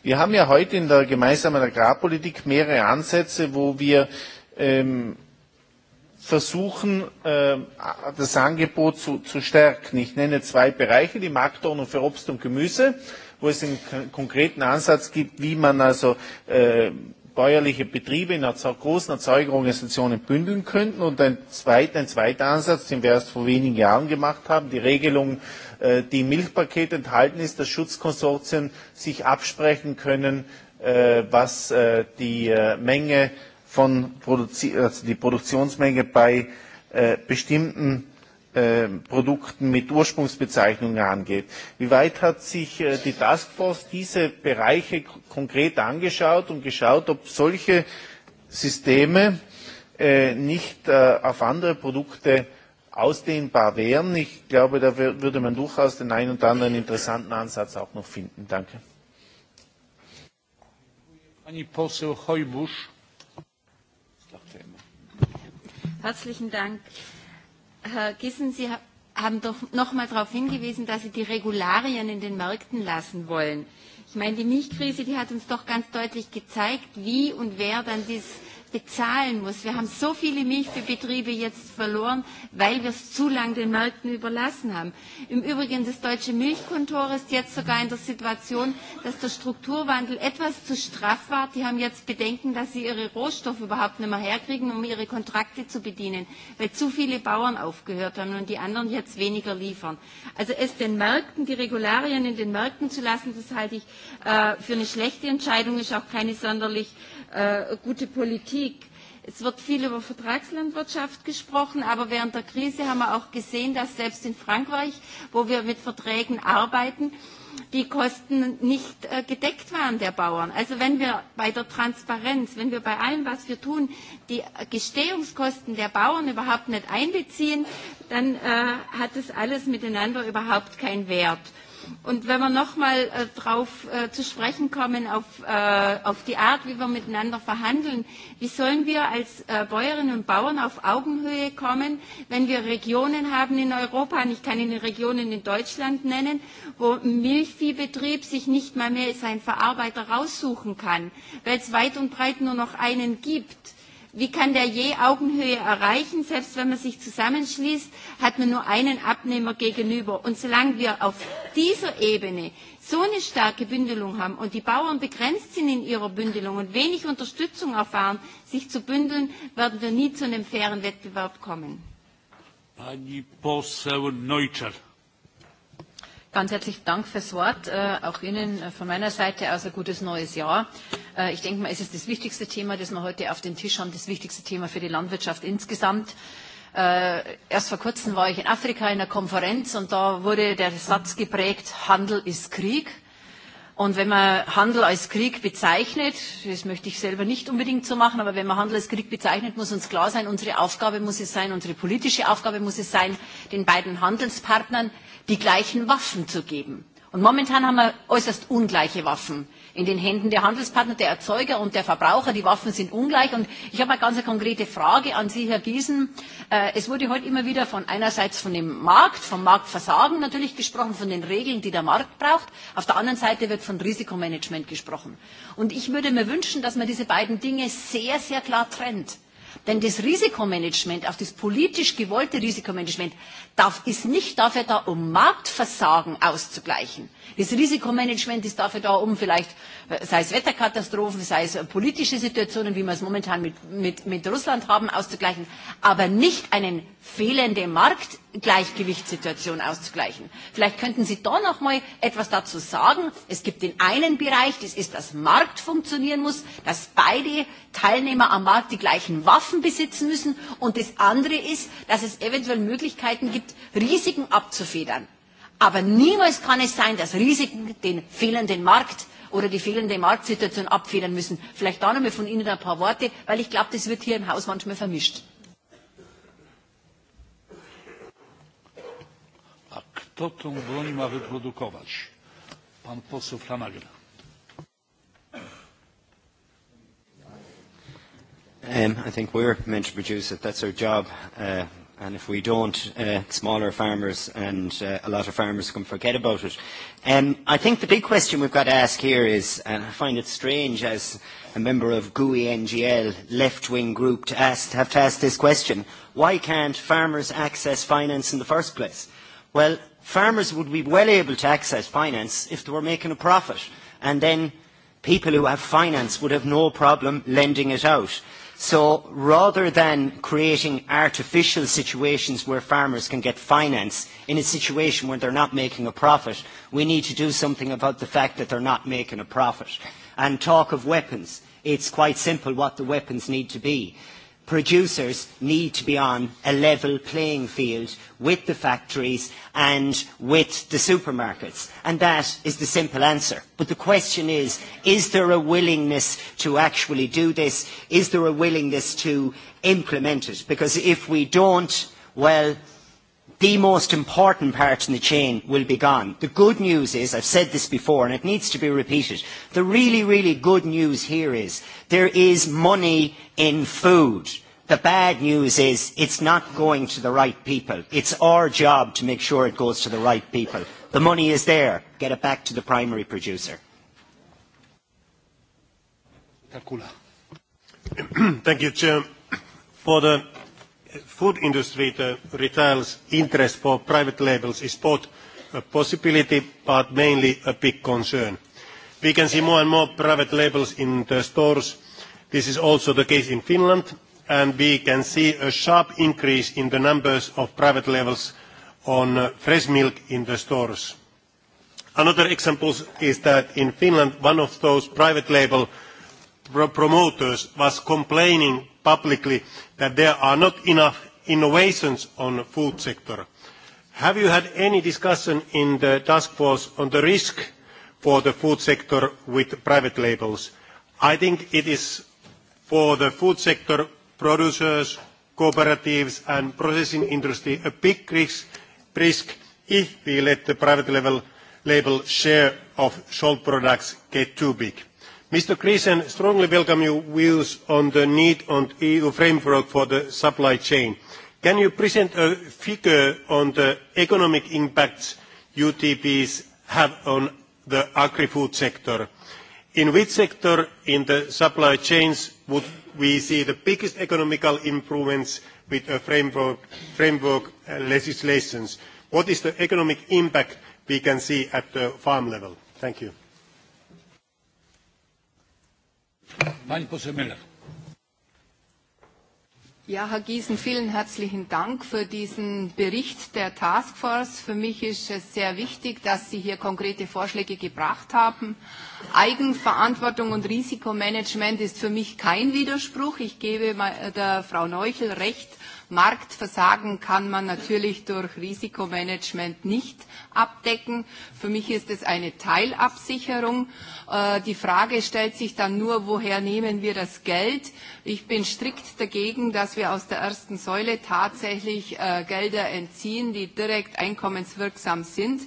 Wir haben ja heute in der gemeinsamen Agrarpolitik mehrere Ansätze, wo wir ähm, versuchen, äh, das Angebot zu, zu stärken. Ich nenne zwei Bereiche, die Marktordnung für Obst und Gemüse, wo es einen konkreten Ansatz gibt, wie man also äh, bäuerliche Betriebe in großen Erzeugerorganisationen bündeln könnten. Und ein zweiter, ein zweiter Ansatz, den wir erst vor wenigen Jahren gemacht haben, die Regelung äh, Äh, die im Milchpaket enthalten ist, dass Schutzkonsortien sich absprechen können, äh, was äh, die Menge von Produzi also die Produktionsmenge bei bestimmten Produkten mit Ursprungsbezeichnungen angeht. Wie weit hat sich die Taskforce diese Bereiche konkret angeschaut und geschaut, ob solche Systeme nicht auf andere Produkte ausdehnbar wären. Ich glaube, da würde man durchaus den einen oder anderen interessanten Ansatz auch noch finden. Danke. Herzlichen Dank. Herr Gissen, Sie haben doch noch mal darauf hingewiesen, dass Sie die Regularien in den Märkten lassen wollen. Ich meine, die Milchkrise, die hat uns doch ganz deutlich gezeigt, wie und wer dann dieses bezahlen muss. Wir haben so viele Milchviehbetriebe jetzt verloren, weil wir es zu lange den Märkten überlassen haben. Im Übrigen, das deutsche Milchkontor ist jetzt sogar in der Situation, dass der Strukturwandel etwas zu straff war. Die haben jetzt Bedenken, dass sie ihre Rohstoffe überhaupt nicht mehr herkriegen, um ihre Kontrakte zu bedienen, weil zu viele Bauern aufgehört haben und die anderen jetzt weniger liefern. Also es den Märkten, die Regularien in den Märkten zu lassen, das halte ich äh, für eine schlechte Entscheidung, ist auch keine sonderlich äh, gute Politik. Politik. Es wird viel über Vertragslandwirtschaft gesprochen, aber während der Krise haben wir auch gesehen, dass selbst in Frankreich, wo wir mit Verträgen arbeiten, die Kosten nicht äh, gedeckt waren der Bauern. Also wenn wir bei der Transparenz, wenn wir bei allem, was wir tun, die äh, Gestehungskosten der Bauern überhaupt nicht einbeziehen, dann äh, hat das alles miteinander überhaupt keinen Wert. Und wenn wir nochmal äh, darauf äh, zu sprechen kommen, auf, äh, auf die Art, wie wir miteinander verhandeln, wie sollen wir als äh, Bäuerinnen und Bauern auf Augenhöhe kommen, wenn wir Regionen haben in Europa, und ich kann Ihnen Regionen in Deutschland nennen, wo ein Milchviehbetrieb sich nicht mal mehr seinen Verarbeiter raussuchen kann, weil es weit und breit nur noch einen gibt Wie kann der je Augenhöhe erreichen? Selbst wenn man sich zusammenschließt, hat man nur einen Abnehmer gegenüber. Und solange wir auf dieser Ebene so eine starke Bündelung haben und die Bauern begrenzt sind in ihrer Bündelung und wenig Unterstützung erfahren, sich zu bündeln, werden wir nie zu einem fairen Wettbewerb kommen. Pani poseł Neutschert. Ganz herzlichen Dank fürs Wort. Äh, auch Ihnen äh, von meiner Seite aus ein gutes neues Jahr. Äh, ich denke mal, es ist das wichtigste Thema, das wir heute auf den Tisch haben, das wichtigste Thema für die Landwirtschaft insgesamt. Äh, erst vor kurzem war ich in Afrika in einer Konferenz und da wurde der Satz geprägt, Handel ist Krieg. Und wenn man Handel als Krieg bezeichnet, das möchte ich selber nicht unbedingt so machen, aber wenn man Handel als Krieg bezeichnet, muss uns klar sein, unsere Aufgabe muss es sein, unsere politische Aufgabe muss es sein, den beiden Handelspartnern die gleichen Waffen zu geben. Und momentan haben wir äußerst ungleiche Waffen in den Händen der Handelspartner, der Erzeuger und der Verbraucher. Die Waffen sind ungleich. Und ich habe eine ganz konkrete Frage an Sie, Herr Giesen. Äh, es wurde heute immer wieder von einerseits von dem Markt, vom Marktversagen natürlich gesprochen, von den Regeln, die der Markt braucht. Auf der anderen Seite wird von Risikomanagement gesprochen. Und ich würde mir wünschen, dass man diese beiden Dinge sehr, sehr klar trennt. Denn das Risikomanagement, auch das politisch gewollte Risikomanagement, darf, ist nicht dafür da, um Marktversagen auszugleichen Das Risikomanagement ist dafür da, um vielleicht, äh, sei es Wetterkatastrophen, sei es äh, politische Situationen, wie wir es momentan mit, mit, mit Russland haben, auszugleichen, aber nicht eine fehlende Marktgleichgewichtssituation auszugleichen. Vielleicht könnten Sie da noch mal etwas dazu sagen. Es gibt den einen Bereich, das ist, dass Markt funktionieren muss, dass beide Teilnehmer am Markt die gleichen Waffen besitzen müssen. Und das andere ist, dass es eventuell Möglichkeiten gibt, Risiken abzufedern. Aber niemals kann es sein, dass Risiken den fehlenden Markt oder die fehlende Marktsituation abfedern müssen. Vielleicht da nochmal von Ihnen ein paar Worte, weil ich glaube, das wird hier im Haus manchmal vermischt. A kto tą broń ma wyprodukować? Pan poseł Flanagan. Um, I think we're meant to produce it. That's our job. Uh, And if we don't, uh, smaller farmers and uh, a lot of farmers can forget about it. Um, I think the big question we've got to ask here is, and I find it strange as a member of GUI NGL left-wing group to ask, have to ask this question, why can't farmers access finance in the first place? Well, farmers would be well able to access finance if they were making a profit. And then people who have finance would have no problem lending it out. So rather than creating artificial situations where farmers can get finance in a situation where they're not making a profit, we need to do something about the fact that they're not making a profit. And talk of weapons, it's quite simple what the weapons need to be producers need to be on a level playing field with the factories and with the supermarkets. And that is the simple answer. But the question is, is there a willingness to actually do this? Is there a willingness to implement it? Because if we don't, well, the most important part in the chain will be gone. The good news is, I've said this before and it needs to be repeated, the really, really good news here is there is money in food. The bad news is it's not going to the right people. It's our job to make sure it goes to the right people. The money is there. Get it back to the primary producer. Thank you, Chair. For the food industry, the retail's interest for private labels is both a possibility but mainly a big concern. We can see more and more private labels in the stores. This is also the case in Finland, and we can see a sharp increase in the numbers of private labels on uh, fresh milk in the stores. Another example is that in Finland, one of those private label promoters was complaining publicly that there are not enough innovations on food sector. Have you had any discussion in the task force on the risk for the food sector with private labels? I think it is for the food sector producers, cooperatives, and processing industry a big risk, if we let the private label share of sold products get too big. Mr. Kriesen strongly welcome your views on the need for an EU framework for the supply chain. Can you present a figure on the economic impact UTPs have on the agri-food sector? In which sector in the supply chains would we see the biggest economic improvements with a framework, uh, legislation? What is the economic impact we can see at the farm level? Thank you. Pani poseł Müller. Ja, Herr Giesen, vielen herzlichen Dank für diesen Bericht der Taskforce. Für mich ist es sehr wichtig, dass Sie hier konkrete Vorschläge gebracht haben. Eigenverantwortung und Risikomanagement ist für mich kein Widerspruch. Ich gebe der Frau Neuchel recht, Marktversagen kann man natürlich durch Risikomanagement nicht abdecken. Für mich ist es eine Teilabsicherung. Äh, die Frage stellt sich dann nur, woher nehmen wir das Geld? Ich bin strikt dagegen, dass wir aus der ersten Säule tatsächlich äh, Gelder entziehen, die direkt einkommenswirksam sind.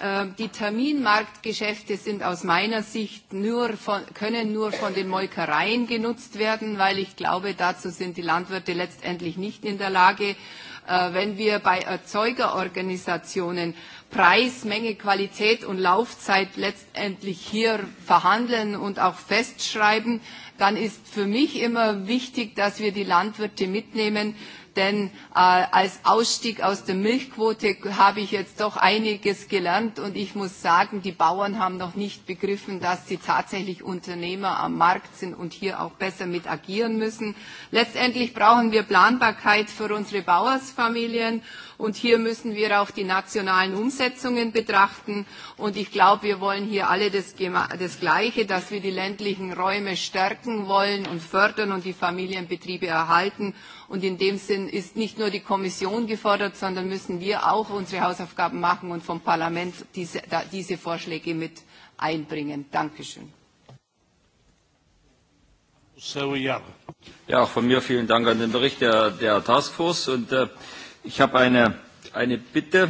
Ähm, die Terminmarktgeschäfte sind aus meiner Sicht nur von, können nur von den Molkereien genutzt werden, weil ich glaube, dazu sind die Landwirte letztendlich nicht in der Lage. Äh, wenn wir bei Erzeugerorganisationen Preis, Menge, Qualität und Laufzeit letztendlich hier verhandeln und auch festschreiben, dann ist für mich immer wichtig, dass wir die Landwirte mitnehmen, denn äh, als Ausstieg aus der Milchquote habe ich jetzt doch einiges gelernt und ich muss sagen, die Bauern haben noch nicht begriffen, dass sie tatsächlich Unternehmer am Markt sind und hier auch besser mit agieren müssen. Letztendlich brauchen wir Planbarkeit für unsere Bauersfamilien und hier müssen wir auch die nationalen Umsetzungen betrachten und ich glaube, wir wollen hier alle das, das Gleiche, dass wir die ländlichen Räume stärken wollen und fördern und die Familienbetriebe erhalten. Und in dem Sinn ist nicht nur die Kommission gefordert, sondern müssen wir auch unsere Hausaufgaben machen und vom Parlament diese, da, diese Vorschläge mit einbringen. Dankeschön. Ja, auch von mir vielen Dank an den Bericht der, der Taskforce. Und äh, ich habe eine, eine Bitte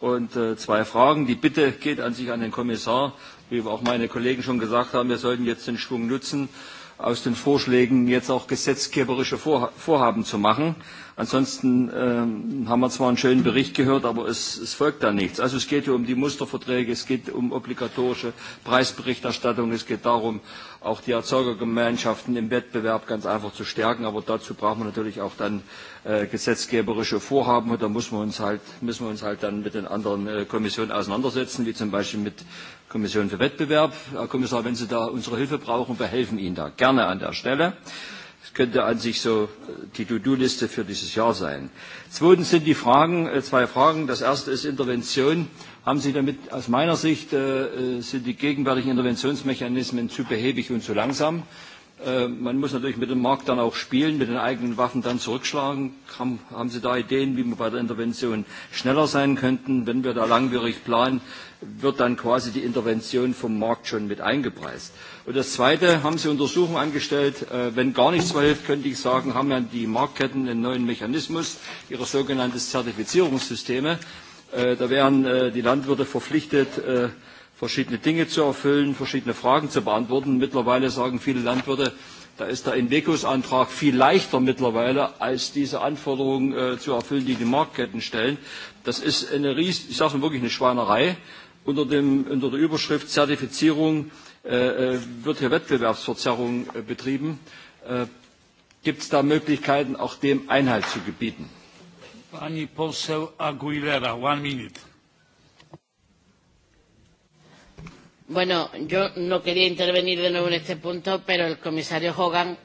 und äh, zwei Fragen. Die Bitte geht an sich an den Kommissar. Wie auch meine Kollegen schon gesagt haben, wir sollten jetzt den Schwung nutzen, äh, aus den Vorschlägen jetzt auch gesetzgeberische Vorhaben zu machen. Ansonsten ähm, haben wir zwar einen schönen Bericht gehört, aber es, es folgt da nichts. Also es geht hier um die Musterverträge, es geht um obligatorische Preisberichterstattung, es geht darum, auch die Erzeugergemeinschaften im Wettbewerb ganz einfach zu stärken. Aber dazu brauchen wir natürlich auch dann äh, gesetzgeberische Vorhaben. Und da müssen wir, uns halt, müssen wir uns halt dann mit den anderen äh, Kommissionen auseinandersetzen, wie zum Beispiel mit Kommission für Wettbewerb. Herr Kommissar, wenn Sie da unsere Hilfe brauchen, wir helfen Ihnen da gerne an der Stelle. Das könnte an sich so äh, die To-Do-Liste für dieses Jahr sein. Zweitens sind die Fragen, äh, zwei Fragen. Das erste ist Intervention haben Sie damit, aus meiner Sicht, äh, sind die gegenwärtigen Interventionsmechanismen zu behäbig und zu langsam. Äh, man muss natürlich mit dem Markt dann auch spielen, mit den eigenen Waffen dann zurückschlagen. Haben, haben Sie da Ideen, wie wir bei der Intervention schneller sein könnten? Wenn wir da langwierig planen, wird dann quasi die Intervention vom Markt schon mit eingepreist. Und das Zweite, haben Sie Untersuchungen angestellt? Äh, wenn gar nichts mehr hilft, könnte ich sagen, haben ja die Marktketten einen neuen Mechanismus, ihre sogenannten Zertifizierungssysteme. Äh, da wären äh, die Landwirte verpflichtet, äh, verschiedene Dinge zu erfüllen, verschiedene Fragen zu beantworten. Mittlerweile sagen viele Landwirte, da ist der Entwicklungsantrag viel leichter mittlerweile, als diese Anforderungen zu erfüllen, die die Marktketten stellen. Das ist eine Ries ich sage wirklich eine Schweinerei. Unter, dem, unter der Überschrift Zertifizierung äh, wird hier Wettbewerbsverzerrung äh, betrieben. Äh, Gibt es da Möglichkeiten, auch dem Einhalt zu gebieten? Pani poseł Aguilera, one minute. Bueno, yo no quería intervenir de nuevo en este punto, pero el comisario Hogan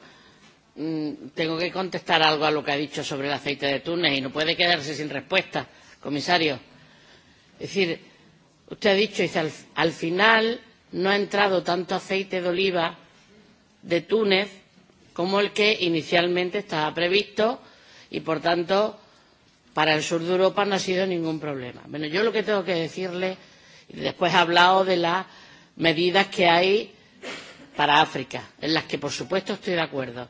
mmm, tengo que contestar algo a lo que ha dicho sobre el aceite de Túnez y no puede quedarse sin respuesta, comisario. Es decir, usted ha dicho, dice, al final no ha entrado tanto aceite de oliva de Túnez como el que inicialmente estaba previsto y, por tanto, para el sur de Europa no ha sido ningún problema. Bueno, yo lo que tengo que decirle, y después he hablado de las medidas que hay para África, en las que por supuesto estoy de acuerdo.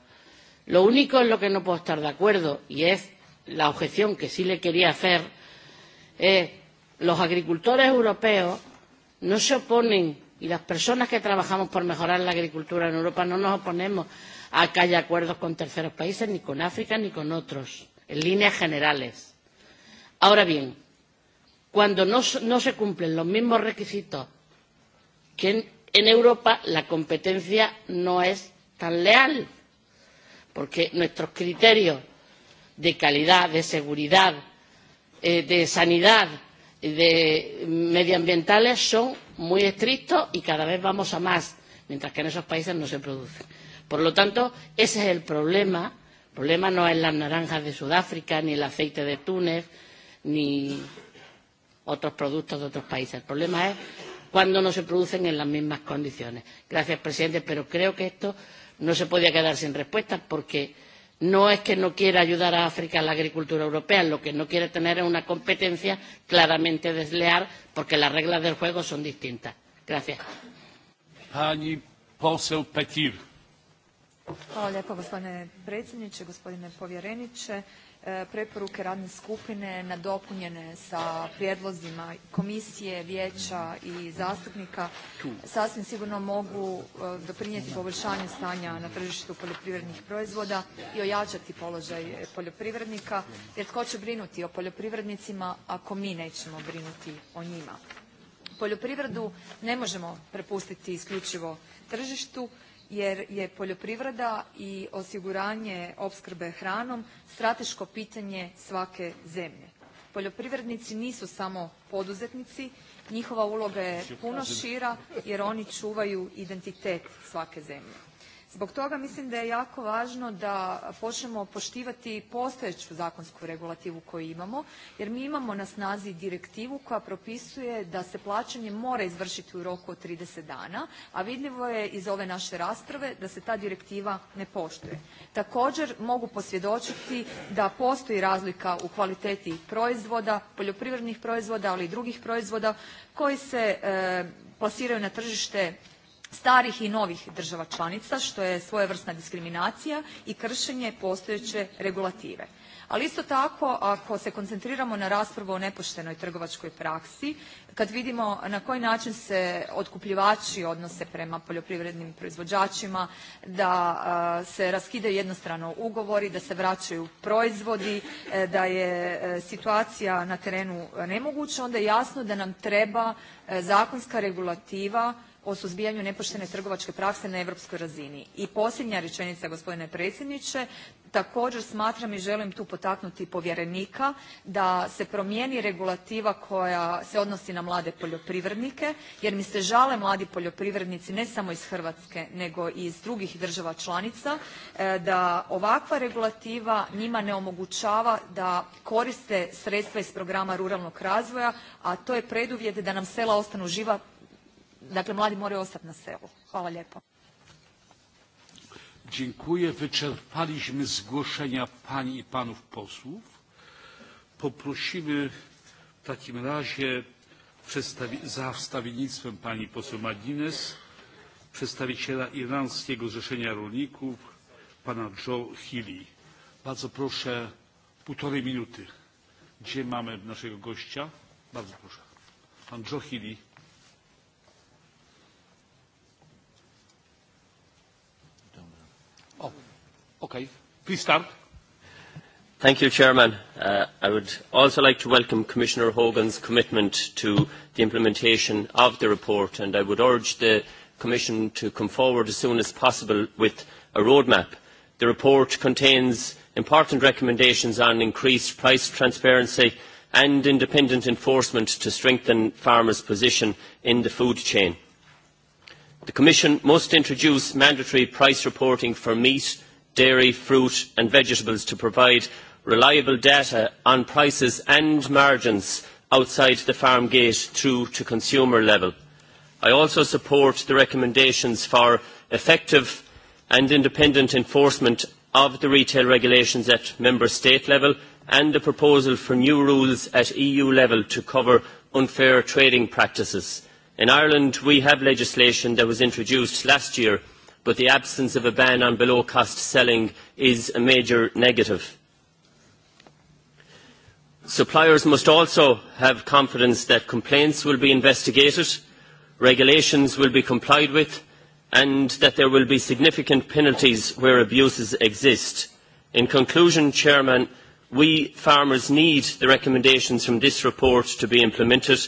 Lo único en lo que no puedo estar de acuerdo, y es la objeción que sí le quería hacer, es eh, los agricultores europeos no se oponen y las personas que trabajamos por mejorar la agricultura en Europa no nos oponemos a que haya acuerdos con terceros países, ni con África ni con otros, en líneas generales Ahora bien, cuando no, no se cumplen los mismos requisitos que en, en Europa, la competencia no es tan leal, porque nuestros criterios de calidad, de seguridad, eh, de sanidad, de medioambientales son muy estrictos y cada vez vamos a más, mientras que en esos países no se produce. Por lo tanto, ese es el problema. El problema no es las naranjas de Sudáfrica ni el aceite de Túnez, ni otros productos de otros países. El problema es cuando no se producen en las mismas condiciones. Gracias, presidente, pero creo que esto no se podía quedar sin respuesta porque no es que no quiera ayudar a África a la agricultura europea, lo que no quiere tener es una competencia claramente desleal porque las reglas del juego son distintas. Gracias. Pani poseł Petir. Hvala lijepo gospodine predsjedniče, gospodine povjereniče preporuke radne skupine nadopunjene sa prijedlozima komisije, vijeća i zastupnika sasvim sigurno mogu e, doprinijeti poboljšanju stanja na tržištu poljoprivrednih proizvoda i ojačati položaj e, poljoprivrednika jer tko će brinuti o poljoprivrednicima ako mi nećemo brinuti o njima. Poljoprivredu ne možemo prepustiti isključivo tržištu jer je poljoprivreda i osiguranje opskrbe hranom strateško pitanje svake zemlje. Poljoprivrednici nisu samo poduzetnici, njihova uloga je puno šira jer oni čuvaju identitet svake zemlje. Zbog toga mislim da je jako važno da počnemo poštivati postojeću zakonsku regulativu koju imamo, jer mi imamo na snazi direktivu koja propisuje da se plaćanje mora izvršiti u roku od 30 dana, a vidljivo je iz ove naše rasprave da se ta direktiva ne poštuje. Također mogu posvjedočiti da postoji razlika u kvaliteti proizvoda, poljoprivrednih proizvoda, ali i drugih proizvoda koji se e, plasiraju na tržište starih i novih država članica što je svojevrsna diskriminacija i kršenje postojeće regulative. Ali isto tako ako se koncentriramo na raspravu o nepoštenoj trgovačkoj praksi, kad vidimo na koji način se otkupljivači odnose prema poljoprivrednim proizvođačima, da se raskidaju jednostrano ugovori, da se vraćaju proizvodi, e, da je e, situacija na terenu nemoguća, onda je jasno da nam treba e, zakonska regulativa o suzbijanju nepoštene trgovačke prakse na europskoj razini. I posljednja rečenica, gospodine predsjedniče, također smatram i želim tu potaknuti povjerenika da se promijeni regulativa koja se odnosi na mlade poljoprivrednike, jer mi se žale mladi poljoprivrednici ne samo iz Hrvatske, nego i iz drugih država članica, e, da ovakva regulativa njima ne omogućava da koriste sredstva iz programa ruralnog razvoja, a to je preduvjet da nam sela ostanu živa dakle mladi moraju ostati na selu. Hvala lijepo. Dziękuję. Wyczerpaliśmy zgłoszenia pań i panów posłów. Poprosimy w takim razie za wstawiennictwem pani poseł Madines przedstawiciela Irlandzkiego Zrzeszenia Rolników, pana Joe Healy. Bardzo proszę, półtorej minuty. Gdzie mamy naszego gościa? Bardzo proszę. Pan Joe Healy. Okay. Please start. Thank you, Chairman. Uh, I would also like to welcome Commissioner Hogan's commitment to the implementation of the report, and I would urge the Commission to come forward as soon as possible with a roadmap. The report contains important recommendations on increased price transparency and independent enforcement to strengthen farmers' position in the food chain. The Commission must introduce mandatory price reporting for meat, dairy, fruit and vegetables to provide reliable data on prices and margins outside the farm gate through to consumer level. I also support the recommendations for effective and independent enforcement of the retail regulations at member state level and the proposal for new rules at EU level to cover unfair trading practices. In Ireland, we have legislation that was introduced last year but the absence of a ban on below-cost selling is a major negative. Suppliers must also have confidence that complaints will be investigated, regulations will be complied with, and that there will be significant penalties where abuses exist. In conclusion, Chairman, we farmers need the recommendations from this report to be implemented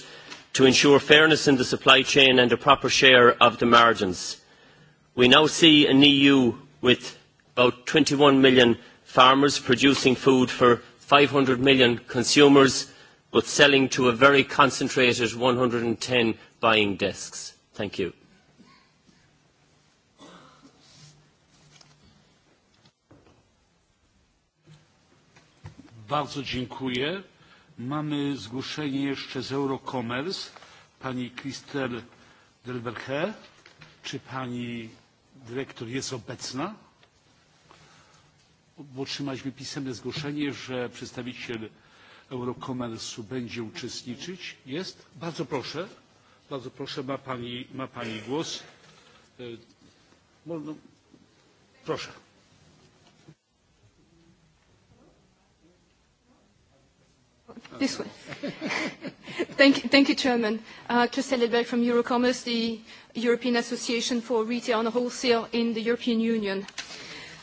to ensure fairness in the supply chain and a proper share of the margins. We now see an EU with about 21 million farmers producing food for 500 million consumers, but selling to a very concentrated 110 buying desks. Thank you. Bardzo dziękuję. Mamy zgłoszenie jeszcze z Eurocommerce pani Christel Delberche. Czy pani dyrektor jest obecna, bo otrzymaliśmy pisemne zgłoszenie, że przedstawiciel Eurokomersu będzie uczestniczyć. Jest? Bardzo proszę. Bardzo proszę, ma Pani, ma pani głos. E, no, proszę. This way. thank, you, thank you, Chairman. Uh, Christelle Edberg from Eurocommerce, the European Association for Retail and Wholesale in the European Union.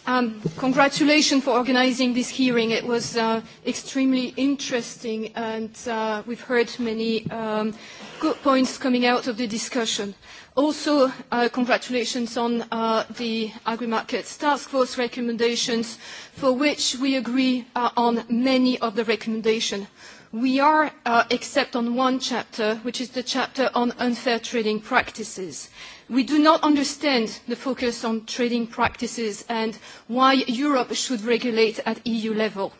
Um, congratulations for organizing this hearing. It was uh, extremely interesting, and uh, we've heard many um, good points coming out of the discussion. Also, uh, congratulations on uh, the agri market Task Force recommendations, for which we agree uh, on many of the recommendations. We are, uh, except on one chapter, which is the chapter on unfair trading practices. We do not understand the focus on trading practices and why Europe should regulate at EU level.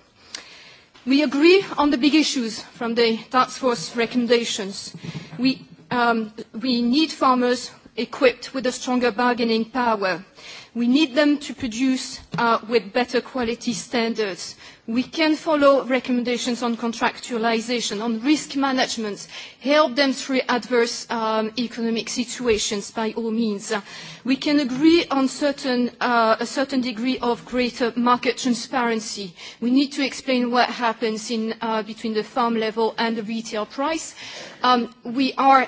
We agree on the big issues from the task force recommendations. We, um, we need farmers equipped with a stronger bargaining power. We need them to produce uh, with better quality standards. We can follow recommendations on contractualization, on risk management, help them through adverse um, economic situations by all means. We can agree on certain, uh, a certain degree of greater market transparency. We need to explain what happens in, uh, between the farm level and the retail price. Um, we are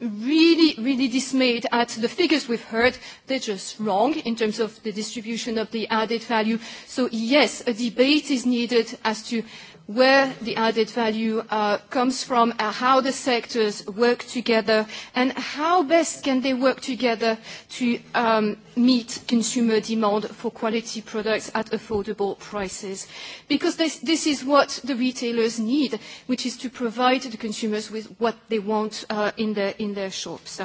really, really dismayed at the figures we've heard. They're just wrong in terms of the distribution of the added value. So yes, a debate is needed as to where the added value uh, comes from, uh, how the sectors work together, and how best can they work together to um, meet consumer demand for quality products at affordable prices. Because this, this is what the retailers need, which is to provide the consumers with what they want uh, in, their, in their shops.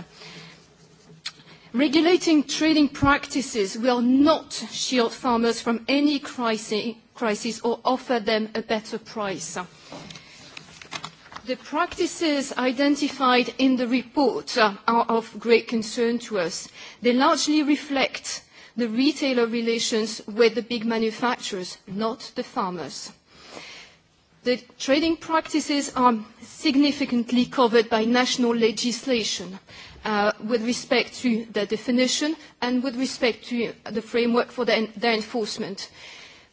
Regulating trading practices will not shield farmers from any crisis crisis or offer them a better price. The practices identified in the report are of great concern to us. They largely reflect the retailer relations with the big manufacturers, not the farmers. The trading practices are significantly covered by national legislation uh, with respect to their definition and with respect to the framework for their, their enforcement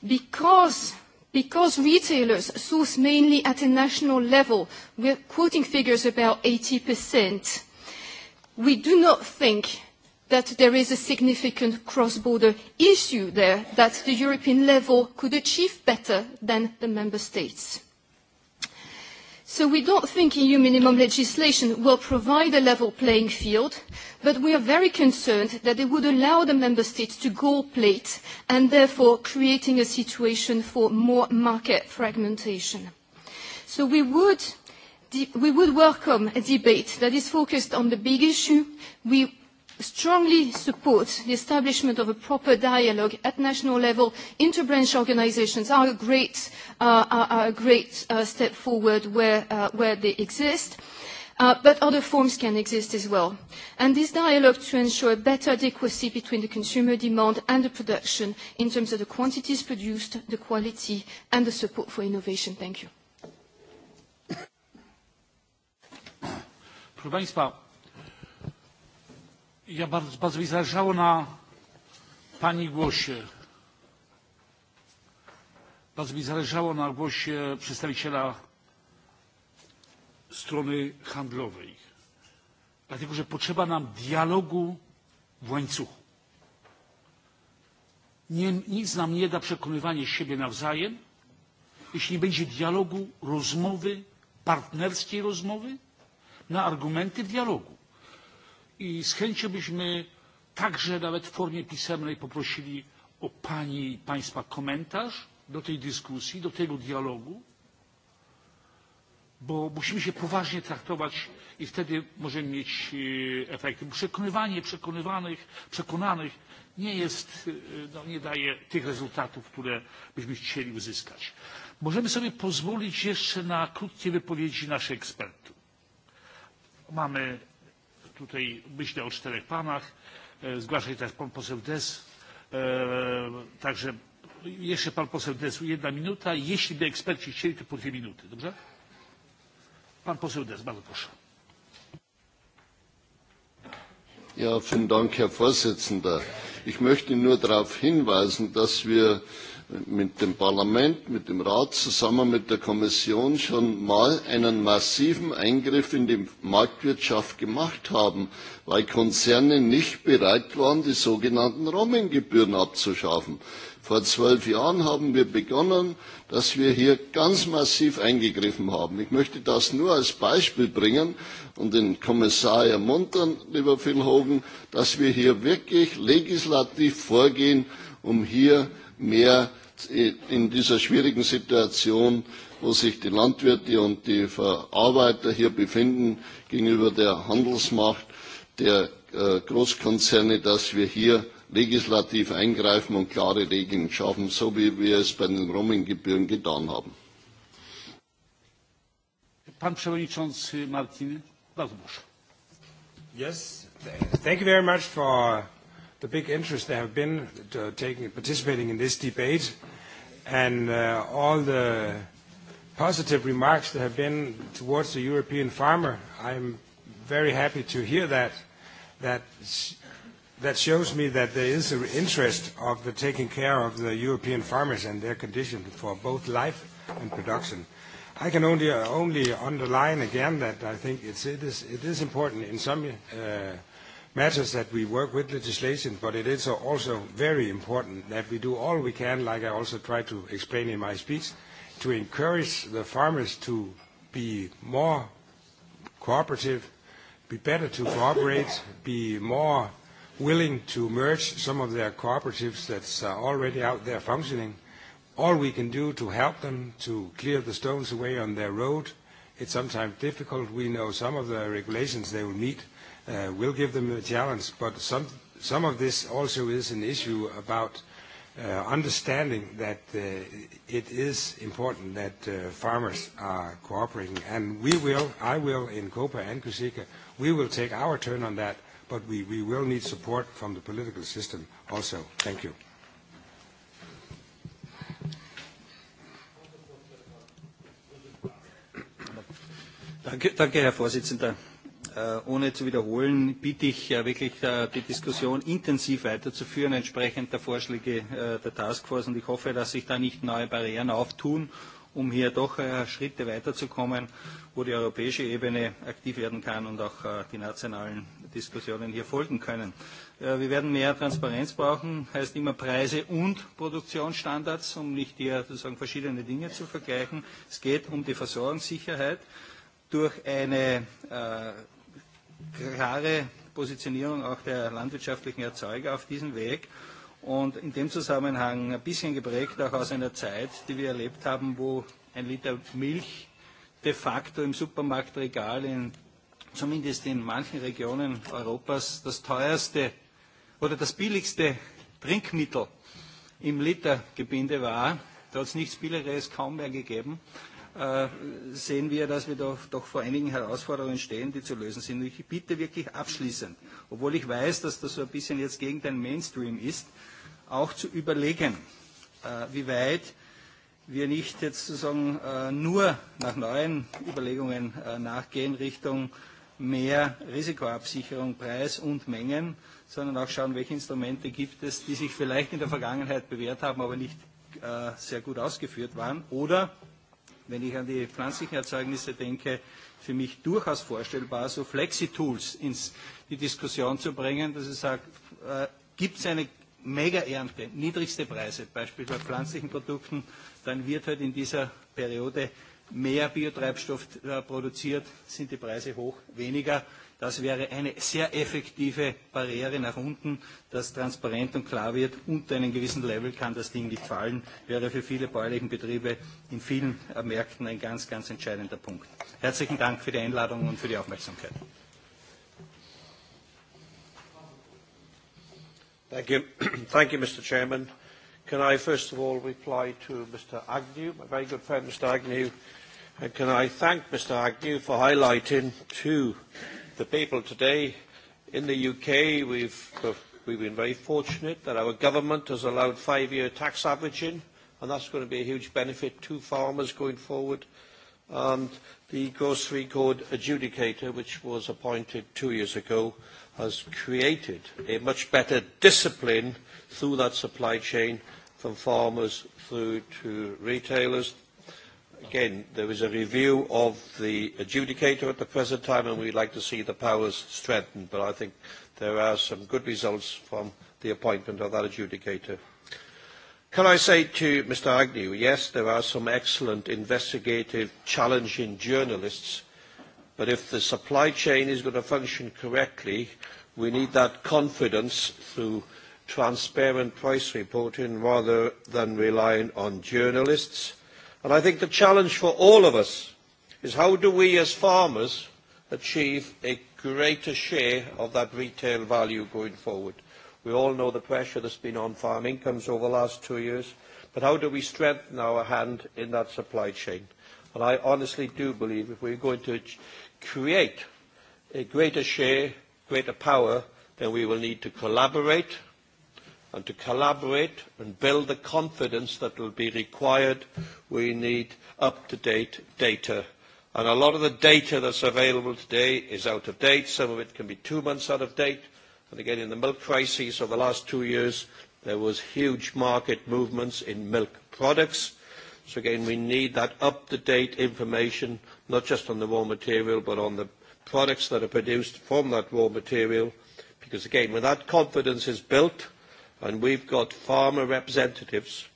because because retailers source mainly at a national level, we're quoting figures about 80%, we do not think that there is a significant cross-border issue there that the European level could achieve better than the member states. So we don't think EU minimum legislation will provide a level playing field, but we are very concerned that it would allow the member states to gold plate and therefore creating a situation for more market fragmentation. So we would, we would welcome a debate that is focused on the big issue. We strongly support the establishment of a proper dialogue at national level. Interbranch organizations are a great, uh, are, a great uh, step forward where, uh, where they exist. Uh, but other forms can exist as well. And this dialogue to ensure better adequacy between the consumer demand and the production in terms of the quantities produced, the quality, and the support for innovation. Thank you bardzo, bardzo mi zależało na Pani głosie. Bardzo mi zależało na głosie przedstawiciela strony handlowej, dlatego że potrzeba nam dialogu w łańcuchu. Nie, nic nam nie da przekonywanie siebie nawzajem, jeśli nie będzie dialogu, rozmowy, partnerskiej rozmowy na argumenty w dialogu i z chęcią byśmy także nawet w formie pisemnej poprosili o Pani i Państwa komentarz do tej dyskusji, do tego dialogu, bo musimy się poważnie traktować i wtedy możemy mieć e, efekty. Przekonywanie przekonywanych, przekonanych nie jest, e, no, nie daje tych rezultatów, które byśmy chcieli uzyskać. Możemy sobie pozwolić jeszcze na krótkie wypowiedzi naszych ekspertów. Mamy Tutaj myślę o czterech panach. E, zgłasza się teraz pan poseł Des. E, także jeszcze pan poseł Des, jedna minuta. Jeśli by eksperci chcieli, to po dwie minuty. Dobrze? Pan poseł Des, bardzo proszę. Ja, vielen Dank, Herr Vorsitzender. Ich möchte nur darauf hinweisen, dass wir mit dem Parlament, mit dem Rat zusammen mit der Kommission schon mal einen massiven Eingriff in die Marktwirtschaft gemacht haben, weil Konzerne nicht bereit waren, die sogenannten Roaminggebühren abzuschaffen. Vor zwölf Jahren haben wir begonnen, dass wir hier ganz massiv eingegriffen haben. Ich möchte das nur als Beispiel bringen und den Kommissar ermuntern, lieber Phil Hogan, dass wir hier wirklich legislativ vorgehen, um hier mehr in dieser schwierigen Situation, wo sich die Landwirte und die Verarbeiter hier befinden gegenüber der Handelsmacht der äh, Großkonzerne, dass wir hier legislativ eingreifen und klare Regeln schaffen, so wie wir es bei den Roaminggebühren getan haben. Pan Przewodniczący Martin, bardzo proszę. Yes, thank you very much for the big interest there have been to uh, taking, participating in this debate and uh, all the positive remarks that have been towards the European farmer. I'm very happy to hear that. That, that shows me that there is an interest of the taking care of the European farmers and their condition for both life and production. I can only, uh, only underline again that I think it's, it, is, it is important in some uh, matters that we work with legislation, but it is also very important that we do all we can, like I also tried to explain in my speech, to encourage the farmers to be more cooperative, be better to cooperate, be more willing to merge some of their cooperatives that's uh, already out there functioning. All we can do to help them to clear the stones away on their road, it's sometimes difficult. We know some of the regulations they will meet uh, will give them a challenge. But some, some of this also is an issue about uh, understanding that uh, it is important that uh, farmers are cooperating. And we will, I will in COPA and Kusika, we will take our turn on that, but we, we will need support from the political system also. Thank you. Danke, danke, Herr Vorsitzender. Äh, ohne zu wiederholen, bitte ich äh, wirklich äh, die Diskussion intensiv weiterzuführen, entsprechend der Vorschläge der Taskforce. Und ich hoffe, dass sich da nicht neue Barrieren auftun, um hier doch Schritte weiterzukommen, wo die europäische Ebene aktiv werden kann und auch die nationalen Diskussionen hier folgen können. Wir werden mehr Transparenz brauchen, heißt immer Preise und Produktionsstandards, um nicht hier sozusagen verschiedene Dinge zu vergleichen. Es geht um die Versorgungssicherheit durch eine äh, klare Positionierung auch der landwirtschaftlichen Erzeuger auf diesem Weg. Und in dem Zusammenhang ein bisschen geprägt auch aus einer Zeit, die wir erlebt haben, wo ein Liter Milch de facto im Supermarktregal in, zumindest in manchen Regionen Europas das teuerste oder das billigste Trinkmittel im Litergebinde war. Da hat es nichts Billigeres kaum mehr gegeben. Äh, sehen wir, dass wir doch, doch vor einigen Herausforderungen stehen, die zu lösen sind. Und ich bitte wirklich abschließend, obwohl ich weiß, dass das so ein bisschen jetzt gegen den Mainstream ist, auch zu überlegen, äh, wie weit wir nicht jetzt sozusagen äh, nur nach neuen Überlegungen nachgehen Richtung mehr Risikoabsicherung, Preis und Mengen, sondern auch schauen, welche Instrumente gibt es, die sich vielleicht in der Vergangenheit bewährt haben, aber nicht sehr gut ausgeführt waren oder Wenn ich an die pflanzlichen Erzeugnisse denke, für mich durchaus vorstellbar, so Flexi-Tools in die Diskussion zu bringen, dass ich sage, äh, gibt es eine Mega-Ernte, niedrigste Preise, beispielsweise bei pflanzlichen Produkten, dann wird halt in dieser Periode mehr Biotreibstoff äh, produziert, sind die Preise hoch weniger. Das wäre eine sehr effektive Barriere nach unten, dass transparent und klar wird, unter einem gewissen Level kann das Ding nicht fallen, wäre für viele bäuerliche Betriebe in vielen äh, Märkten ein ganz, ganz entscheidender Punkt. Herzlichen Dank für die Einladung und für die Aufmerksamkeit. Thank you. Thank you, Mr. Chairman. Can I first of all reply to Mr. Agnew, my very good friend Mr. Agnew, And can I thank Mr Agnew for highlighting to the people today in the UK we've, we've been very fortunate that our government has allowed five-year tax averaging and that's going to be a huge benefit to farmers going forward. And the grocery code adjudicator, which was appointed two years ago, has created a much better discipline through that supply chain from farmers through to retailers again, there is a review of the adjudicator at the present time, and we'd like to see the powers strengthened, but I think there are some good results from the appointment of that adjudicator. Can I say to Mr Agnew, yes, there are some excellent investigative, challenging journalists, but if the supply chain is going to function correctly, we need that confidence through transparent price reporting rather than relying on journalists And I think the challenge for all of us is how do we as farmers achieve a greater share of that retail value going forward? We all know the pressure that's been on farm incomes over the last two years, but how do we strengthen our hand in that supply chain? And I honestly do believe if we're going to create a greater share, greater power, then we will need to collaborate, and to collaborate and build the confidence that will be required, we need up-to-date data. And a lot of the data that's available today is out of date. Some of it can be two months out of date. And again, in the milk crisis over the last two years, there was huge market movements in milk products. So again, we need that up-to-date information, not just on the raw material, but on the products that are produced from that raw material. Because again, when that confidence is built, and we've got farmer representatives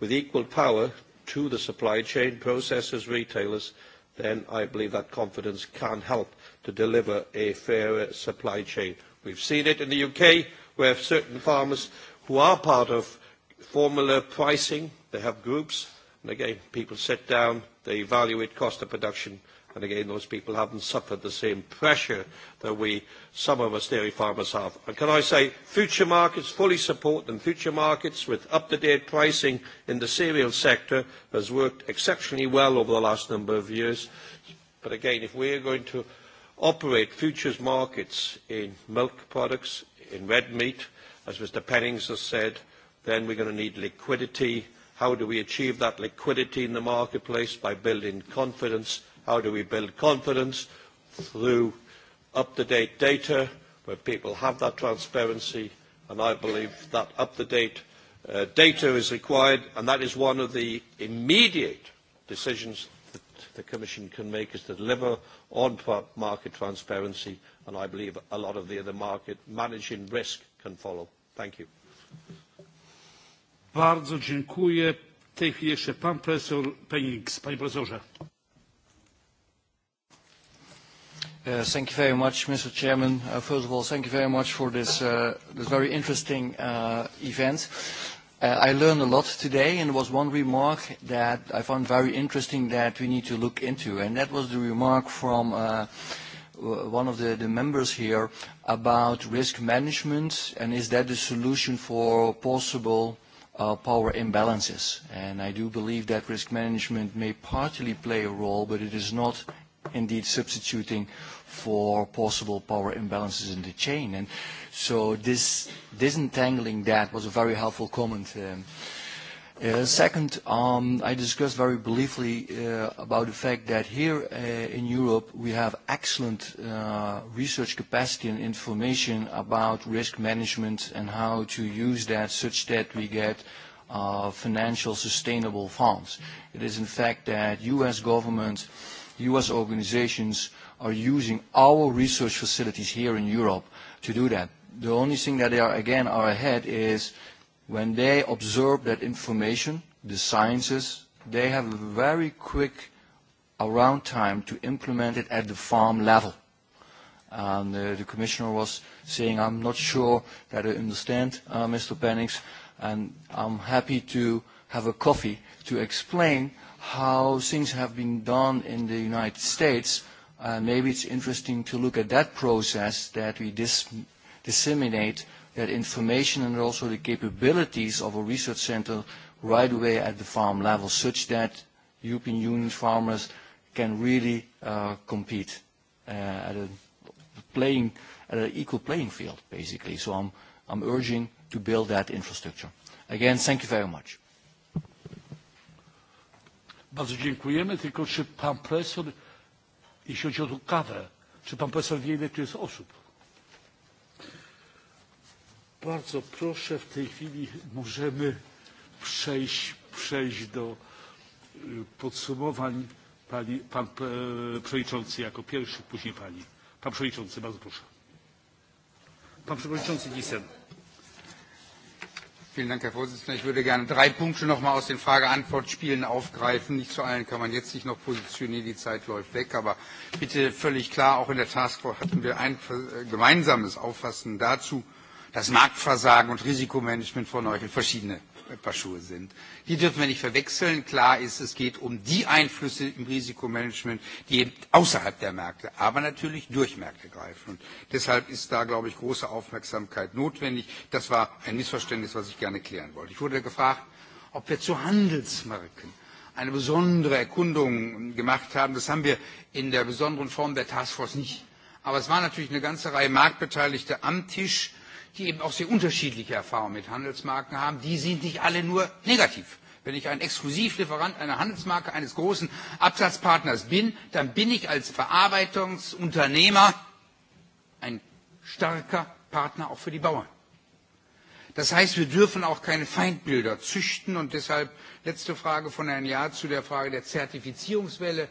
with equal power to the supply chain, processors, retailers, then I believe that confidence can help to deliver a fairer supply chain. We've seen it in the UK where certain farmers who are part of formula pricing, they have groups, and again, people sit down, they evaluate cost of production, And again, those people haven't suffered the same pressure that we, some of us dairy farmers have. And can I say, future markets, fully support them. Future markets with up-to-date pricing in the cereal sector has worked exceptionally well over the last number of years. But again, if we are going to operate futures markets in milk products, in red meat, as Mr Pennings has said, then we're going to need liquidity. How do we achieve that liquidity in the marketplace? By building confidence How do we build confidence? Through up-to-date data, where people have that transparency, and I believe that up-to-date uh, data is required, and that is one of the immediate decisions that the Commission can make is to deliver on market transparency, and I believe a lot of the other market managing risk can follow. Thank you. Bardzo dziękuję. W tej chwili jeszcze pan profesor Penix. Panie profesorze. Uh, thank you very much, Mr. Chairman. Uh, first of all, thank you very much for this, uh, this very interesting uh, event. Uh, I learned a lot today, and there was one remark that I found very interesting that we need to look into, and that was the remark from uh, one of the, the members here about risk management, and is that the solution for possible uh, power imbalances? And I do believe that risk management may partly play a role, but it is not indeed substituting for possible power imbalances in the chain. And so this disentangling that was a very helpful comment. Um, uh, second, um, I discussed very briefly uh, about the fact that here uh, in Europe we have excellent uh, research capacity and information about risk management and how to use that such that we get uh, financial sustainable funds. It is in fact that U.S. governments US organizations are using our research facilities here in Europe to do that. The only thing that they are, again, are ahead is when they observe that information, the sciences, they have a very quick around time to implement it at the farm level. And uh, the commissioner was saying, I'm not sure that I understand, uh, Mr. Pennings, and I'm happy to have a coffee to explain how things have been done in the United States, uh, maybe it's interesting to look at that process that we dis disseminate that information and also the capabilities of a research center right away at the farm level such that European Union farmers can really uh, compete uh, at a playing at an equal playing field basically. So I'm, I'm urging to build that infrastructure. Again, thank you very much. Bardzo dziękujemy, tylko czy pan profesor, jeśli chodzi o tę kawę, czy pan profesor wie, ile tu jest osób? Bardzo proszę, w tej chwili możemy przejść, przejść do podsumowań. Pani, pan e, przewodniczący jako pierwszy, później pani. Pan przewodniczący, bardzo proszę. Pan przewodniczący Nissen. Vielen Dank, Herr Vorsitzender. Ich würde gerne drei Punkte noch mal aus den Frage-Antwort-Spielen aufgreifen. Nicht zu allen kann man jetzt sich noch positionieren, die Zeit läuft weg. Aber bitte völlig klar, auch in der Taskforce hatten wir ein äh, gemeinsames Auffassen dazu, dass Marktversagen und Risikomanagement von euch verschiedene Äh, paar Schuhe sind. Die dürfen wir nicht verwechseln. Klar ist, es geht um die Einflüsse im Risikomanagement, die eben außerhalb der Märkte, aber natürlich durch Märkte greifen. Und deshalb ist da, glaube ich, große Aufmerksamkeit notwendig. Das war ein Missverständnis, was ich gerne klären wollte. Ich wurde gefragt, ob wir zu Handelsmarken eine besondere Erkundung gemacht haben. Das haben wir in der besonderen Form der Taskforce nicht. Aber es war natürlich eine ganze Reihe Marktbeteiligter am Tisch, die eben auch sehr unterschiedliche Erfahrungen mit Handelsmarken haben, die sind nicht alle nur negativ. Wenn ich ein Exklusivlieferant einer Handelsmarke eines großen Absatzpartners bin, dann bin ich als Verarbeitungsunternehmer ein starker Partner auch für die Bauern. Das heißt, wir dürfen auch keine Feindbilder züchten und deshalb letzte Frage von Herrn Jahr zu der Frage der Zertifizierungswelle.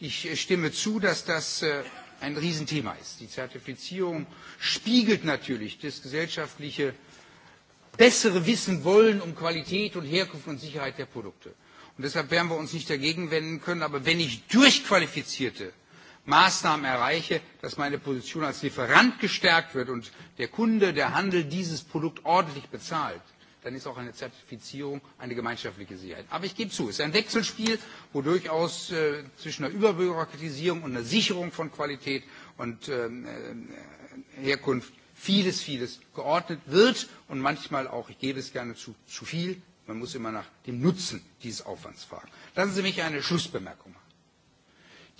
Ich äh, stimme zu, dass das äh, ein Riesenthema ist. Die Zertifizierung spiegelt natürlich das gesellschaftliche bessere Wissen wollen um Qualität und Herkunft und Sicherheit der Produkte. Und deshalb werden wir uns nicht dagegen wenden können. Aber wenn ich durch qualifizierte Maßnahmen erreiche, dass meine Position als Lieferant gestärkt wird und der Kunde, der Handel dieses Produkt ordentlich bezahlt, dann ist auch eine Zertifizierung eine gemeinschaftliche Sicherheit. Aber ich gebe zu, es ist ein Wechselspiel, wo durchaus äh, zwischen einer Überbürokratisierung und einer Sicherung von Qualität und ähm, äh, Herkunft vieles, vieles geordnet wird und manchmal auch, ich gebe es gerne zu, zu viel. Man muss immer nach dem Nutzen dieses Aufwands fragen. Lassen Sie mich eine Schlussbemerkung machen.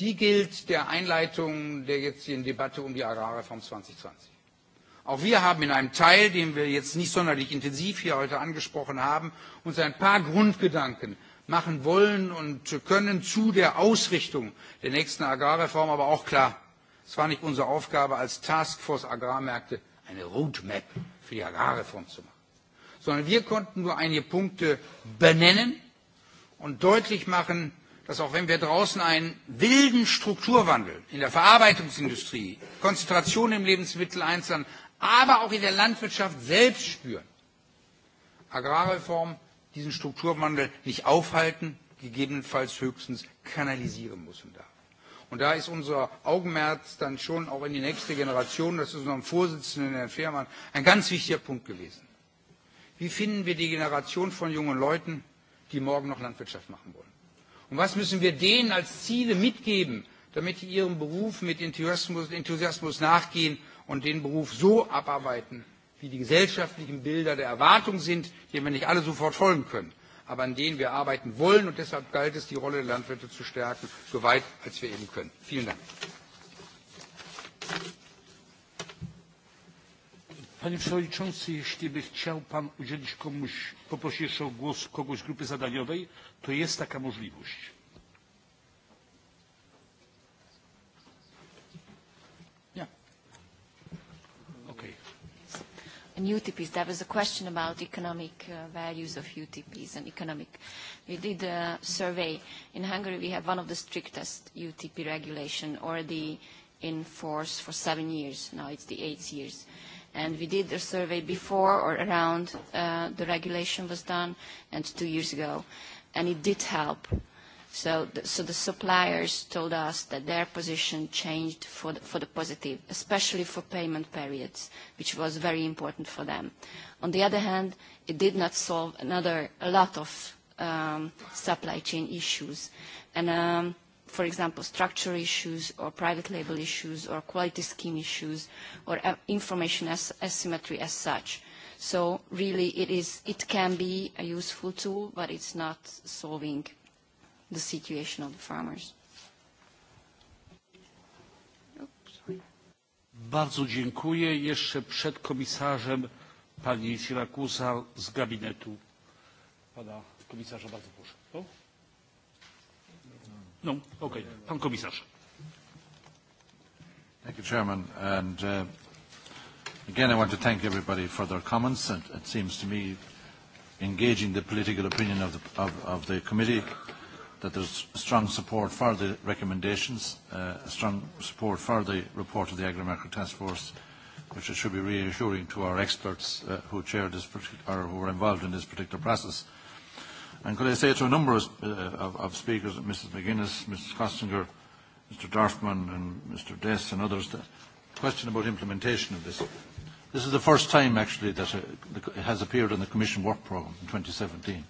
Die gilt der Einleitung der jetzigen Debatte um die Agrarreform 2020. Auch wir haben in einem Teil, den wir jetzt nicht sonderlich intensiv hier heute angesprochen haben, uns ein paar Grundgedanken machen wollen und können zu der Ausrichtung der nächsten Agrarreform, aber auch klar, es war nicht unsere Aufgabe als Taskforce Agrarmärkte eine Roadmap für die Agrarreform zu machen, sondern wir konnten nur einige Punkte benennen und deutlich machen, dass auch wenn wir draußen einen wilden Strukturwandel in der Verarbeitungsindustrie, Konzentration im Lebensmitteleinzelhandel, aber auch in der Landwirtschaft selbst spüren. Agrarreform diesen Strukturwandel nicht aufhalten, gegebenenfalls höchstens kanalisieren muss und darf. Und da ist unser Augenmerz dann schon auch in die nächste Generation, das ist unserem Vorsitzenden, Herrn Fehrmann, ein ganz wichtiger Punkt gewesen. Wie finden wir die Generation von jungen Leuten, die morgen noch Landwirtschaft machen wollen? Und was müssen wir denen als Ziele mitgeben, damit sie ihrem Beruf mit Enthusiasmus, Enthusiasmus nachgehen und den Beruf so abarbeiten, wie die gesellschaftlichen Bilder der Erwartung sind, denen wir nicht alle sofort folgen können, aber an denen wir arbeiten wollen. Und deshalb galt es, die Rolle der Landwirte zu stärken, so weit, als wir eben können. Vielen Dank. Panie Przewodniczący, jeśli by chciał Pan udzielić komuś, poprosić jeszcze o głos kogoś z grupy zadaniowej, to jest taka możliwość. UTPs. There was a question about economic uh, values of UTPs and economic. We did a survey. In Hungary, we have one of the strictest UTP regulation already in force for seven years. Now it's the eighth years. And we did a survey before or around uh, the regulation was done and two years ago. And it did help So the, suppliers told us that their position changed for the, positive, especially for payment periods, which was very important for them. On the other hand, it did not solve another a lot of um, supply chain issues. And um, for example, structure issues or private label issues or quality scheme issues or uh, information asymmetry as such. So really it can be a useful tool, but it's not solving the situation of the farmers. Bardzo dziękuję. Jeszcze przed komisarzem pani Sirakusa z gabinetu pana komisarza. Bardzo proszę. No, no okej. Okay. Pan komisarz. Thank you, Chairman. And uh, again, I want to thank everybody for their comments. And it seems to me engaging the political opinion of the, of, of the committee that there's strong support for the recommendations, uh, strong support for the report of the Agri-Macro Task Force, which should be reassuring to our experts uh, who chair this or who are involved in this particular process. And could I say to a number of, uh, of, of speakers, Mrs. McGuinness, Mrs. Costinger, Mr. Dorfman and Mr. Dess and others, the question about implementation of this. This is the first time actually that uh, it has appeared in the Commission work programme in 2017. It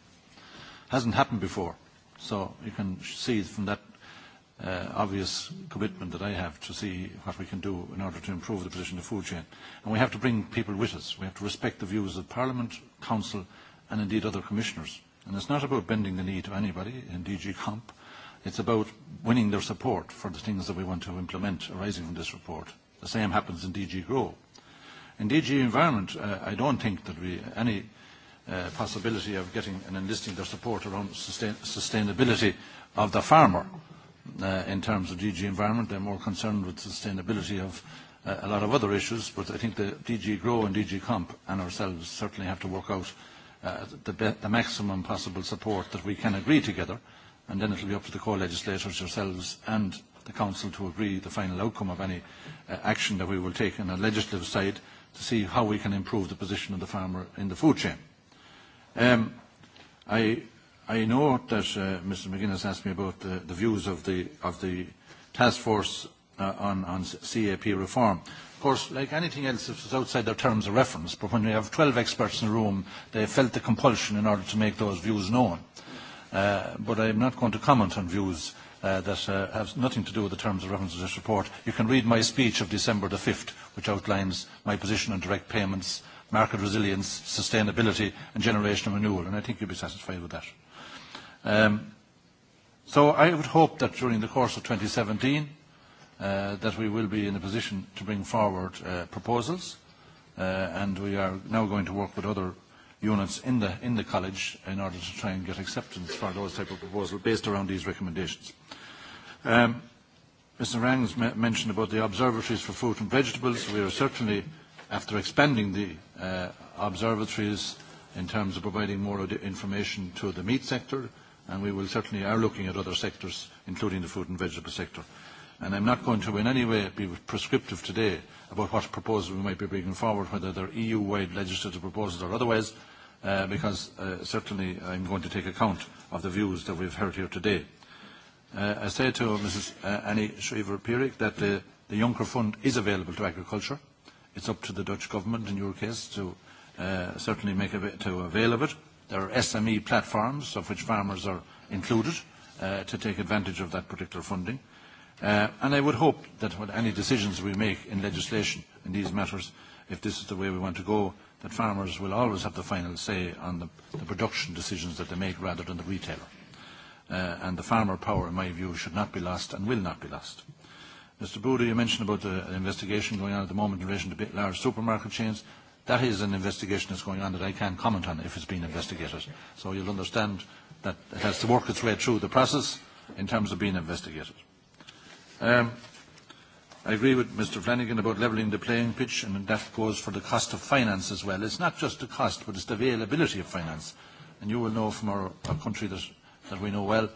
hasn't happened before you can see from that uh, obvious commitment that I have to see what we can do in order to improve the position of the food chain. we have to bring people with us. We have to respect the views of Parliament, Council and indeed other commissioners. it's not about bending the knee to anybody in DG Comp. It's about winning their support for the things that we want to implement arising from this report. The same happens in DG Grow. In DG Environment, uh, I don't think that we, any Uh, possibility of getting and enlisting their support around sustain, sustainability of the farmer. Uh, in terms of DG Environment, they're more concerned with sustainability of uh, a lot of other issues, but I think the DG Grow and DG Comp and ourselves certainly have to work out uh, the, be- the maximum possible support that we can agree together, and then it'll be up to the co-legislators yourselves and the Council to agree the final outcome of any uh, action that we will take on a legislative side to see how we can improve the position of the farmer in the food chain. Um, I, I know that uh, Mr. McGuinness asked me about the, the views of the, of the task force uh, on, on CAP reform. Of course, like anything else, it's outside their terms of reference, but when we have 12 experts in the room, they felt the compulsion in order to make those views known. Uh, but I'm not going to comment on views uh, that uh, have nothing to do with the terms of reference of this report. You can read my speech of December the 5th, which outlines my position on direct payments market resilience, sustainability and generation of renewal, and I think you'll be satisfied with that. Um, so I would hope that during the course of 2017 uh, that we will be in a position to bring forward uh, proposals uh, and we are now going to work with other units in the, in the college in order to try and get acceptance for those type of proposals based around these recommendations. Um, Mr. Rangs mentioned about the observatories for fruit and vegetables. We are certainly after expanding the uh, observatories in terms of providing more information to the meat sector, and we will certainly are looking at other sectors, including the food and vegetable sector. And I'm not going to in any way be prescriptive today about what proposals we might be bringing forward, whether they're EU-wide legislative proposals or otherwise, uh, because uh, certainly I'm going to take account of the views that we've heard here today. Uh, I say to Mrs. Uh, Annie shriver pierick that the, the Juncker Fund is available to agriculture. It's up to the Dutch government, in your case, to uh, certainly make a, bit, to avail of it. There are SME platforms of which farmers are included uh, to take advantage of that particular funding. Uh, and I would hope that with any decisions we make in legislation in these matters, if this is the way we want to go, that farmers will always have the final say on the, the production decisions that they make rather than the retailer. Uh, and the farmer power, in my view, should not be lost and will not be lost. Mr. Buda, you mentioned about the, an investigation going on at the moment in relation to large supermarket chains. That is an investigation that's going on that I can't comment on if it's being investigated. So you'll understand that it has to work its way through the process in terms of being investigated. Um, I agree with Mr Flanagan about levelling the playing pitch and that goes for the cost of finance as well. It's not just the cost but it's the availability of finance. And you will know from our, our country that, that we know well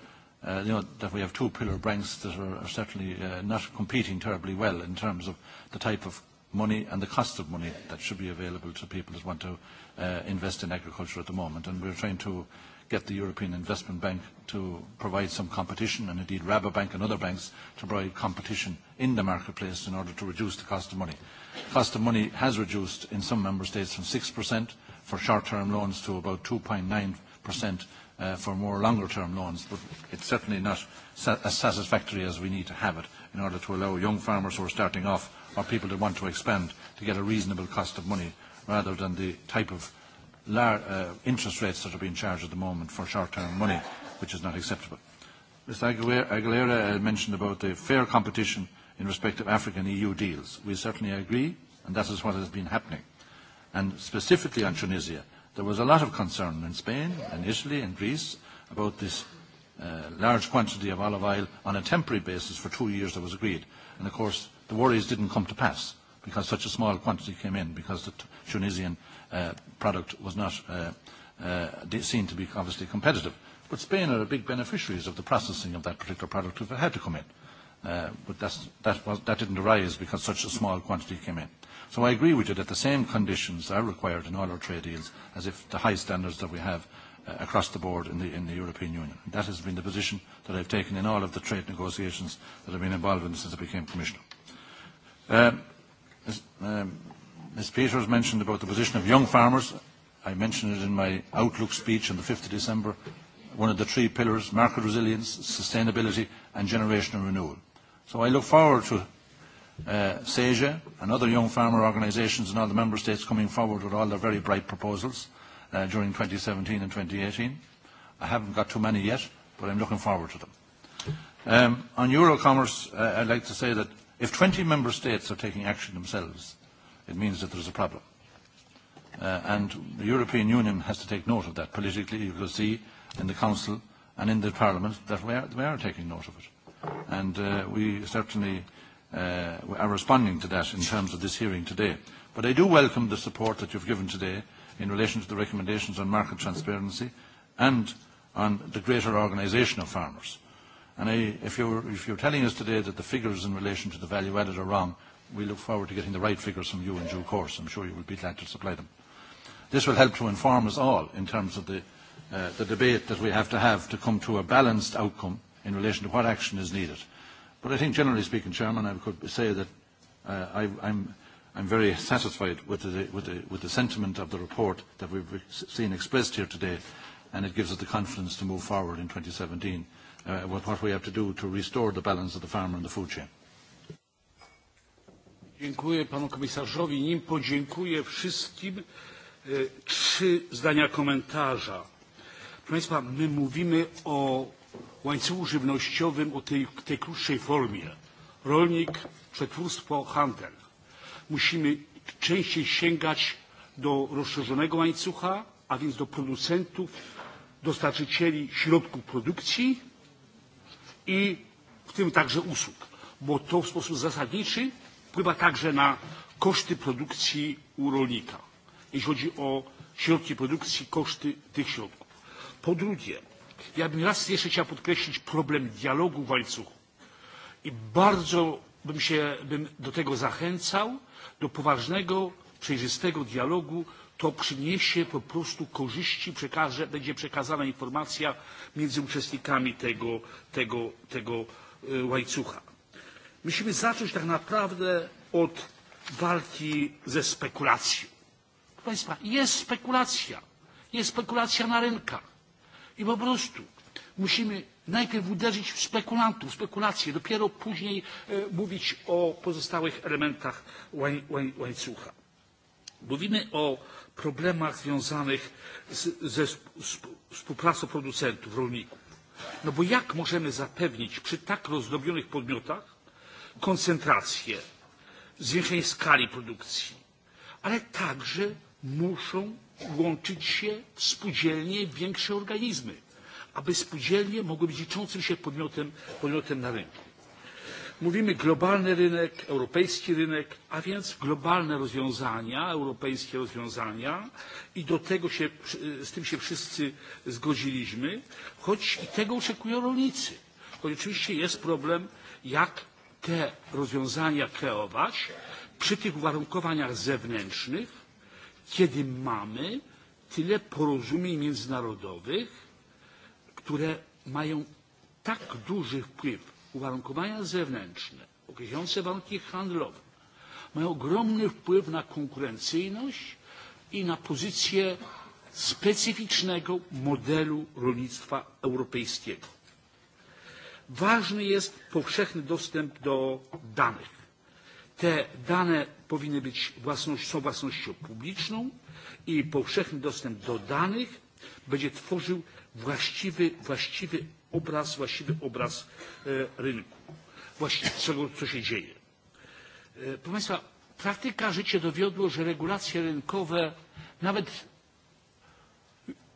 uh, you know, that we have two pillar banks that are, are certainly uh, not competing terribly well in terms of the type of money and the cost of money that should be available to people that want to uh, invest in agriculture at the moment. And we're trying to get the European Investment Bank to provide some competition and indeed Rabobank and other banks to provide competition in the marketplace in order to reduce the cost of money. The cost of money has reduced in some member states from 6% for short-term loans to about 2.9% uh, for more longer term loans, but it's certainly not sa as satisfactory as we need to have it in order to allow young farmers who are starting off or people that want to expand to get a reasonable cost of money rather than the type of lar uh, interest rates that are being charged at the moment for short-term money, which is not acceptable. Mr Aguilera uh, mentioned about the fair competition in respect of African EU deals. We certainly agree, and that is what has been happening. And specifically on Tunisia, there was a lot of concern in Spain and Italy and Greece about this uh, large quantity of olive oil on a temporary basis for two years that was agreed. And of course, the worries didn't come to pass because such a small quantity came in because the Tunisian uh, product was not uh, uh, seen to be obviously competitive. But Spain are big beneficiaries of the processing of that particular product if it had to come in. Uh, but that's, that, was, that didn't arise because such a small quantity came in. So I agree with you that the same conditions are required in all our trade deals as if the high standards that we have uh, across the board in the, in the European Union. that has been the position that I've taken in all of the trade negotiations that I've been involved in since I became Commissioner. Um, Ms, um, Ms. Peters mentioned about the position of young farmers. I mentioned it in my Outlook speech on the 5th of December. One of the three pillars, market resilience, sustainability and generational renewal. So I look forward to uh, SAGE and other young farmer organisations in all the member states coming forward with all their very bright proposals uh, during 2017 and 2018. I haven't got too many yet, but I'm looking forward to them. Um, on Eurocommerce, uh, I'd like to say that if 20 member states are taking action themselves, it means that there's a problem. Uh, and the European Union has to take note of that politically. You will see in the Council and in the Parliament that we are, we are taking note of it. And uh, we certainly uh, are responding to that in terms of this hearing today. But I do welcome the support that you've given today in relation to the recommendations on market transparency and on the greater organisation of farmers. And I, if, you're, if you're telling us today that the figures in relation to the value added are wrong, we look forward to getting the right figures from you in due course. I'm sure you will be glad to supply them. This will help to inform us all in terms of the, uh, the debate that we have to have to come to a balanced outcome in relation to what action is needed. But I think generally speaking, Chairman, I could say that uh, I, I'm, I'm very satisfied with the, with, the, with the sentiment of the report that we've seen expressed here today, and it gives us the confidence to move forward in 2017 uh, with what we have to do to restore the balance of the farmer and the food chain. Dziękuję panu komisarzowi. Nim podziękuję wszystkim. E, trzy zdania komentarza. Proszę państwa, my mówimy o łańcuchu żywnościowym o tej, tej krótszej formie rolnik, przetwórstwo, handel. Musimy częściej sięgać do rozszerzonego łańcucha, a więc do producentów, dostarczycieli środków produkcji i w tym także usług, bo to w sposób zasadniczy wpływa także na koszty produkcji u rolnika, jeśli chodzi o środki produkcji, koszty tych środków. Po drugie, Ja bym raz jeszcze chciał podkreślić problem dialogu w łańcuchu. I bardzo bym, się, bym do tego zachęcał, do poważnego, przejrzystego dialogu. To przyniesie po prostu korzyści, przekaże, będzie przekazana informacja między uczestnikami tego, tego, tego e, łańcucha. Musimy zacząć tak naprawdę od walki ze spekulacją. Proszę Państwa, jest spekulacja. Jest spekulacja na rynkach i po prostu musimy najpierw uderzyć w spekulantów, spekulacje, dopiero później e, mówić o pozostałych elementach łańcucha. Mówimy o problemach związanych z, ze współpracą producentów, rolników. No bo jak możemy zapewnić przy tak rozdrobnionych podmiotach koncentrację, zwiększenie skali produkcji, ale także muszą łączyć się w spółdzielnie większe organizmy, aby spółdzielnie mogły być liczącym się podmiotem, podmiotem na rynku. Mówimy globalny rynek, europejski rynek, a więc globalne rozwiązania, europejskie rozwiązania i do tego się, z tym się wszyscy zgodziliśmy, choć i tego oczekują rolnicy. Choć oczywiście jest problem, jak te rozwiązania kreować przy tych uwarunkowaniach zewnętrznych, kiedy mamy tyle porozumień międzynarodowych, które mają tak duży wpływ, uwarunkowania zewnętrzne, określające warunki handlowe, mają ogromny wpływ na konkurencyjność i na pozycję specyficznego modelu rolnictwa europejskiego. Ważny jest powszechny dostęp do danych te dane powinny być własność, są własnością publiczną i powszechny dostęp do danych będzie tworzył właściwy, właściwy obraz, właściwy obraz e, rynku, właściwie czego, co się dzieje. E, proszę Państwa, praktyka życie dowiodło, że regulacje rynkowe, nawet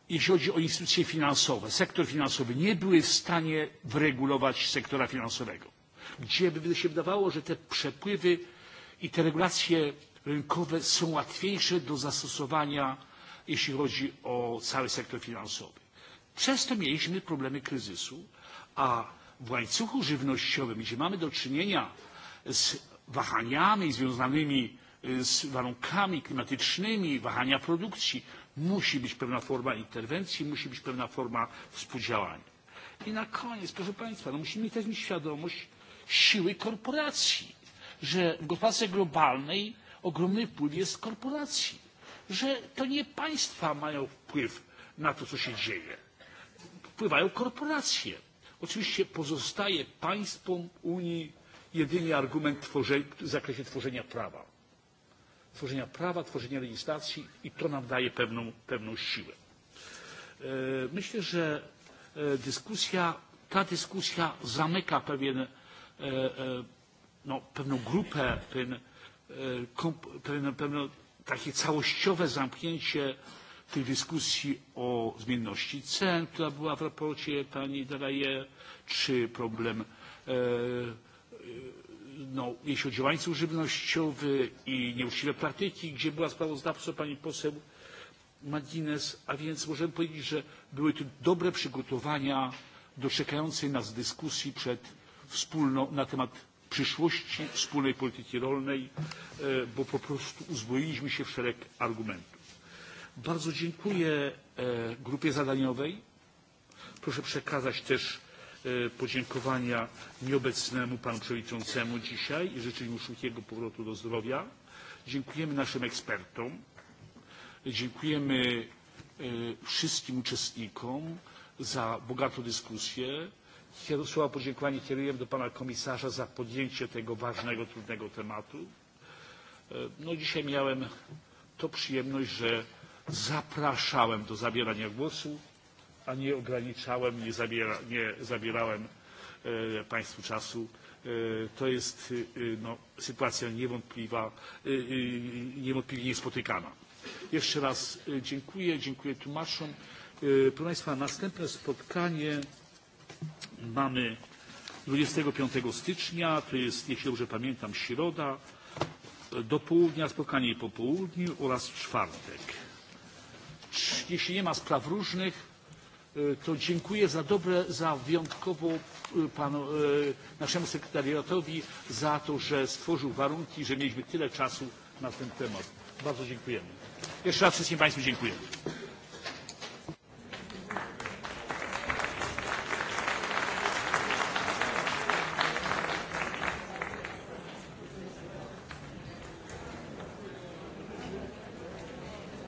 jeśli chodzi o instytucje finansowe, sektor finansowy, nie były w stanie wyregulować sektora finansowego gdzie by się wydawało, że te przepływy i te regulacje rynkowe są łatwiejsze do zastosowania, jeśli chodzi o cały sektor finansowy. Przez to mieliśmy problemy kryzysu, a w łańcuchu żywnościowym, gdzie mamy do czynienia z wahaniami związanymi z warunkami klimatycznymi, wahania produkcji, musi być pewna forma interwencji, musi być pewna forma współdziałania. I na koniec, proszę Państwa, no musimy też mieć świadomość, siły korporacji, że w gospodarce globalnej ogromny wpływ jest korporacji, że to nie państwa mają wpływ na to, co się dzieje. Wpływają korporacje. Oczywiście pozostaje państwom Unii jedynie argument w zakresie tworzenia prawa. Tworzenia prawa, tworzenia legislacji i to nam daje pewną, pewną siłę. E, myślę, że e, dyskusja, ta dyskusja zamyka pewien Eh, eh, no, pewną grupę, pewien, eh, pewien, pewne takie całościowe zamknięcie tej dyskusji o zmienności cen, która była w raporcie pani Daraje, czy problem no, jeśli chodzi o łańcuch żywnościowy i nieuczciwe praktyki, gdzie była sprawozdawca pani poseł Madines, a więc możemy powiedzieć, że były to dobre przygotowania do czekającej nas dyskusji przed wspólną na temat przyszłości wspólnej polityki rolnej, e, bo po prostu uzbroiliśmy się w szereg argumentów. Bardzo dziękuję e, grupie zadaniowej. Proszę przekazać też e, podziękowania nieobecnemu panu przewodniczącemu dzisiaj i życzę mu szybkiego powrotu do zdrowia. Dziękujemy naszym ekspertom. Dziękujemy wszystkim uczestnikom za bogatą dyskusję Słowa podziękowania kieruję do pana komisarza za podjęcie tego ważnego, trudnego tematu. E, no dzisiaj miałem to przyjemność, że zapraszałem do zabierania głosu, a nie ograniczałem, nie, zabiera, nie zabierałem e, Państwu czasu. E, to jest e, no, sytuacja niewątpliwa, e, e, niewątpliwie niespotykana. Jeszcze raz dziękuję, dziękuję tłumaczom. Proszę Państwa, następne spotkanie mamy 25 stycznia, to jest, jeśli dobrze pamiętam, środa, do południa spotkanie po południu oraz czwartek. Jeśli nie ma spraw różnych, e, to dziękuję za dobre, za wyjątkowo e, panu, e, naszemu sekretariatowi za to, że stworzył warunki, że mieliśmy tyle czasu na ten temat. Bardzo dziękujemy. Jeszcze raz wszystkim Państwu dziękuję.